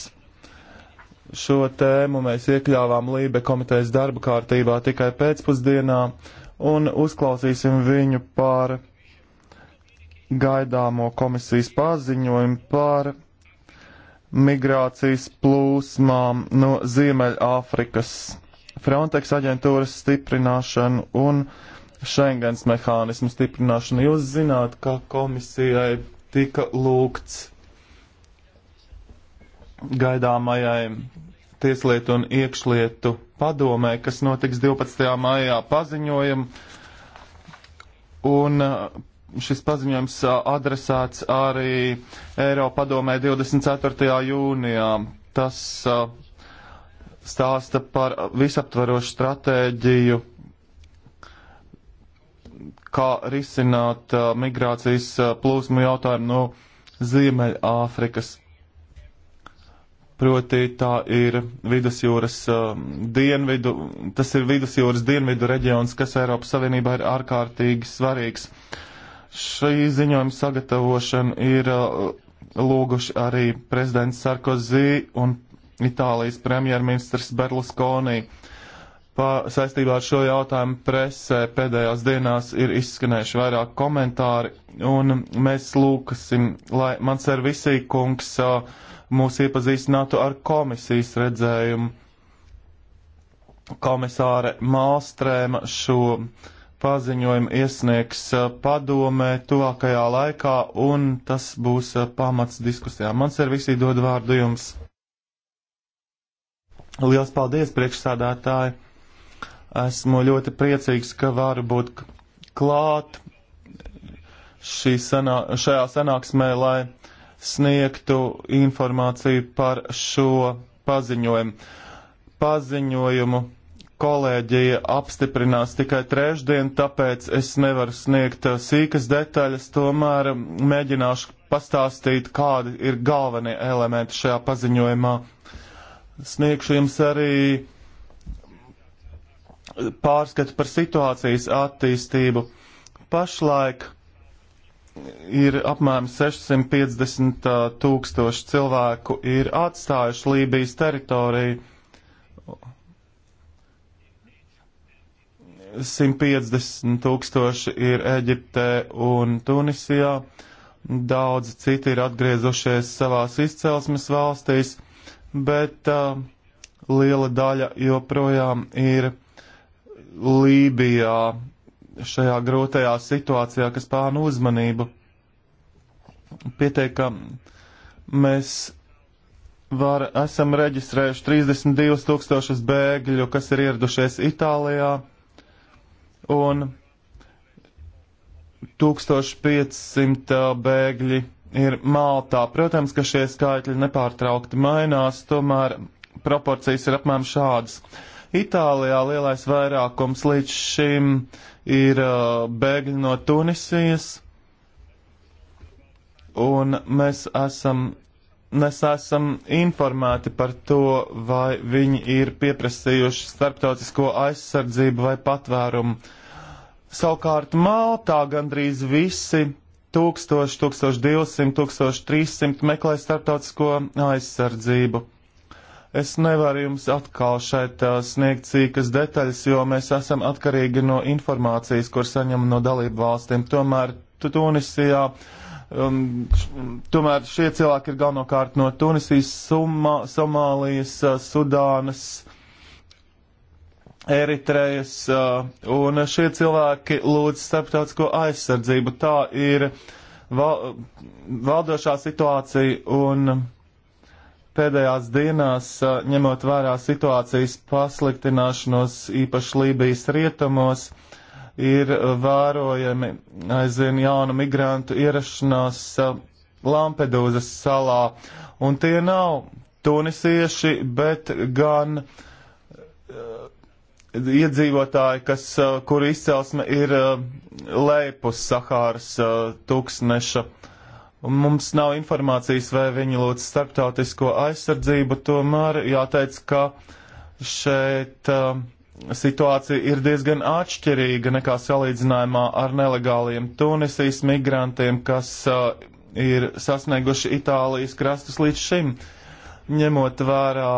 Šo tēmu mēs iekļāvām Lībe komitejas darba kārtībā tikai pēcpusdienā un uzklausīsim viņu par gaidāmo komisijas paziņojumu par migrācijas plūsmām no Ziemeļāfrikas, Frontex aģentūras stiprināšanu un Schengens mehānismu stiprināšanu. Jūs zināt, ka komisijai tika lūgts gaidāmajai Tieslietu un iekšlietu padomē, kas notiks 12. maijā paziņojumu. Un uh, šis paziņojums uh, adresēts arī Eiropadomē 24. jūnijā. Tas uh, stāsta par visaptvarošu stratēģiju kā risināt uh, migrācijas uh, plūsmu jautājumu no Ziemeļāfrikas. Proti tā ir vidusjūras uh, dienvidu, tas ir vidusjūras dienvidu reģions, kas Eiropas Savienībā ir ārkārtīgi svarīgs. Šī ziņojuma sagatavošana ir uh, lūguši arī prezidents Sarkozy un Itālijas premjerministrs Berluskonī. Uh, Pa, saistībā ar šo jautājumu presē pēdējās dienās ir izskanējuši vairāk komentāri, un mēs lūkasim, lai mans ar visī kungs mūs iepazīstinātu ar komisijas redzējumu. Komisāre Mālstrēma šo paziņojumu iesniegs padomē tuvākajā laikā, un tas būs pamats diskusijām. Mans ar visī dod vārdu jums. Liels paldies, priekšsādātāji! Esmu ļoti priecīgs, ka varu būt klāt sanā, šajā sanāksmē, lai sniegtu informāciju par šo paziņojumu. Paziņojumu kolēģija apstiprinās tikai trešdien, tāpēc es nevaru sniegt uh, sīkas detaļas, tomēr um, mēģināšu pastāstīt, kādi ir galvenie elementi šajā paziņojumā. Sniegšu jums arī uh, pārskatu par situācijas attīstību. Pašlaik ir apmēram 650 tūkstoši cilvēku ir atstājuši Lībijas teritoriju. 150 tūkstoši ir Eģiptē un Tunisijā, daudzi citi ir atgriezušies savās izcelsmes valstīs, bet uh, liela daļa joprojām ir Lībijā šajā grūtajā situācijā, kas pāna uzmanību. Pietiek, ka mēs var, esam reģistrējuši 32 tūkstošus bēgļu, kas ir ieradušies Itālijā, un 1500 bēgļi ir Maltā. Protams, ka šie skaitļi nepārtraukti mainās, tomēr proporcijas ir apmēram šādas. Uh, Itālijā lielais vairākums līdz šim ir uh, bēgļi no Tunisijas, un mēs esam mēs esam informēti par to, vai viņi ir pieprasījuši starptautisko aizsardzību vai patvērumu. Savukārt Maltā gandrīz visi 1000, 1200, 1300 meklē starptautisko aizsardzību. Es nevaru jums atkal šeit uh, sniegt cīkas detaļas, jo mēs esam atkarīgi no informācijas, kur saņem no dalību valstīm. Tomēr Tunisijā, um, š, um, tomēr šie cilvēki ir galvenokārt no Tunisijas, Suma, Somālijas, uh, Sudānas, Eritrejas, uh, un šie cilvēki lūdz starptautisko aizsardzību. Tā ir val, valdošā situācija un. Uh, pēdējās dienās, ņemot vērā situācijas pasliktināšanos, īpaši Lībijas rietumos, ir vērojami aizvien jaunu migrantu ierašanās Lampedūzas salā. Un tie nav tunisieši, bet gan uh, iedzīvotāji, kas, uh, kuru izcelsme ir uh, lejpus Sahāras uh, tūkstneša uh, un mums nav informācijas, vai viņi lūdz starptautisko aizsardzību, tomēr jāteic, ka šeit uh, situācija ir diezgan atšķirīga nekā salīdzinājumā ar nelegāliem Tunisijas migrantiem, kas uh, ir sasnieguši Itālijas krastus līdz šim, ņemot vērā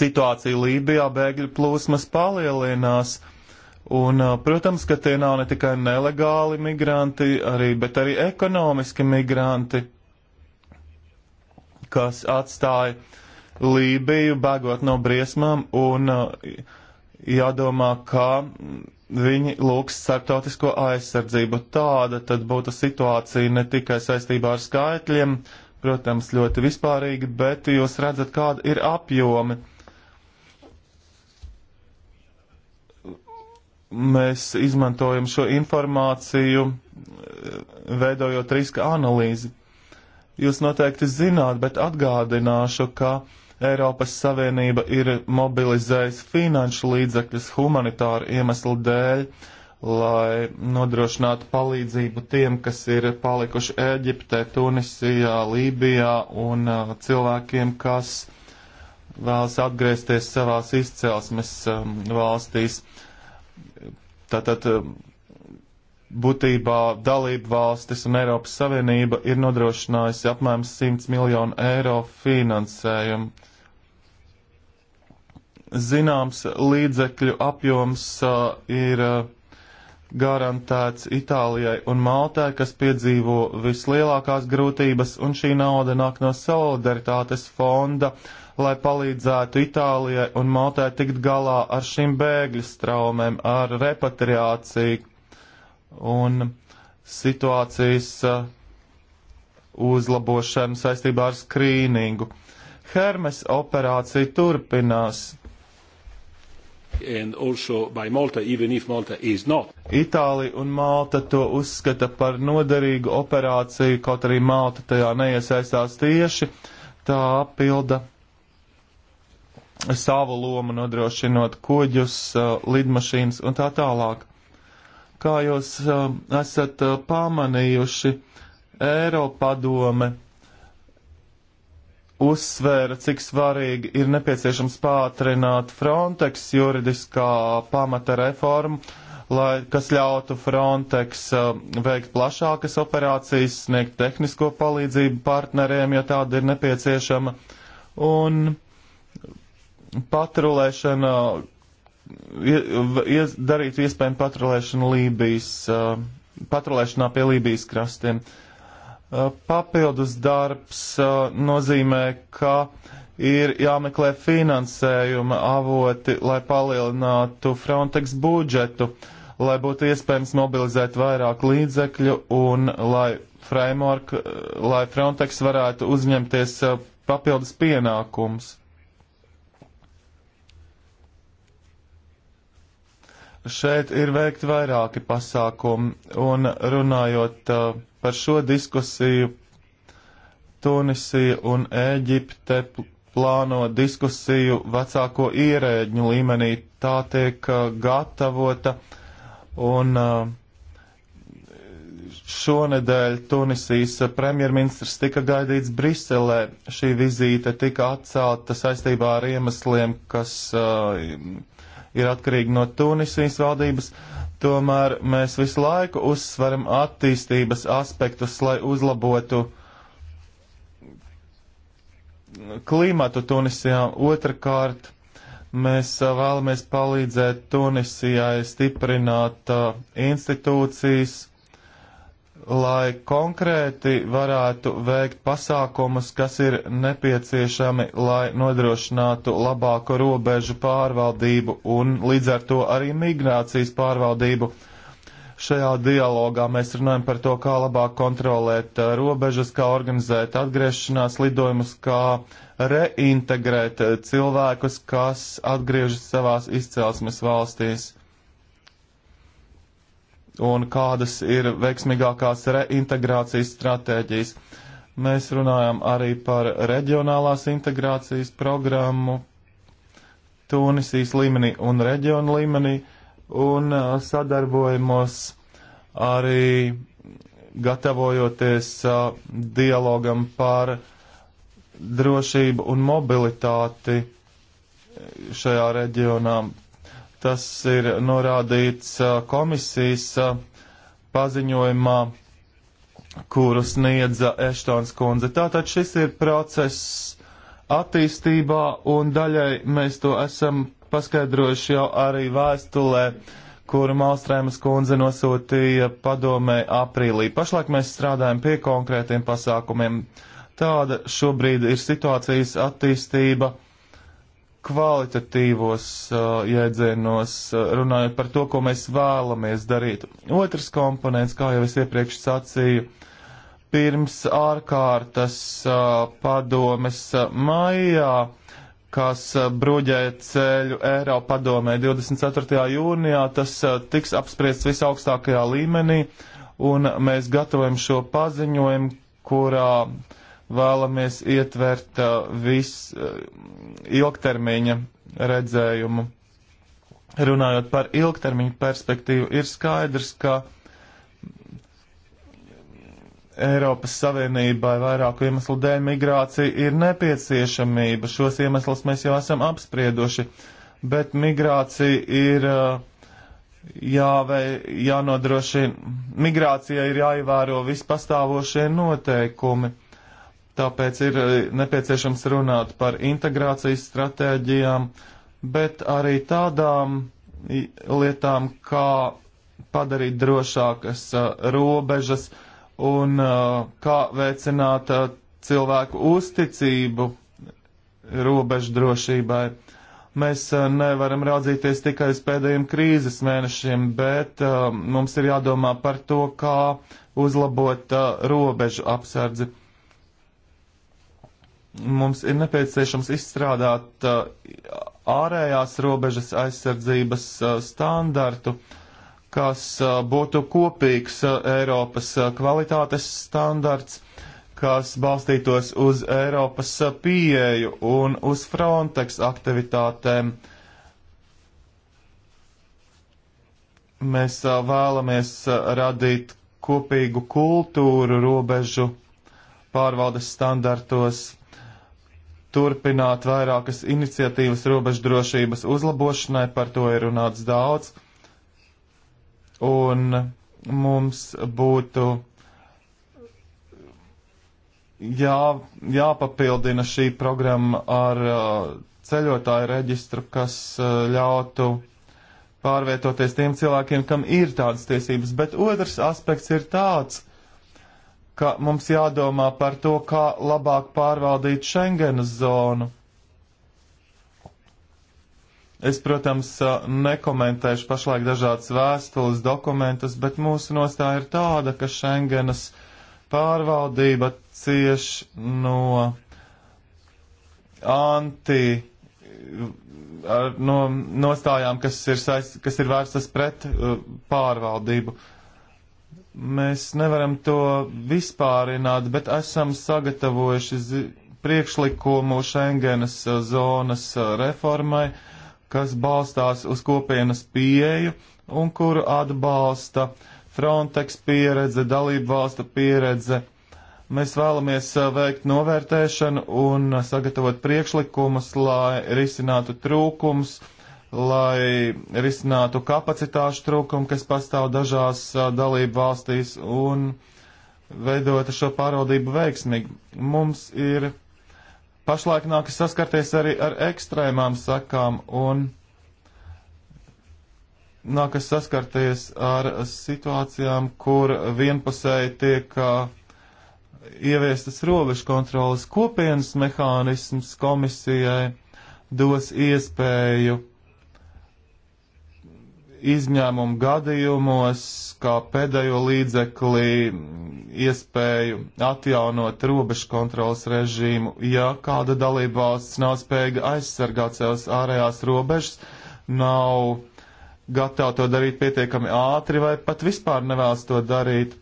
situāciju Lībijā, bēgļu plūsmas palielinās. Uh, Un, protams, ka tie nav ne tikai nelegāli migranti, arī, bet arī ekonomiski migranti, kas atstāja Lībiju, bēgot no briesmām, un jādomā, kā viņi lūgs starptautisko aizsardzību. Tāda tad būtu situācija ne tikai saistībā ar skaitļiem, protams, ļoti vispārīgi, bet jūs redzat, kāda ir apjomi mēs izmantojam šo informāciju, veidojot riska analīzi. Jūs noteikti zināt, bet atgādināšu, ka Eiropas Savienība ir mobilizējusi finanšu līdzekļus humanitāru iemeslu dēļ, lai nodrošinātu palīdzību tiem, kas ir palikuši Ēģiptē, Tunisijā, Lībijā un uh, cilvēkiem, kas vēlas atgriezties savās izcelsmes um, valstīs. Uh, Tātad eh, būtībā dalību valstis un Eiropas Savienība ir nodrošinājusi apmēram 100 miljonu eiro finansējumu. Zināms, līdzekļu apjoms uh, ir uh, garantēts Itālijai un Maltē, kas piedzīvo vislielākās grūtības, un šī nauda nāk no solidaritātes fonda, uh, lai palīdzētu Itālijai un Maltai tikt galā ar šīm bēgļu straumēm, ar repatriāciju un situācijas uh, uzlabošanu saistībā ar skrīningu. Hermes operācija turpinās. Malta, Malta Itālija un Malta to uzskata par noderīgu operāciju, kaut arī Malta tajā neiesaistās tieši, tā pilda savu lomu nodrošinot kuģus, lidmašīnas un tā tālāk. Kā jūs esat pamanījuši, Eiropadome uzsvēra, cik svarīgi ir nepieciešams pātrināt Frontex juridiskā pamata reformu, lai, kas ļautu Frontex uh, veikt plašākas operācijas, sniegt tehnisko palīdzību partneriem, ja tāda ir nepieciešama. Un patrulēšana, darītu iespējami patrulēšanu Lībijas, patrulēšanā pie Lībijas krastiem. Papildus darbs nozīmē, ka ir jāmeklē finansējuma avoti, lai palielinātu Frontex budžetu, lai būtu iespējams mobilizēt vairāk līdzekļu un lai, framework, lai Frontex varētu uzņemties papildus pienākums. Šeit ir veikti vairāki pasākumi, un runājot uh, par šo diskusiju, Tunisija un Ēģipte plāno diskusiju vecāko ierēģņu līmenī. Tā tiek uh, gatavota, un uh, šonedēļ Tunisijas premjerministrs tika gaidīts Briselē. Šī vizīte tika atcelta saistībā ar iemesliem, kas. Uh, ir atkarīga no Tunisijas valdības. Tomēr mēs visu laiku uzsveram attīstības aspektus, lai uzlabotu klimatu Tunisijā. Otrakārt, mēs uh, vēlamies palīdzēt Tunisijai stiprināt uh, institūcijas lai konkrēti varētu veikt pasākumus, kas ir nepieciešami, lai nodrošinātu labāku robežu pārvaldību un līdz ar to arī migrācijas pārvaldību. Šajā dialogā mēs runājam par to, kā labāk kontrolēt uh, robežas, kā organizēt atgriešanās lidojumus, kā reintegrēt uh, cilvēkus, kas atgriežas savās izcelsmes valstīs un kādas ir veiksmīgākās reintegrācijas stratēģijas. Mēs runājam arī par reģionālās integrācijas programmu Tunisijas līmenī un reģionu līmenī un sadarbojamos arī gatavojoties dialogam par drošību un mobilitāti šajā reģionā Tas ir norādīts komisijas paziņojumā, kuru sniedza Eštons kundze. Tātad šis ir process attīstībā un daļai mēs to esam paskaidrojuši jau arī vēstulē, kuru Malstrēmas kundze nosūtīja padomē aprīlī. Pašlaik mēs strādājam pie konkrētiem pasākumiem. Tāda šobrīd ir situācijas attīstība kvalitatīvos uh, jēdzienos, uh, runājot par to, ko mēs vēlamies darīt. Otrs komponents, kā jau es iepriekš sacīju, pirms ārkārtas uh, padomes uh, maijā, kas uh, bruģēja ceļu Eiropa padomē 24. jūnijā, tas uh, tiks apspriests visaugstākajā līmenī, un mēs gatavojam šo paziņojumu, kurā uh, vēlamies ietvert uh, visu uh, ilgtermiņa redzējumu. Runājot par ilgtermiņu perspektīvu, ir skaidrs, ka Eiropas Savienībai vairāku iemeslu dēļ migrācija ir nepieciešamība. Šos iemeslus mēs jau esam apsprieduši, bet migrācija ir uh, jāvei, jānodrošina, migrācijai ir jāievēro vispastāvošie noteikumi Tāpēc ir eh, nepieciešams runāt par integrācijas stratēģijām, bet arī tādām lietām, kā padarīt drošākas eh, robežas un eh, kā veicināt cilvēku uzticību robežu drošībai. Mēs nevaram raudzīties tikai uz pēdējiem krīzes mēnešiem, bet mums ir jādomā par to, kā uzlabot robežu apsardzi mums ir nepieciešams izstrādāt uh, ārējās robežas aizsardzības uh, standartu, kas uh, būtu kopīgs Eiropas kvalitātes standarts, kas balstītos uz Eiropas pieeju un uz Frontex aktivitātēm. Mēs vēlamies radīt kopīgu kultūru robežu pārvaldes standartos turpināt vairākas iniciatīvas robeždrošības uzlabošanai, par to ir runāts daudz. Un mums būtu jā, jāpapildina šī programma ar uh, ceļotāju reģistru, kas uh, ļautu pārvietoties tiem cilvēkiem, kam ir tādas tiesības. Bet otrs aspekts ir tāds, uh, ka mums jādomā par to, kā labāk pārvaldīt Schengenas zonu. Es, protams, nekomentēšu pašlaik dažādas vēstules dokumentus, bet mūsu nostāja ir tāda, ka Schengenas pārvaldība cieš no anti, no nostājām, kas ir, saist, kas ir vērstas pret pārvaldību. Uh, Mēs nevaram to vispārināt, bet esam sagatavojuši priekšlikumu Schengenas eh, zonas eh, reformai, kas balstās uz kopienas pieeju un kuru atbalsta Frontex pieredze, dalību valsta pieredze. Mēs vēlamies eh, veikt novērtēšanu un sagatavot priekšlikumus, lai risinātu trūkums lai risinātu kapacitāšu trūkumu, kas pastāv dažās dalību valstīs un veidotu šo pārvaldību veiksmīgi. Mums ir pašlaik nākas saskarties arī ar ekstrēmām sakām un nākas saskarties ar situācijām, kur vienpusēji tiek ieviestas robežu kontrolas kopienas mehānisms komisijai dos iespēju izņēmumu gadījumos, kā pēdējo līdzekli, iespēju atjaunot robežu kontrolas režīmu, ja kāda dalība valsts nav spējīga aizsargāt savas ārējās robežas, nav gatava to darīt pietiekami ātri vai pat vispār nevēlas to darīt.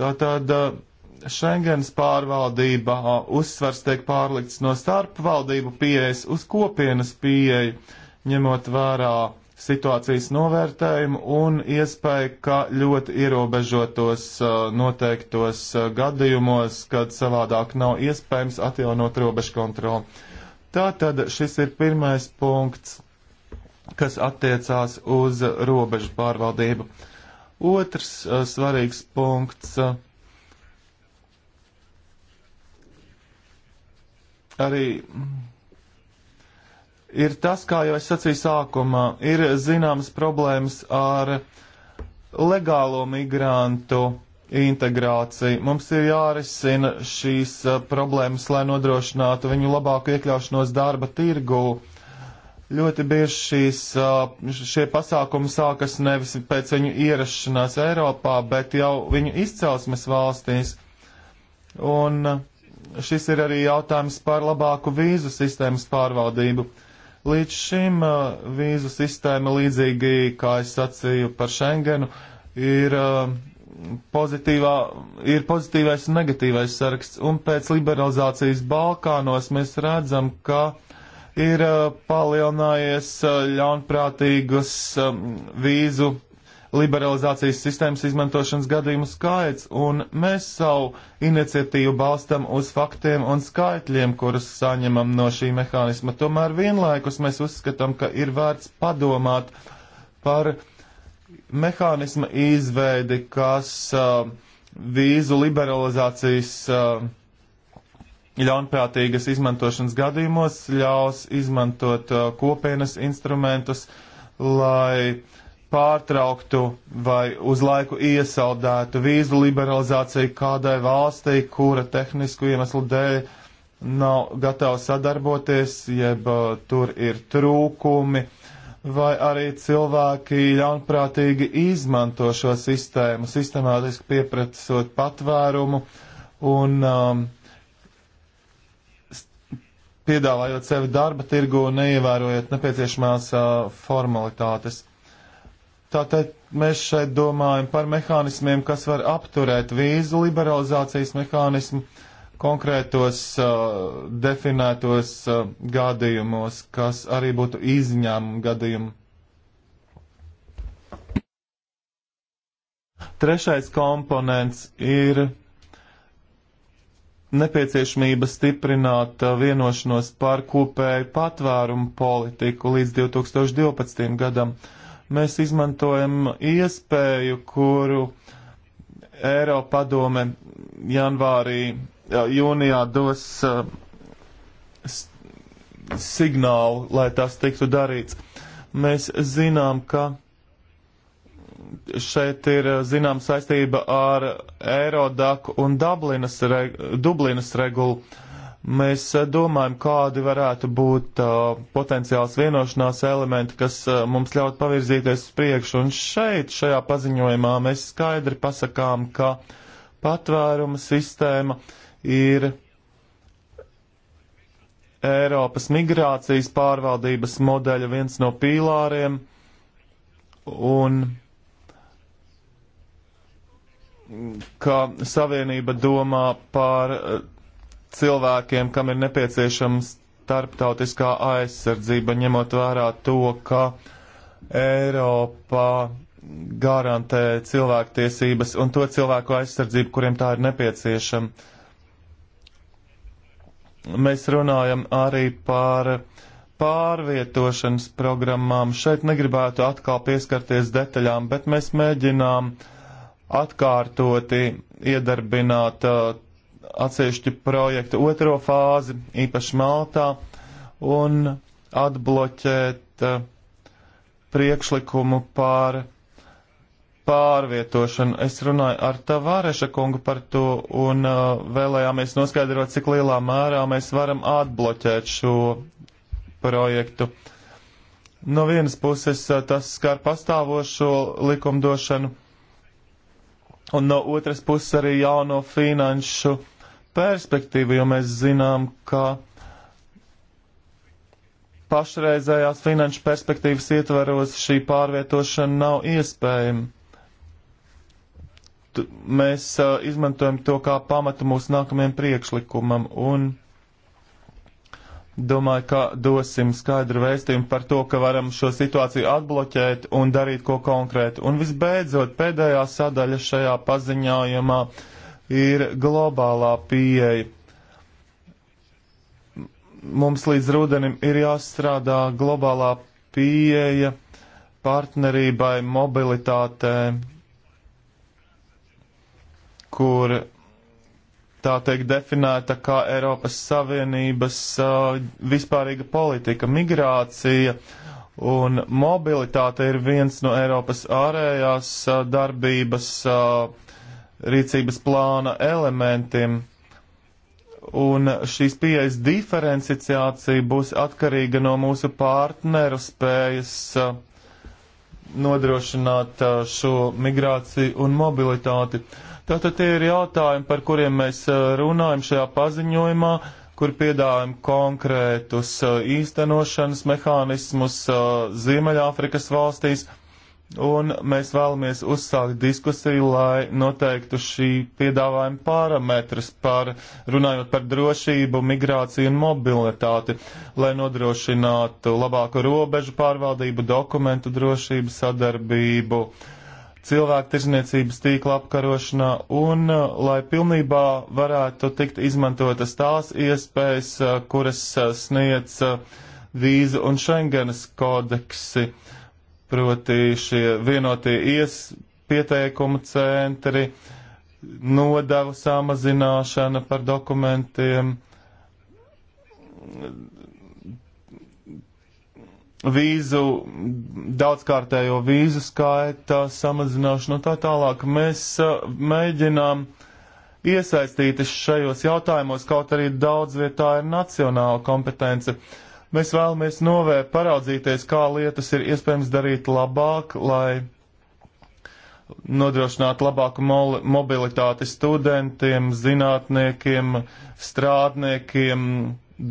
Tātad eh, Schengens pārvaldība uzsvers tiek pārlikts no starpvaldību pieejas uz kopienas pieeju, ņemot vērā situācijas novērtējumu un iespēju, ka ļoti ierobežotos uh, noteiktos uh, gadījumos, kad savādāk nav iespējams atjaunot robežu kontroli. Tātad šis ir pirmais punkts, kas attiecās uz robežu pārvaldību. Otrs uh, svarīgs punkts arī ir tas, kā jau es sacīju sākumā, ir zināmas problēmas ar legālo migrantu integrāciju. Mums ir jārisina šīs eh, problēmas, lai nodrošinātu viņu labāku iekļaušanos darba tirgū. Ļoti bieži šīs, eh, šie pasākumi sākas nevis pēc viņu ierašanās Eiropā, bet jau viņu izcelsmes valstīs. Un eh, šis ir arī jautājums par labāku vīzu sistēmas pārvaldību. Uh, Līdz šim vīzu sistēma, līdzīgi kā es sacīju par Schengenu, ir, pozitīvā, ir pozitīvais un negatīvais saraksts, un pēc liberalizācijas Balkānos mēs redzam, ka ir palielinājies ļaunprātīgas vīzu liberalizācijas sistēmas izmantošanas gadījumu skaits, un mēs savu iniciatīvu balstam uz faktiem un skaitļiem, kurus saņemam no šī mehānisma. Tomēr vienlaikus mēs uzskatām, ka ir vērts padomāt par mehānisma izveidi, kas uh, vīzu liberalizācijas uh, ļaunprātīgas izmantošanas gadījumos ļaus izmantot uh, kopienas instrumentus, lai uh, pārtrauktu vai uz laiku iesaldētu vīzu liberalizāciju kādai valstī, kura tehnisku iemeslu dēļ nav gatava sadarboties, jeb uh, tur ir trūkumi, vai arī cilvēki ļaunprātīgi izmanto šo sistēmu, sistemātiski pieprasot patvērumu un um, piedāvājot sevi darba tirgu, neievērojot nepieciešamās uh, formalitātes. Tātad mēs šeit domājam par mehānismiem, kas var apturēt vīzu liberalizācijas mehānismu konkrētos uh, definētos uh, gadījumos, kas arī būtu izņēmumu gadījumi. Trešais komponents ir nepieciešamība stiprināt uh, vienošanos par kopēju patvērumu politiku līdz 2012. gadam. Uh, mēs izmantojam iespēju, kuru Eiropa padome janvārī, jūnijā dos uh, signālu, lai tas tiktu darīts. Mēs zinām, ka šeit ir uh, zinām saistība ar Eirodaku un Dublinas, reg Dublinas regulu. Uh, Mēs eh, domājam, kādi varētu būt uh, potenciāls vienošanās elementi, kas uh, mums ļaut pavirzīties uz priekšu. Un šeit, šajā paziņojumā, mēs skaidri pasakām, ka patvēruma sistēma ir Eiropas migrācijas pārvaldības modeļa viens no pīlāriem. Un ka Savienība domā par uh, cilvēkiem, kam ir nepieciešama starptautiskā aizsardzība, ņemot vērā to, ka Eiropā garantē cilvēktiesības un to cilvēku aizsardzību, kuriem tā ir nepieciešama. Mēs runājam arī par pārvietošanas programmām. Šeit negribētu atkal pieskarties detaļām, bet mēs mēģinām atkārtoti iedarbināt uh, atsevišķi projektu otro fāzi, īpaši Maltā, un atbloķēt eh, priekšlikumu par pārvietošanu. Es runāju ar Tavāreša kungu par to un uh, vēlējāmies noskaidrot, cik lielā mērā mēs varam atbloķēt šo projektu. No vienas puses uh, tas skar pastāvošo likumdošanu, un no otras puses arī jauno finanšu perspektīvu, jo mēs zinām, ka pašreizējās finanšu perspektīvas ietvaros šī pārvietošana nav iespējama. T mēs uh, izmantojam to kā pamatu mūsu nākamajam priekšlikumam un domāju, ka dosim skaidru vēstījumu par to, ka varam šo situāciju atbloķēt un darīt ko konkrētu. Un visbeidzot, pēdējā sadaļa šajā paziņojumā uh, ir globālā pieeja. Mums līdz rudenim ir jāstrādā globālā pieeja partnerībai, mobilitātē, kur tā teikt definēta kā Eiropas Savienības uh, vispārīga politika. Migrācija un mobilitāte ir viens no Eiropas ārējās uh, darbības uh, rīcības plāna elementiem. Un šīs pieejas diferenciācija būs atkarīga no mūsu partneru spējas uh, nodrošināt uh, šo migrāciju un mobilitāti. Tātad tie ir jautājumi, par kuriem mēs uh, runājam šajā paziņojumā, kur piedāvājam konkrētus īstenošanas mehānismus Ziemeļāfrikas valstīs un mēs vēlamies uzsākt diskusiju, lai noteiktu šī piedāvājuma parametrus par runājot par drošību, migrāciju un mobilitāti, lai nodrošinātu labāku robežu pārvaldību, dokumentu drošību, sadarbību cilvēku tirzniecības tīkla apkarošanā un uh, lai pilnībā varētu tikt izmantotas tās iespējas, uh, kuras uh, sniedz vīzu un Schengenas kodeksi. Uh, proti šie vienotie ies pieteikumu centri, nodevu samazināšana par dokumentiem, vīzu, daudzkārtējo vīzu skaita samazināšana un tā tālāk. Mēs mēģinām iesaistīties šajos jautājumos, kaut arī daudz vietā ir nacionāla kompetence. Uh, Mēs vēlamies novē paraudzīties, kā lietas ir iespējams darīt labāk, lai nodrošināt labāku mobilitāti studentiem, zinātniekiem, strādniekiem,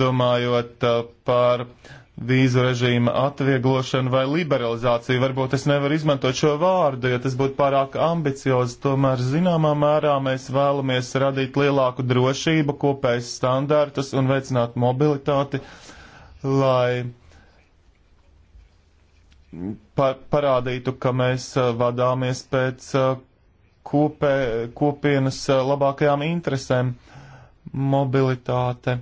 domājot uh, par vīzu režīma atvieglošanu vai liberalizāciju. Varbūt es nevaru izmantot šo vārdu, jo tas būtu pārāk ambiciozi. Tomēr zināmā mērā mēs vēlamies radīt lielāku drošību, kopējas standartus un veicināt mobilitāti. Uh, lai pa parādītu, ka mēs uh, vadāmies pēc uh, kopē, kopienas uh, labākajām interesēm. Mobilitāte,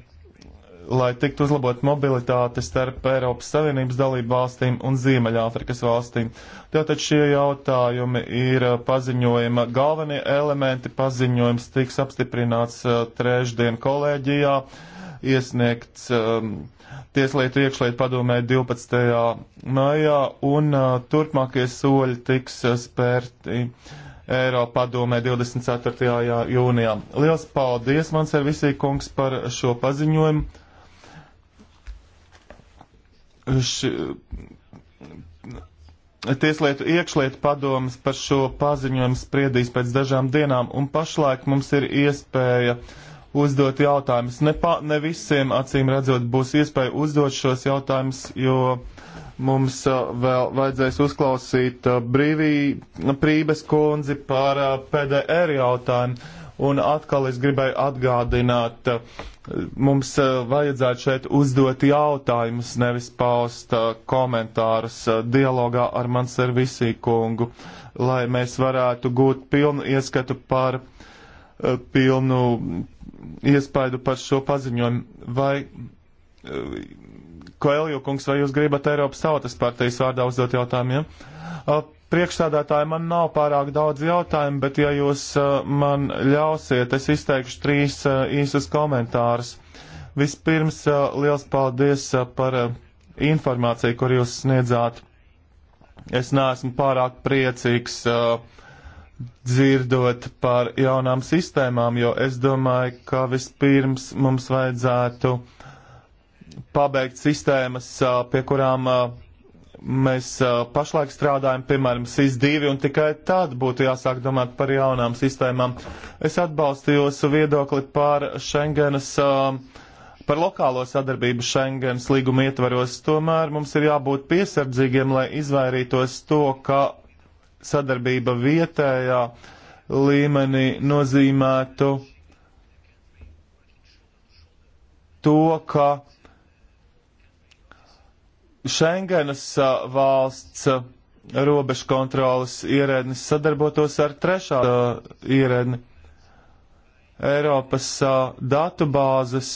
lai tiktu uzlabot mobilitāte starp Eiropas Savienības dalību valstīm un Ziemeļāfrikas valstīm. Tātad šie jautājumi ir paziņojuma galvenie elementi. Paziņojums tiks apstiprināts trešdien kolēģijā. Uh, iesniegts um, Tieslietu iekšlietu padomē 12. maijā, un uh, turpmākie soļi tiks uh, spērti Eiropa padomē 24. jūnijā. Liels paldies, mans ar visī kungs, par šo paziņojumu. Š, Tieslietu iekšlietu padomas par šo paziņojumu spriedīs pēc dažām dienām, un pašlaik mums ir iespēja uh, uzdot jautājumus. Ne, pa, ne visiem, acīm redzot, būs iespēja uzdot šos jautājumus, jo mums uh, vēl vajadzēs uzklausīt uh, brīvības kundzi par uh, PDR jautājumu. Un atkal es gribēju atgādināt, mums vajadzētu šeit uzdot jautājumus, nevis paust komentārus dialogā ar man servisī kungu, lai mēs varētu gūt pilnu ieskatu par uh, Eh, pilnu iespaidu par šo paziņojumu. Vai, eh, Koeljo kungs, vai jūs gribat Eiropas tautas partijas vārdā uzdot jautājumiem? Ja? Priekšsādātāji man nav pārāk daudz jautājumu, bet ja jūs eh, man ļausiet, es izteikšu trīs īsus komentārus. Vispirms liels paldies par informāciju, kur jūs sniedzāt. Es neesmu pārāk priecīgs uh, dzirdot par jaunām sistēmām, jo es domāju, ka vispirms mums vajadzētu pabeigt sistēmas, pie kurām mēs pašlaik strādājam, piemēram, SIS-2, un tikai tad būtu jāsāk domāt par jaunām sistēmām. Es atbalstu jūsu viedokli par Schengenas, par lokālo sadarbību Schengenas līguma ietvaros, tomēr mums ir jābūt piesardzīgiem, lai izvairītos to, ka sadarbība vietējā līmenī nozīmētu to, ka Schengenas valsts robežu kontrolas ierēdnis sadarbotos ar trešā ierēdni. Eiropas datubāzes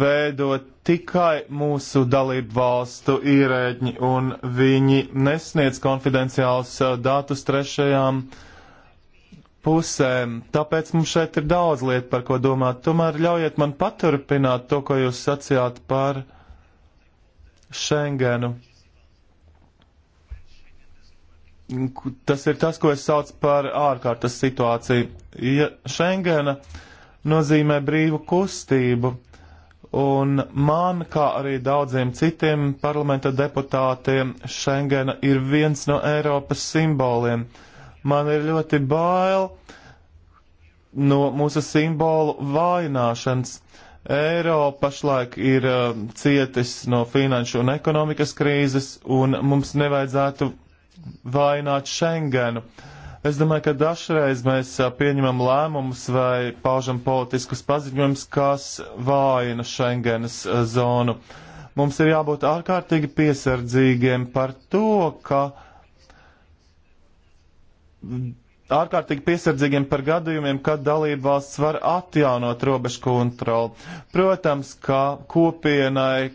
veidot tikai mūsu dalību valstu ierēģi, un viņi nesniedz konfidenciālus uh, datus trešajām pusēm. Tāpēc mums šeit ir daudz lietu, par ko domāt. Tomēr ļaujiet man paturpināt to, ko jūs sacījāt par Schengenu. Tas ir tas, ko es saucu par ārkārtas situāciju. Ja Schengena nozīmē brīvu kustību Un man, kā arī daudziem citiem parlamenta deputātiem, Schengena ir viens no Eiropas simboliem. Man ir ļoti bail no mūsu simbolu vājināšanas. Eiropa pašlaik ir uh, cietis no finanšu un ekonomikas krīzes, un mums nevajadzētu vainot Schengenu. Uh, Es domāju, ka dažreiz mēs pieņemam lēmumus vai paužam politiskus paziņojumus, kas vājina Schengenas zonu. Mums ir jābūt ārkārtīgi piesardzīgiem par to, ka ārkārtīgi piesardzīgiem par gadījumiem, kad dalība valsts var atjaunot robežu kontroli. Protams, ka kopienai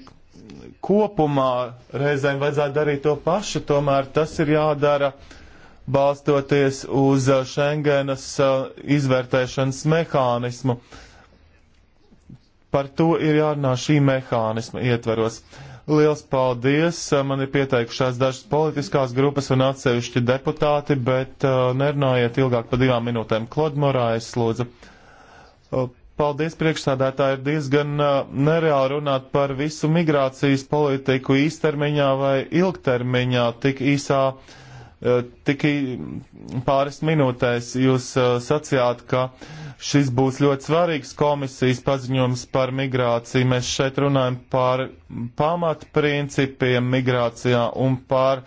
kopumā reizēm vajadzētu darīt to pašu, tomēr tas ir jādara uh, balstoties uz uh, Schengenas uh, izvērtēšanas mehānismu. Par to ir jārunā šī mehānisma ietveros. Liels paldies! Uh, man ir pieteikušās dažas politiskās grupas un atsevišķi deputāti, bet uh, nerunājiet ilgāk par divām minūtēm. Klod Morājas, lūdzu. Uh, paldies, priekšsādātāji, ir diezgan uh, nereāli runāt par visu migrācijas politiku īstermiņā vai ilgtermiņā tik īsā uh, Eh, Tikai pāris minūtēs jūs eh, sacījāt, ka šis būs ļoti svarīgs komisijas paziņojums par migrāciju. Mēs šeit runājam par pamatprincipiem migrācijā un par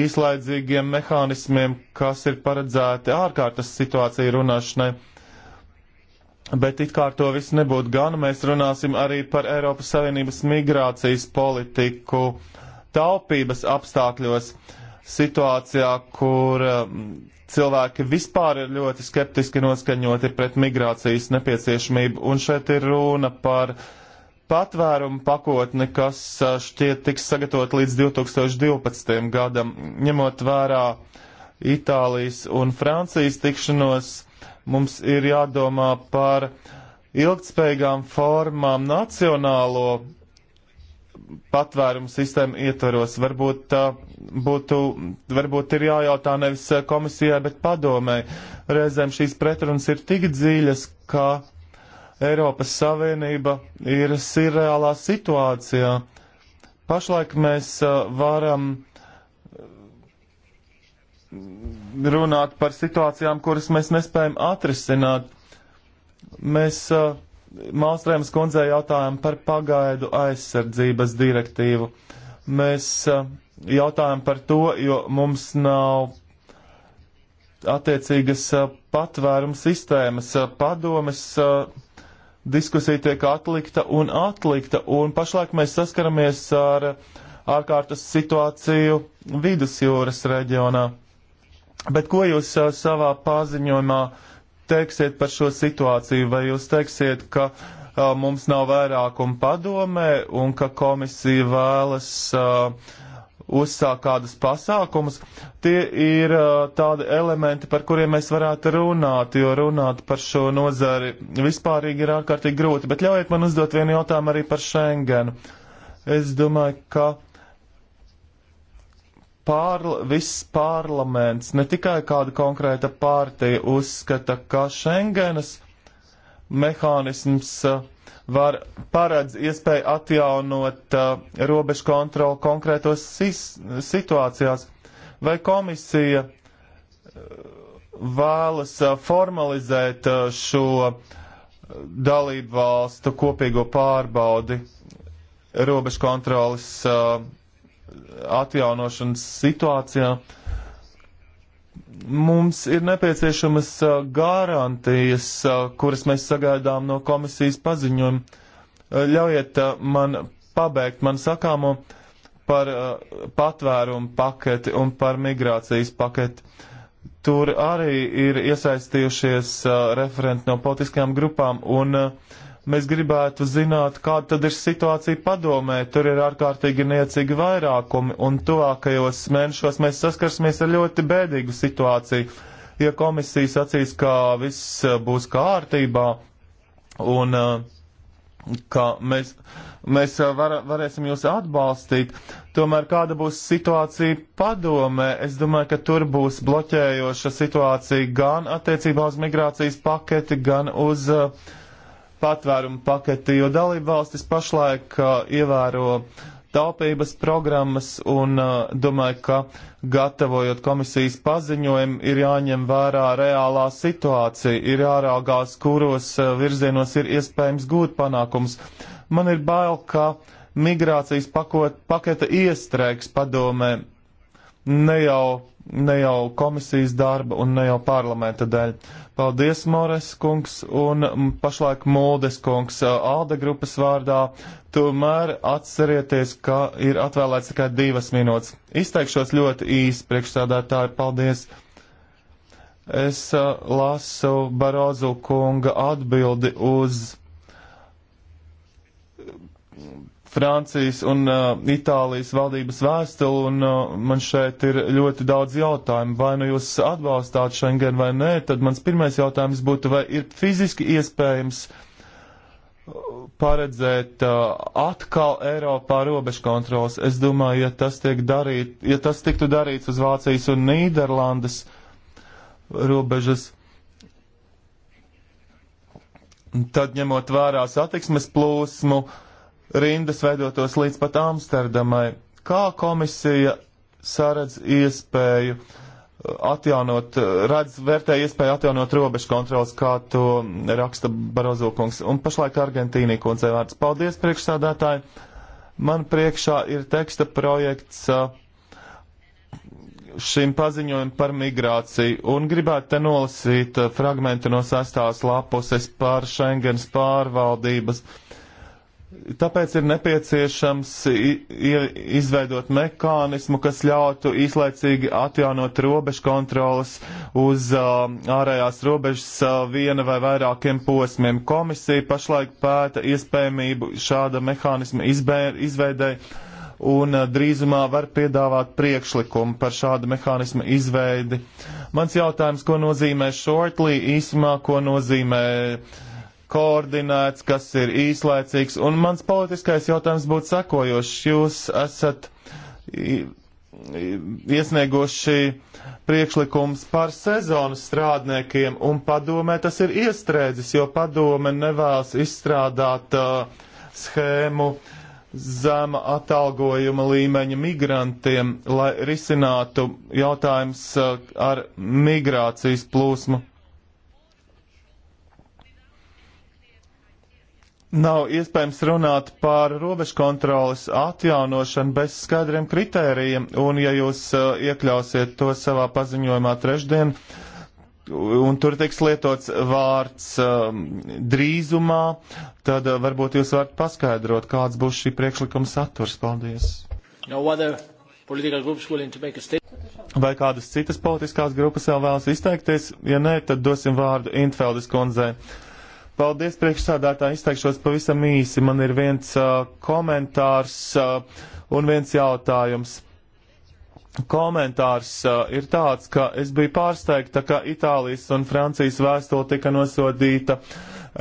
īslaidzīgiem mehānismiem, kas ir paredzēti ārkārtas situāciju runāšanai. Bet it kā to viss nebūtu gan, mēs runāsim arī par Eiropas Savienības migrācijas politiku taupības apstākļos. Uh, situācijā, kur um, cilvēki vispār ir ļoti skeptiski noskaņoti pret migrācijas nepieciešamību, un šeit ir runa par patvērumu pakotni, kas uh, šķiet tiks sagatavot līdz 2012. gadam, ņemot vērā Itālijas un Francijas tikšanos, mums ir jādomā par ilgtspējīgām formām nacionālo patvērumu sistēmu ietveros. Varbūt uh, būtu, varbūt ir jājautā nevis eh, komisijai, bet padomai. Reizēm šīs pretrunas ir tik dziļas, ka Eiropas Savienība ir sirreālā situācijā. Pašlaik mēs eh, varam eh, runāt par situācijām, kuras mēs nespējam atrisināt. Mēs Mālstrēmas kundzei jautājām par pagaidu aizsardzības direktīvu. Mēs uh, jautājumu par to, jo mums nav attiecīgas patvērumu sistēmas padomes diskusija tiek atlikta un atlikta, un pašlaik mēs saskaramies ar ārkārtas situāciju vidusjūras reģionā. Bet ko jūs savā paziņojumā teiksiet par šo situāciju? Vai jūs teiksiet, ka mums nav vairākuma padomē un ka komisija vēlas uh, uzsāk kādus pasākumus, tie ir uh, tādi elementi, par kuriem mēs varētu runāt, jo runāt par šo nozari vispārīgi ir ārkārtīgi grūti. Bet ļaujiet man uzdot vienu jautājumu arī par Schengenu. Es domāju, ka pārl viss parlaments, ne tikai kāda konkrēta pārtija uzskata, ka Schengenas mehānisms uh, var paredz iespēju atjaunot uh, robežu kontroli konkrētos situācijās. Vai komisija uh, vēlas uh, formalizēt uh, šo dalību valstu kopīgo pārbaudi robežu kontrolas uh, atjaunošanas situācijā? Uh, mums ir nepieciešamas garantijas, kuras mēs sagaidām no komisijas paziņojuma. Ļaujiet man pabeigt man sakāmo par patvērumu paketi un par migrācijas paketi. Tur arī ir iesaistījušies referenti no politiskajām grupām un uh, Mēs gribētu zināt, kāda tad ir situācija padomē. Tur ir ārkārtīgi niecīgi vairākumi, un tuvākajos mēnešos mēs saskarsimies ar ļoti bēdīgu situāciju. Ja komisija sacīs, ka viss eh, būs kārtībā, un uh, ka mēs, mēs eh, var, varēsim jūs atbalstīt. Tomēr kāda būs situācija padomē? Es domāju, ka tur būs bloķējoša situācija gan attiecībā uz migrācijas paketi, gan uz uh, patvērumu paketi, jo dalībvalstis pašlaik uh, ievēro taupības programmas un uh, domāju, ka gatavojot komisijas paziņojumu ir jāņem vērā reālā situācija, ir jāraugās, kuros uh, virzienos ir iespējams gūt panākums. Man ir bail, ka migrācijas pakot, paketa iestrēgs padomē ne jau ne jau komisijas darba un ne jau parlamenta dēļ. Paldies, Mores kungs, un pašlaik Moldes kungs Alde grupas vārdā. Tomēr atcerieties, ka ir atvēlēts tikai divas minūtes. Izteikšos ļoti īsi, priekšstādātāji, paldies. Es uh, lasu Barozu kunga atbildi uz Francijas un uh, Itālijas valdības vēstuli, un uh, man šeit ir ļoti daudz jautājumu. Vai nu jūs atbalstāt Schengen vai nē, tad mans pirmais jautājums būtu, vai ir fiziski iespējams uh, paredzēt uh, atkal Eiropā robežu kontrols. Es domāju, ja tas, tiek darīt, ja tas tiktu darīts uz Vācijas un Nīderlandes robežas, tad ņemot vērā satiksmes plūsmu, uh, rindas veidotos līdz pat Amsterdamai. Kā komisija saredz iespēju uh, atjaunot, uh, redz vērtē iespēju atjaunot robežu kontrols, kā to raksta Barozo kungs. Un pašlaik Argentīnī kundze vārds. Paldies, priekšsādātāji. Man priekšā ir teksta projekts uh, šim paziņojumam par migrāciju un gribētu te nolasīt fragmentu no sastās lapuses par Schengens pārvaldības. Uh, Tāpēc ir nepieciešams izveidot mehānismu, kas ļautu īslaicīgi atjaunot robežu kontrolas uz uh, ārējās robežas uh, viena vai vairākiem posmiem. Komisija pašlaik pēta iespējamību šāda mehānisma izveidē un uh, drīzumā var piedāvāt priekšlikumu par šādu mehānismu izveidi. Mans jautājums, ko nozīmē shortly, īsumā, ko nozīmē uh, koordinēts, kas ir īslaicīgs. Un mans politiskais jautājums būtu sekojošs. Jūs esat iesnieguši priekšlikums par sezonas strādniekiem, un padomē tas ir iestrēdzis, jo padome nevēlas izstrādāt uh, schēmu zema atalgojuma līmeņa migrantiem, lai risinātu jautājums uh, ar migrācijas plūsmu. Nav iespējams runāt par robežu kontrolas atjaunošanu bez skaidriem kritērijiem, un ja jūs uh, iekļausiet to savā paziņojumā trešdien, un tur tiks lietots vārds uh, drīzumā, tad uh, varbūt jūs varat paskaidrot, kāds būs šī priekšlikuma saturs. Paldies! No Vai kādas citas politiskās grupas vēl vēlas izteikties? Ja nē, tad dosim vārdu Intfeldes kundzei. Paldies, priekšsādātāji, izteikšos pavisam īsi. Man ir viens uh, komentārs uh, un viens jautājums. Komentārs uh, ir tāds, ka es biju pārsteigta, ka Itālijas un Francijas vēstule tika nosodīta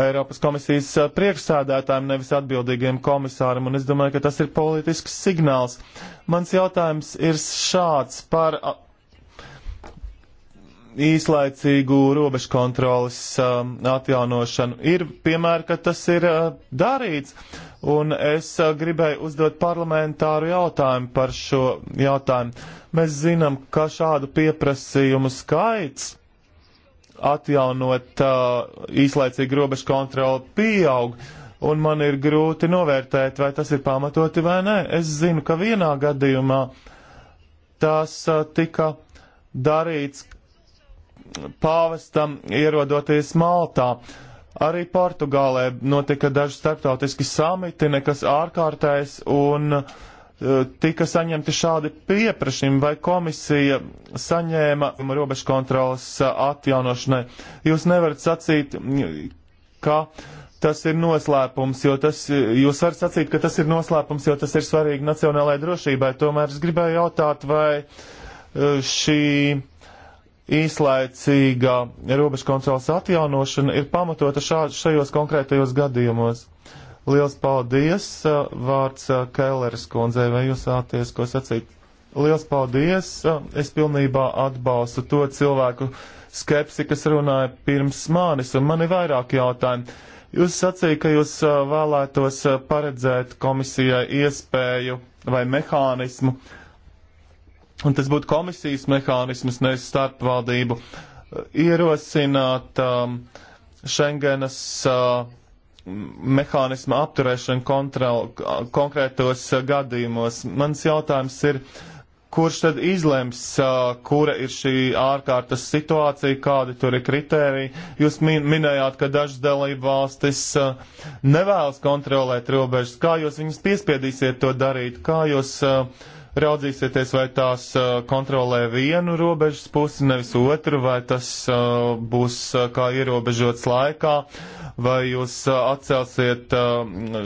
Eiropas komisijas uh, priekšsādātājiem, nevis atbildīgiem komisāram, un es domāju, ka tas ir politisks signāls. Mans jautājums ir šāds par. Uh, īslaicīgu robežu kontrolas um, atjaunošanu. Ir piemēra, ka tas ir uh, darīts, un es uh, gribēju uzdot parlamentāru jautājumu par šo jautājumu. Mēs zinām, ka šādu pieprasījumu skaits atjaunot uh, īslaicīgu robežu kontroli pieaug. Un man ir grūti novērtēt, vai tas ir pamatoti vai nē. Es zinu, ka vienā gadījumā tas uh, tika darīts, pāvestam ierodoties Maltā. Arī Portugālē notika daži starptautiski samiti, nekas ārkārtējs, un e, tika saņemti šādi pieprašījumi, vai komisija saņēma robežu kontrolas atjaunošanai. Jūs nevarat sacīt, ka tas ir noslēpums, jo tas, jūs varat sacīt, ka tas ir noslēpums, jo tas ir svarīgi nacionālajai drošībai. Tomēr es gribēju jautāt, vai e, šī īslaicīga robežu kontrolas atjaunošana ir pamatota šā, šajos konkrētajos gadījumos. Liels paldies! Vārds Kēleris kundzei, vai jūs vēlaties ko sacīt? Liels paldies! Es pilnībā atbalstu to cilvēku skepsi, kas runāja pirms manis, un man ir vairāk jautājumu. Jūs sacījāt, ka jūs vēlētos paredzēt komisijai iespēju vai mehānismu uh, un tas būtu komisijas mehānisms, nevis starpvaldību, eh, ierosināt um, Schengenas uh, mehānisma apturēšanu kontrol, konkrētos uh, gadījumos. Mans jautājums ir, kurš tad izlems, uh, kura ir šī ārkārtas situācija, kādi tur ir kritēriji? Jūs min minējāt, ka dažas dalību valstis uh, nevēlas kontrolēt robežas. Kā jūs viņus piespiedīsiet to darīt? Kā jūs uh, raudzīsieties, vai tās kontrolē vienu robežas pusi, nevis otru, vai tas būs kā ierobežots laikā, vai jūs atcelsiet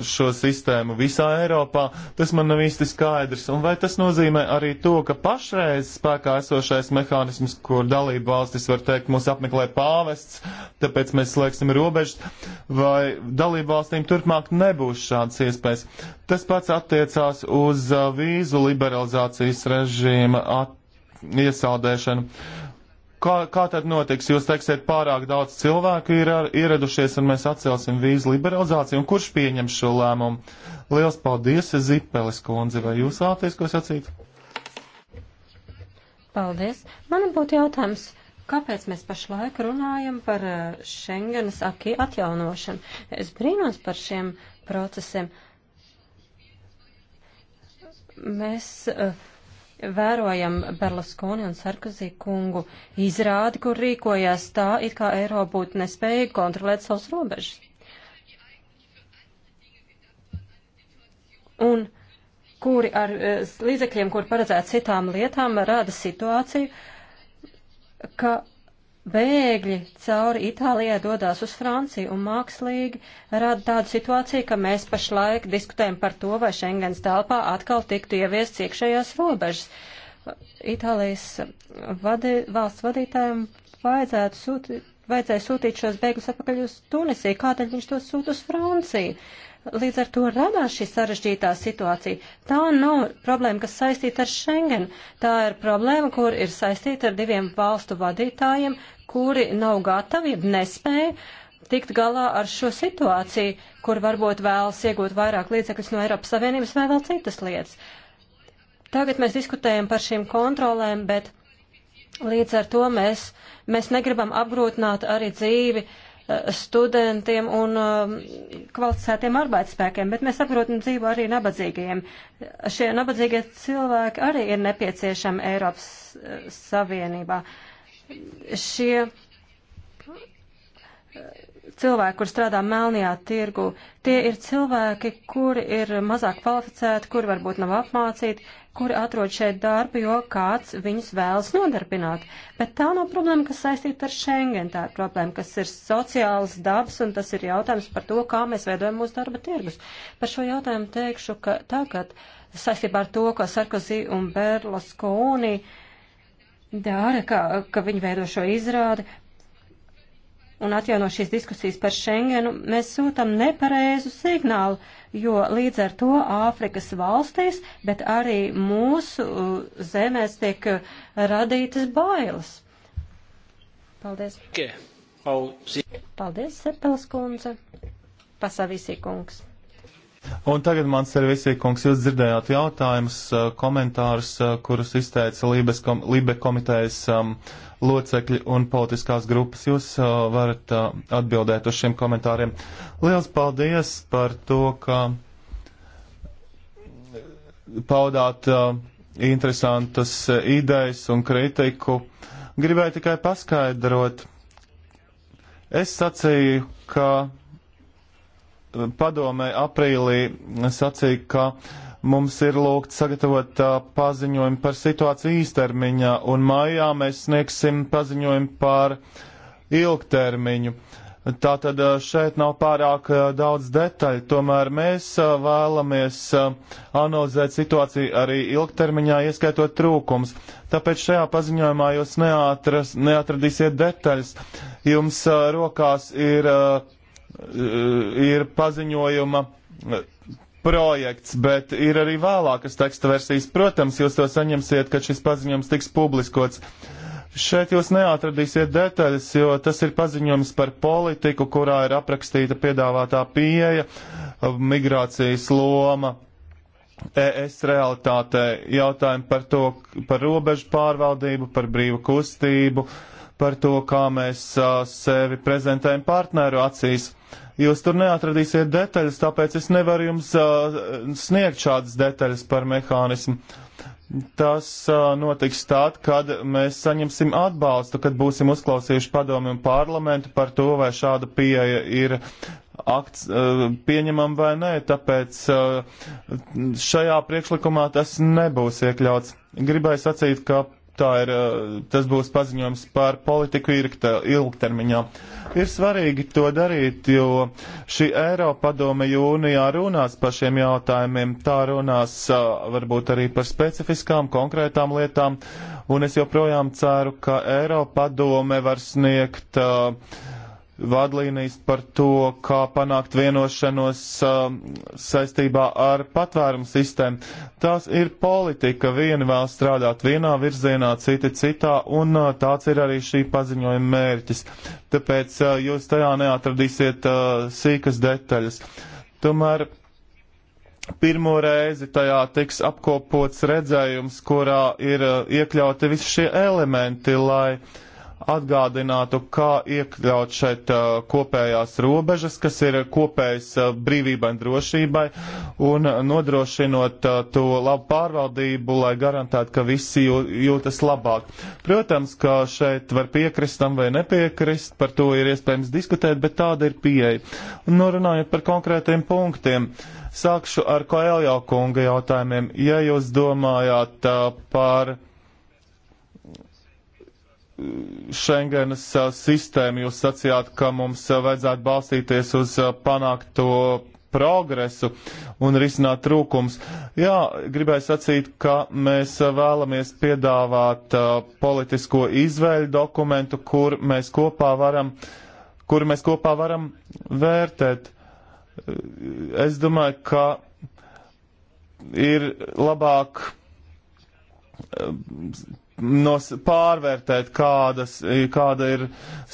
šo sistēmu visā Eiropā, tas man nav īsti skaidrs. Un vai tas nozīmē arī to, ka pašreiz spēkā esošais mehānisms, kur dalību valstis var teikt, mūs apmeklē pāvests, tāpēc mēs slēgsim robežas, vai dalību valstīm turpmāk nebūs šādas iespējas. Tas pats attiecās uz vīzu liberalizāciju liberalizācijas režīma at, iesaldēšanu. Kā, kā tad notiks? Jūs teiksiet, pārāk daudz cilvēku ir ar, ieradušies un mēs atcelsim vīzu liberalizāciju. Un kurš pieņem šo lēmumu? Liels paldies, Zipelis kundze, vai jūs vēlaties ko sacīt? Paldies. Man būtu jautājums. Kāpēc mēs pašlaik runājam par eh, Schengenas akī atjaunošanu? Es brīnos par šiem procesiem. Uh, mēs eh, vērojam Berluskoni un Sarkozī kungu izrādi, kur rīkojās tā, it kā Eiropa būtu nespēja kontrolēt savus robežas. Un kuri ar eh, līdzekļiem, kur paredzēt citām lietām, rāda situāciju, ka bēgļi cauri Itālijai dodās uz Franciju un mākslīgi rada tādu situāciju, ka mēs pašlaik diskutējam par to, vai Schengens telpā atkal tiktu ieviests iekšējās robežas. Itālijas vadi, valsts vadītājiem vajadzētu sūtīt, vajadzēja sūtīt šos bēgļus atpakaļ uz Tunisiju. Kādēļ viņš tos sūta uz Franciju? Līdz ar to radās šī sarežģītā situācija. Tā nav problēma, kas saistīta ar Schengen. Tā ir problēma, kur ir saistīta ar diviem valstu vadītājiem, kuri nav gatavi, nespēja tikt galā ar šo situāciju, kur varbūt vēlas iegūt vairāk līdzekļus no Eiropas Savienības vai vēl citas lietas. Tagad mēs diskutējam par šīm kontrolēm, bet līdz ar to mēs, mēs negribam apgrūtināt arī dzīvi uh, studentiem un um, kvalificētiem arbeidspēkiem, bet mēs saprotam dzīvo arī nabadzīgajiem. Šie nabadzīgie cilvēki arī ir nepieciešami Eiropas uh, Savienībā. Šie uh, cilvēki, kur strādā melnajā tirgu, tie ir cilvēki, kuri ir mazāk kvalificēti, kuri varbūt nav apmācīti, kuri atrod šeit darbu, jo kāds viņus vēlas nodarbināt. Bet tā nav problēma, kas saistīta ar Schengen. Tā ir problēma, kas ir sociāls dabas, un tas ir jautājums par to, kā mēs veidojam mūsu darba tirgus. Par šo jautājumu teikšu, ka tagad saistībā ar to, ko Sarkozy un Berlusconi dara, ka, ka viņi veido šo izrādi, un atjauno šīs diskusijas par Schengenu, mēs sūtam nepareizu signālu, jo līdz ar to Āfrikas valstīs, bet arī mūsu uh, zemēs tiek uh, radītas bailes. Paldies. Paldies, Sepelskundze. Pasavīsī kungs. Un tagad, mans servisī kungs, jūs dzirdējāt jautājumus, uh, komentārus, uh, kurus izteica Lībes kom Lībe komitejas um, locekļi un politiskās grupas. Jūs uh, varat uh, atbildēt uz šiem komentāriem. Liels paldies par to, ka paudāt uh, interesantas uh, idejas un kritiku. Gribēju tikai paskaidrot. Es sacīju, ka padomē aprīlī sacīja, ka mums ir lūgt sagatavot paziņojumu par situāciju īstermiņā, un maijā mēs sniegsim paziņojumu par ilgtermiņu. Tātad šeit nav pārāk daudz detaļu, tomēr mēs vēlamies analizēt situāciju arī ilgtermiņā, ieskaitot trūkums. Tāpēc šajā paziņojumā jūs neatras, neatradīsiet detaļas. Jums rokās ir ir paziņojuma projekts, bet ir arī vēlākas teksta versijas. Protams, jūs to saņemsiet, kad šis paziņojums tiks publiskots. Šeit jūs neatradīsiet detaļas, jo tas ir paziņojums par politiku, kurā ir aprakstīta piedāvātā pieeja, migrācijas loma, ES realitāte, jautājumi par to, par robežu pārvaldību, par brīvu kustību, uh, par to, kā mēs sevi prezentējam partneru acīs. Jūs tur neatradīsiet detaļas, tāpēc es nevaru jums sniegt šādas detaļas par mehānismu. Tas notiks tad, kad mēs saņemsim atbalstu, kad būsim uzklausījuši padomi un parlamentu par to, vai šāda pieeja ir akts pieņemam vai nē, tāpēc šajā priekšlikumā tas nebūs iekļauts. Gribēju sacīt, ka Tā ir, tas būs paziņojums par politiku ilgtermiņā. Ir svarīgi to darīt, jo šī Eiropadome jūnijā runās par šiem jautājumiem. Tā runās varbūt arī par specifiskām, konkrētām lietām, un es joprojām ceru, ka Eiropadome var sniegt uh, vadlīnijas par to, kā panākt vienošanos um, saistībā ar patvērumu sistēmu. Tās ir politika. Vieni vēl strādāt vienā virzienā, citi citā, un uh, tāds ir arī šī paziņojuma mērķis. Tāpēc uh, jūs tajā neatradīsiet uh, sīkas detaļas. Tomēr pirmo reizi tajā tiks apkopots redzējums, kurā ir uh, iekļauti visi šie elementi, lai uh, atgādinātu, kā iekļaut šeit uh, kopējās robežas, kas ir kopējas uh, brīvībai un drošībai, un nodrošinot uh, to labu pārvaldību, lai garantētu, ka visi jūtas labāk. Protams, ka šeit var piekrist tam vai nepiekrist, par to ir iespējams diskutēt, bet tāda ir pieeja. Un norunājot nu, par konkrētiem punktiem. Sākšu ar Koeljau kunga jautājumiem. Ja jūs domājāt par Schengenas eh, sistēmu, jūs sacījāt, ka mums eh, vajadzētu balstīties uz eh, panākto progresu un risināt trūkums. Jā, gribēju sacīt, ka mēs vēlamies piedāvāt uh, politisko izvēļu dokumentu, kur mēs kopā varam, kur mēs kopā varam vērtēt. Es domāju, ka ir labāk uh, nos, pārvērtēt, kādas, kāda ir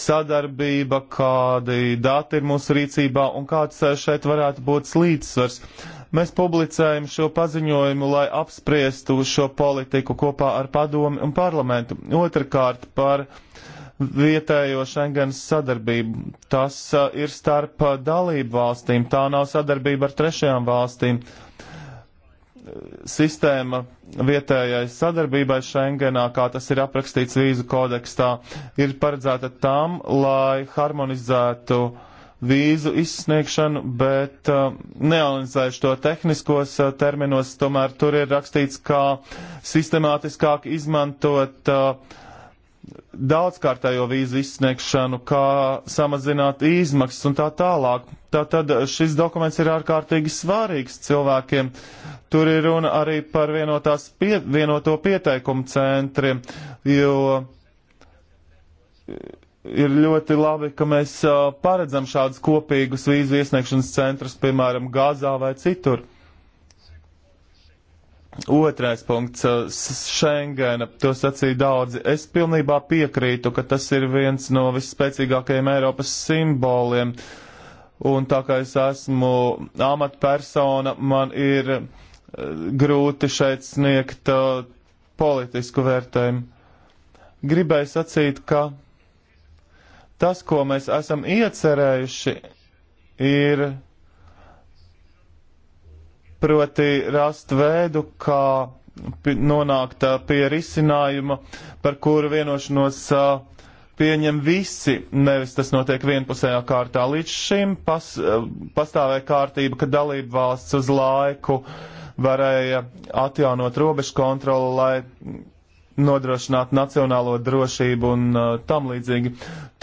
sadarbība, kādi dati ir mūsu rīcībā un kāds eh, šeit varētu būt līdzsvars. Mēs publicējam šo paziņojumu, lai apspriestu šo politiku kopā ar padomi un parlamentu. Otrakārt par vietējo Schengens sadarbību. Tas eh, ir starp dalību valstīm, tā nav sadarbība ar trešajām valstīm. Uh, sistēma vietējai sadarbībai Schengenā, kā tas ir aprakstīts vīzu kodekstā, ir paredzēta tam, lai harmonizētu vīzu izsniegšanu, bet uh, neanalizēšu to tehniskos uh, terminos, tomēr tur ir rakstīts, kā sistemātiskāk izmantot uh, daudzkārtējo vīzu izsniegšanu, kā samazināt izmaksas un tā tālāk. Tātad šis dokuments ir ārkārtīgi svarīgs cilvēkiem. Tur ir runa arī par vienotās pie, vienoto pieteikumu centriem, jo ir ļoti labi, ka mēs paredzam šādus kopīgus vīzu iesniegšanas centrus, piemēram, Gazā vai citur. Otrais punkts uh, - Schengena. To sacīja daudzi. Es pilnībā piekrītu, ka tas ir viens no visspēcīgākajiem Eiropas simboliem. Un tā kā es esmu amatpersona, man ir uh, grūti šeit sniegt uh, politisku vērtējumu. Gribēju sacīt, ka tas, ko mēs esam iecerējuši, ir proti rast veidu, kā nonākt pie risinājuma, par kuru vienošanos pieņem visi, nevis tas notiek vienpusējā kārtā. Līdz šim pas, pastāvēja kārtība, ka dalība valsts uz laiku varēja atjaunot robežu kontroli, lai nodrošinātu nacionālo drošību un uh, tam līdzīgi.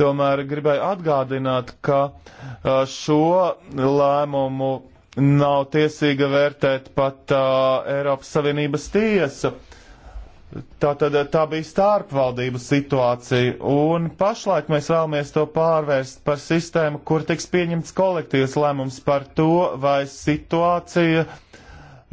Tomēr gribēju atgādināt, ka uh, šo lēmumu nav tiesīga vērtēt pat uh, Eiropas Savienības tiesa. Tā tad tā bija starpvaldību situācija, un pašlaik mēs vēlamies to pārvērst par sistēmu, kur tiks pieņemts kolektīvs lēmums par to, vai situācija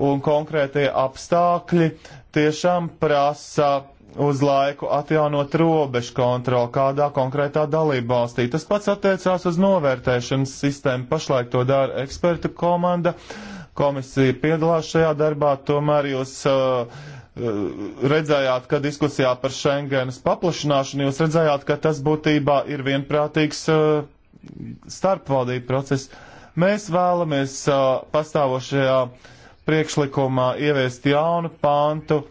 un konkrētie apstākļi tiešām prasa uz laiku atjaunot robežu kontroli kādā konkrētā dalība valstī. Tas pats attiecās uz novērtēšanas sistēmu. Pašlaik to dara ekspertu komanda. Komisija piedalās šajā darbā, tomēr jūs uh, uh, redzējāt, ka diskusijā par Schengenas paplašināšanu jūs redzējāt, ka tas būtībā ir vienprātīgs uh, starpvaldību process. Mēs vēlamies uh, pastāvošajā priekšlikumā ieviest jaunu pāntu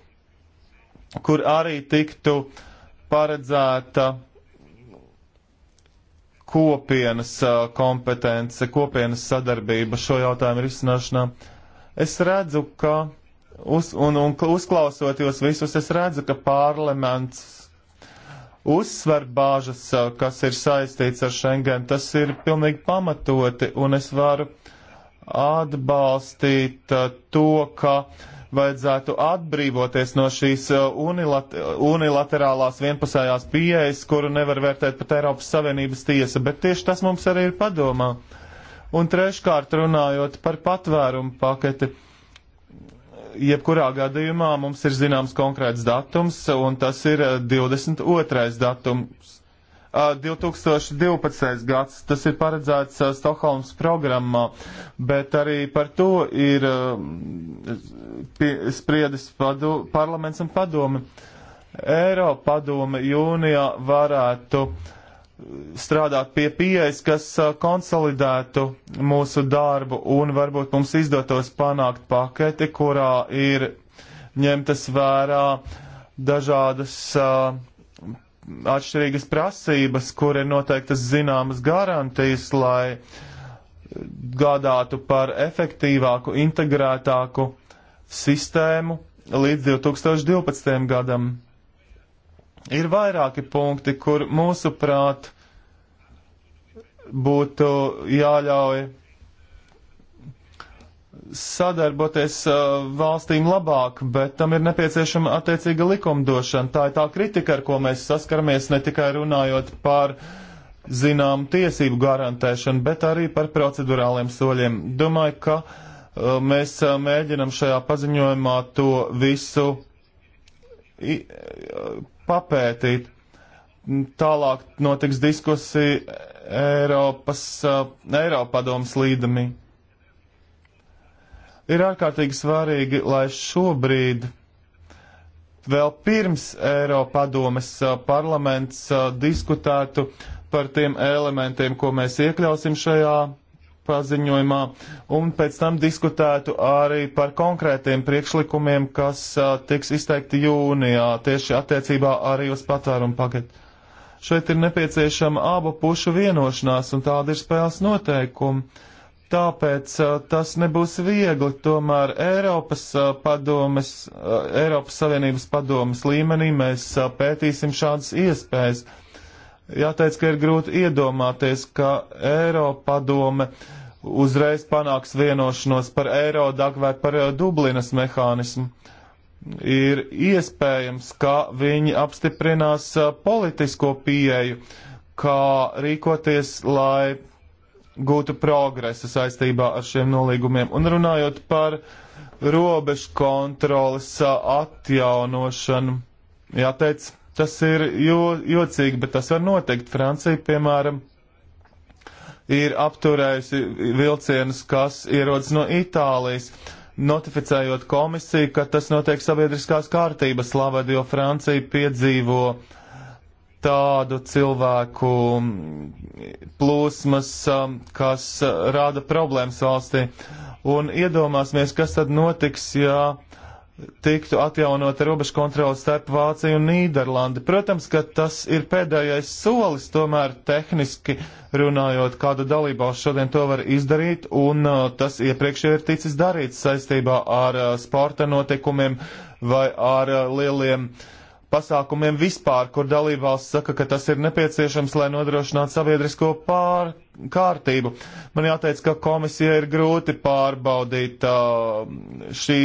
kur arī tiktu paredzēta kopienas kompetence, kopienas sadarbība šo jautājumu risināšanā. Es redzu, ka uz, un, un uzklausot jūs visus, es redzu, ka parlaments uzsver bāžas, kas ir saistīts ar Schengen. Tas ir pilnīgi pamatoti, un es varu atbalstīt to, ka uh, vajadzētu atbrīvoties no šīs uh, unilat uh, unilaterālās vienpusējās pieejas, kuru nevar vērtēt pat Eiropas Savienības tiesa, bet tieši tas mums arī ir padomā. Un treškārt runājot par patvērumu paketi, jebkurā gadījumā mums ir zināms konkrēts datums, un tas ir 22. Uh, datums 2012. gads, tas ir paredzēts Stokholmas programmā, bet arī par to ir pie, spriedis padu, parlaments un padome. Eiropa padome jūnijā varētu strādāt pie pieejas, kas konsolidētu mūsu darbu un varbūt mums izdotos panākt paketi, kurā ir ņemtas vērā dažādas uh, atšķirīgas prasības, kur ir noteiktas zināmas garantijas, lai gādātu par efektīvāku, integrētāku sistēmu līdz 2012. gadam. Ir vairāki punkti, kur mūsuprāt būtu jāļauj sadarboties uh, valstīm labāk, bet tam ir nepieciešama attiecīga likumdošana. Tā ir tā kritika, ar ko mēs saskaramies ne tikai runājot par zinām tiesību garantēšanu, bet arī par procedurāliem soļiem. Domāju, ka uh, mēs uh, mēģinam šajā paziņojumā to visu i, uh, papētīt. Tālāk notiks diskusija Eiropas, uh, Eiropadomas līdami Ir ārkārtīgi svarīgi, lai šobrīd vēl pirms Eiropadomes parlaments diskutētu par tiem elementiem, ko mēs iekļausim šajā paziņojumā, un pēc tam diskutētu arī par konkrētiem priekšlikumiem, kas a, tiks izteikti jūnijā tieši attiecībā arī uz patvērumu paketu. Šeit ir nepieciešama abu pušu vienošanās, un tāda ir spēles noteikuma. Tāpēc uh, tas nebūs viegli, tomēr Eiropas, uh, padomes, uh, Eiropas Savienības padomes līmenī mēs pētīsim šādas iespējas. Jāteic, ka ir grūti iedomāties, ka Eiropa padome uzreiz panāks vienošanos par Eirodak vai par Dublinas mehānismu. Ir iespējams, ka viņi apstiprinās politisko pieeju, kā rīkoties, lai gūtu progresu saistībā ar šiem nolīgumiem. Un runājot par robežu kontrolas atjaunošanu, jāteic, tas ir jo, jocīgi, bet tas var notikt. Francija, piemēram, ir apturējusi vilcienus, kas ierodas no Itālijas, notificējot komisiju, ka tas notiek sabiedriskās kārtības labad, jo Francija piedzīvo uh, tādu cilvēku plūsmas, um, kas uh, rada problēmas valstī. Un iedomāsimies, kas tad notiks, ja tiktu atjaunota robežu kontrola starp Vāciju un Nīderlandi. Protams, ka tas ir pēdējais solis, tomēr tehniski runājot, kāda dalībvalsts šodien to var izdarīt, un uh, tas iepriekš jau ir ticis darīts saistībā ar uh, sporta notikumiem vai ar uh, lieliem uh, pasākumiem vispār, kur dalībvalsts saka, ka tas ir nepieciešams, lai nodrošinātu sabiedrisko pārkārtību. Man jāteic, ka komisija ir grūti pārbaudīt uh, šī,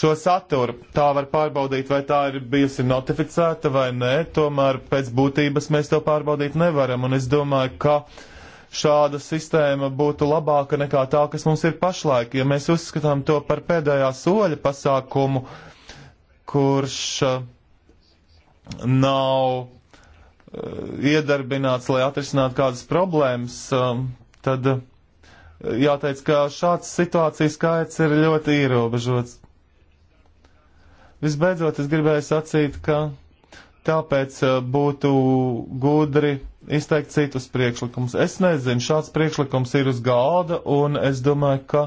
šo saturu. Tā var pārbaudīt, vai tā ir bijusi notificēta vai nē, tomēr pēc būtības mēs to pārbaudīt nevaram, un es domāju, ka šāda sistēma būtu labāka nekā tā, kas mums ir pašlaik, ja mēs uzskatām to par pēdējā soļa pasākumu, kurš uh, nav eh, iedarbināts, lai atrisinātu kādas problēmas, um, tad eh, jāteic, ka šāds situācijas skaits ir ļoti ierobežots. Visbeidzot, es gribēju sacīt, ka tāpēc eh, būtu gudri izteikt citus priekšlikumus. Es nezinu, šāds priekšlikums ir uz galda, un es domāju, ka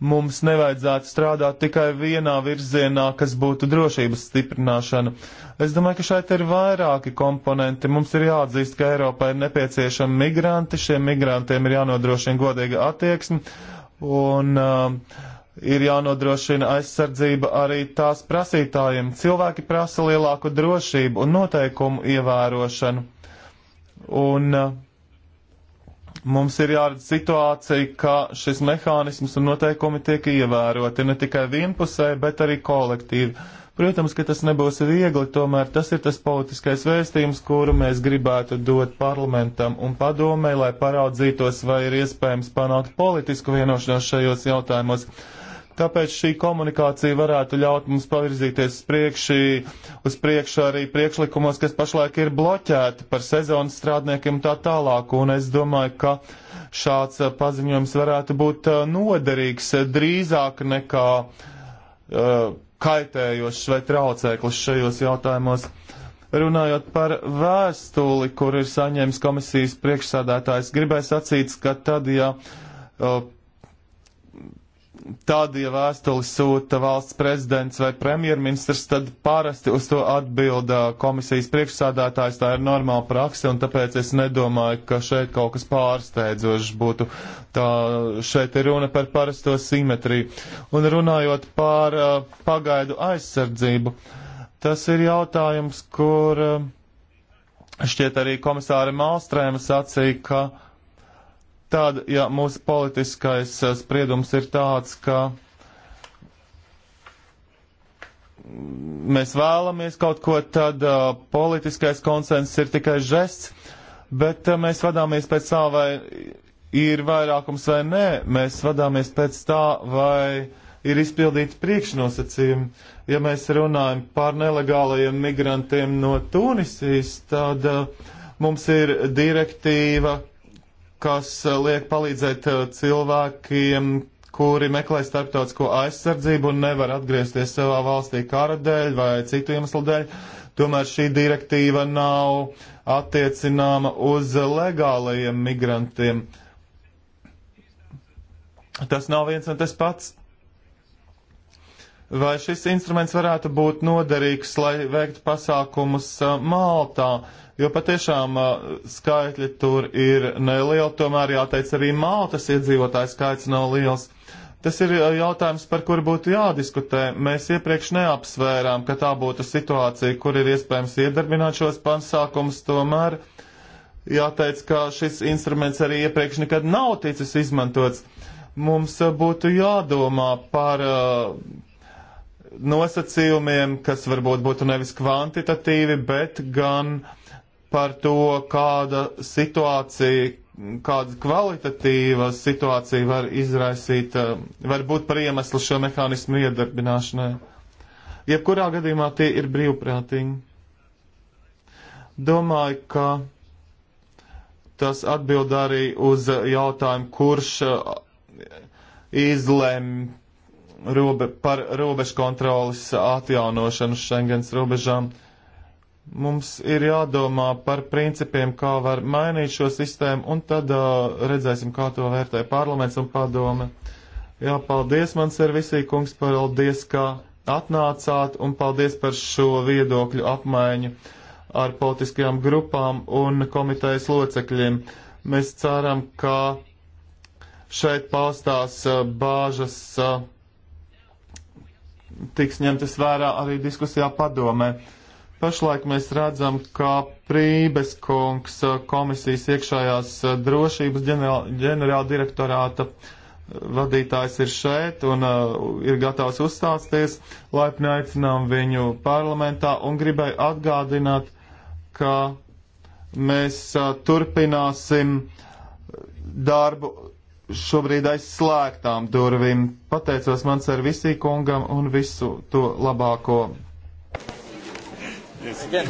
mums nevajadzētu strādāt tikai vienā virzienā, kas būtu drošības stiprināšana. Es domāju, ka šeit ir vairāki komponenti. Mums ir jāatzīst, ka Eiropā ir nepieciešami migranti, šiem migrantiem ir jānodrošina godīga attieksme un uh, ir jānodrošina aizsardzība arī tās prasītājiem. Cilvēki prasa lielāku drošību un noteikumu ievērošanu. Un, uh, mums ir jāredz situācija, ka šis mehānisms un noteikumi tiek ievēroti ne tikai vienpusē, bet arī kolektīvi. Protams, ka tas nebūs viegli, tomēr tas ir tas politiskais vēstījums, kuru mēs gribētu dot parlamentam un padomē, lai paraudzītos, vai ir iespējams panākt politisku vienošanos šajos jautājumos. Tāpēc šī komunikācija varētu ļaut mums pavirzīties priekši, uz priekšu arī priekšlikumos, kas pašlaik ir bloķēti par sezonas strādniekiem tā tālāk. Un es domāju, ka šāds uh, paziņojums varētu būt uh, noderīgs uh, drīzāk nekā uh, kaitējošs vai traucēklis šajos jautājumos. Runājot par vēstuli, kur ir saņēmis komisijas priekšsādātājs, gribēju sacīt, ka tad, ja uh, Tad, ja vēstuli sūta valsts prezidents vai premjerministrs, tad parasti uz to atbilda komisijas priekšsādātājs. Tā ir normāla praksa, un tāpēc es nedomāju, ka šeit kaut kas pārsteidzošs būtu. Tā šeit ir runa par parasto simetriju. Un runājot par uh, pagaidu aizsardzību, tas ir jautājums, kur uh, šķiet arī komisāra Malstrēma sacīja, ka Tad, ja mūsu politiskais eh, spriedums ir tāds, ka mēs vēlamies kaut ko, tad uh, politiskais konsens ir tikai žests, bet uh, mēs vadāmies pēc tā, vai ir vairākums vai nē, mēs vadāmies pēc tā, vai ir izpildīti priekšnosacījumi. Ja mēs runājam par nelegālajiem migrantiem no Tunisijas, tad uh, mums ir direktīva, kas eh, liek palīdzēt eh, cilvēkiem, kuri meklē starptautisko aizsardzību un nevar atgriezties savā valstī kara dēļ vai citu iemeslu dēļ. Tomēr šī direktīva nav attiecināma uz legālajiem migrantiem. Tas nav viens un tas pats. Vai šis instruments varētu būt noderīgs, lai veiktu pasākumus Maltā? Jo patiešām skaitļi tur ir nelieli, tomēr jāteic arī Maltas iedzīvotāju skaits nav liels. Tas ir jautājums, par kuru būtu jādiskutē. Mēs iepriekš neapsvērām, ka tā būtu situācija, kur ir iespējams iedarbināt šos pasākumus, tomēr jāteic, ka šis instruments arī iepriekš nekad nav ticis izmantots. Mums būtu jādomā par uh, nosacījumiem, kas varbūt būtu nevis kvantitatīvi, bet gan par to, kāda situācija, kāda kvalitatīva situācija var izraisīt, eh, var būt par iemeslu šo mehānismu iedarbināšanai. Jebkurā gadījumā tie ir brīvprātīgi. Domāju, ka tas atbild arī uz jautājumu, kurš eh, izlem robe, par robežu kontrolas atjaunošanu Schengens robežām. Mums ir jādomā par principiem, kā var mainīt šo sistēmu, un tad uh, redzēsim, kā to vērtē parlaments un padome. Jā, paldies man servisī, kungs, paldies, kā atnācāt, un paldies par šo viedokļu apmaiņu ar politiskajām grupām un komitejas locekļiem. Mēs ceram, ka šeit paustās bāžas tiks ņemtas vērā arī diskusijā padomē. Pašlaik mēs redzam, ka Prības kungs uh, komisijas iekšējās uh, drošības ģenerāla direktorāta uh, vadītājs ir šeit un uh, ir gatavs uzstāsties. Laipni aicinām viņu parlamentā un gribēju atgādināt, ka mēs uh, turpināsim darbu šobrīd aizslēgtām durvīm. Pateicos man servisī kungam un visu to labāko. Yes. Again.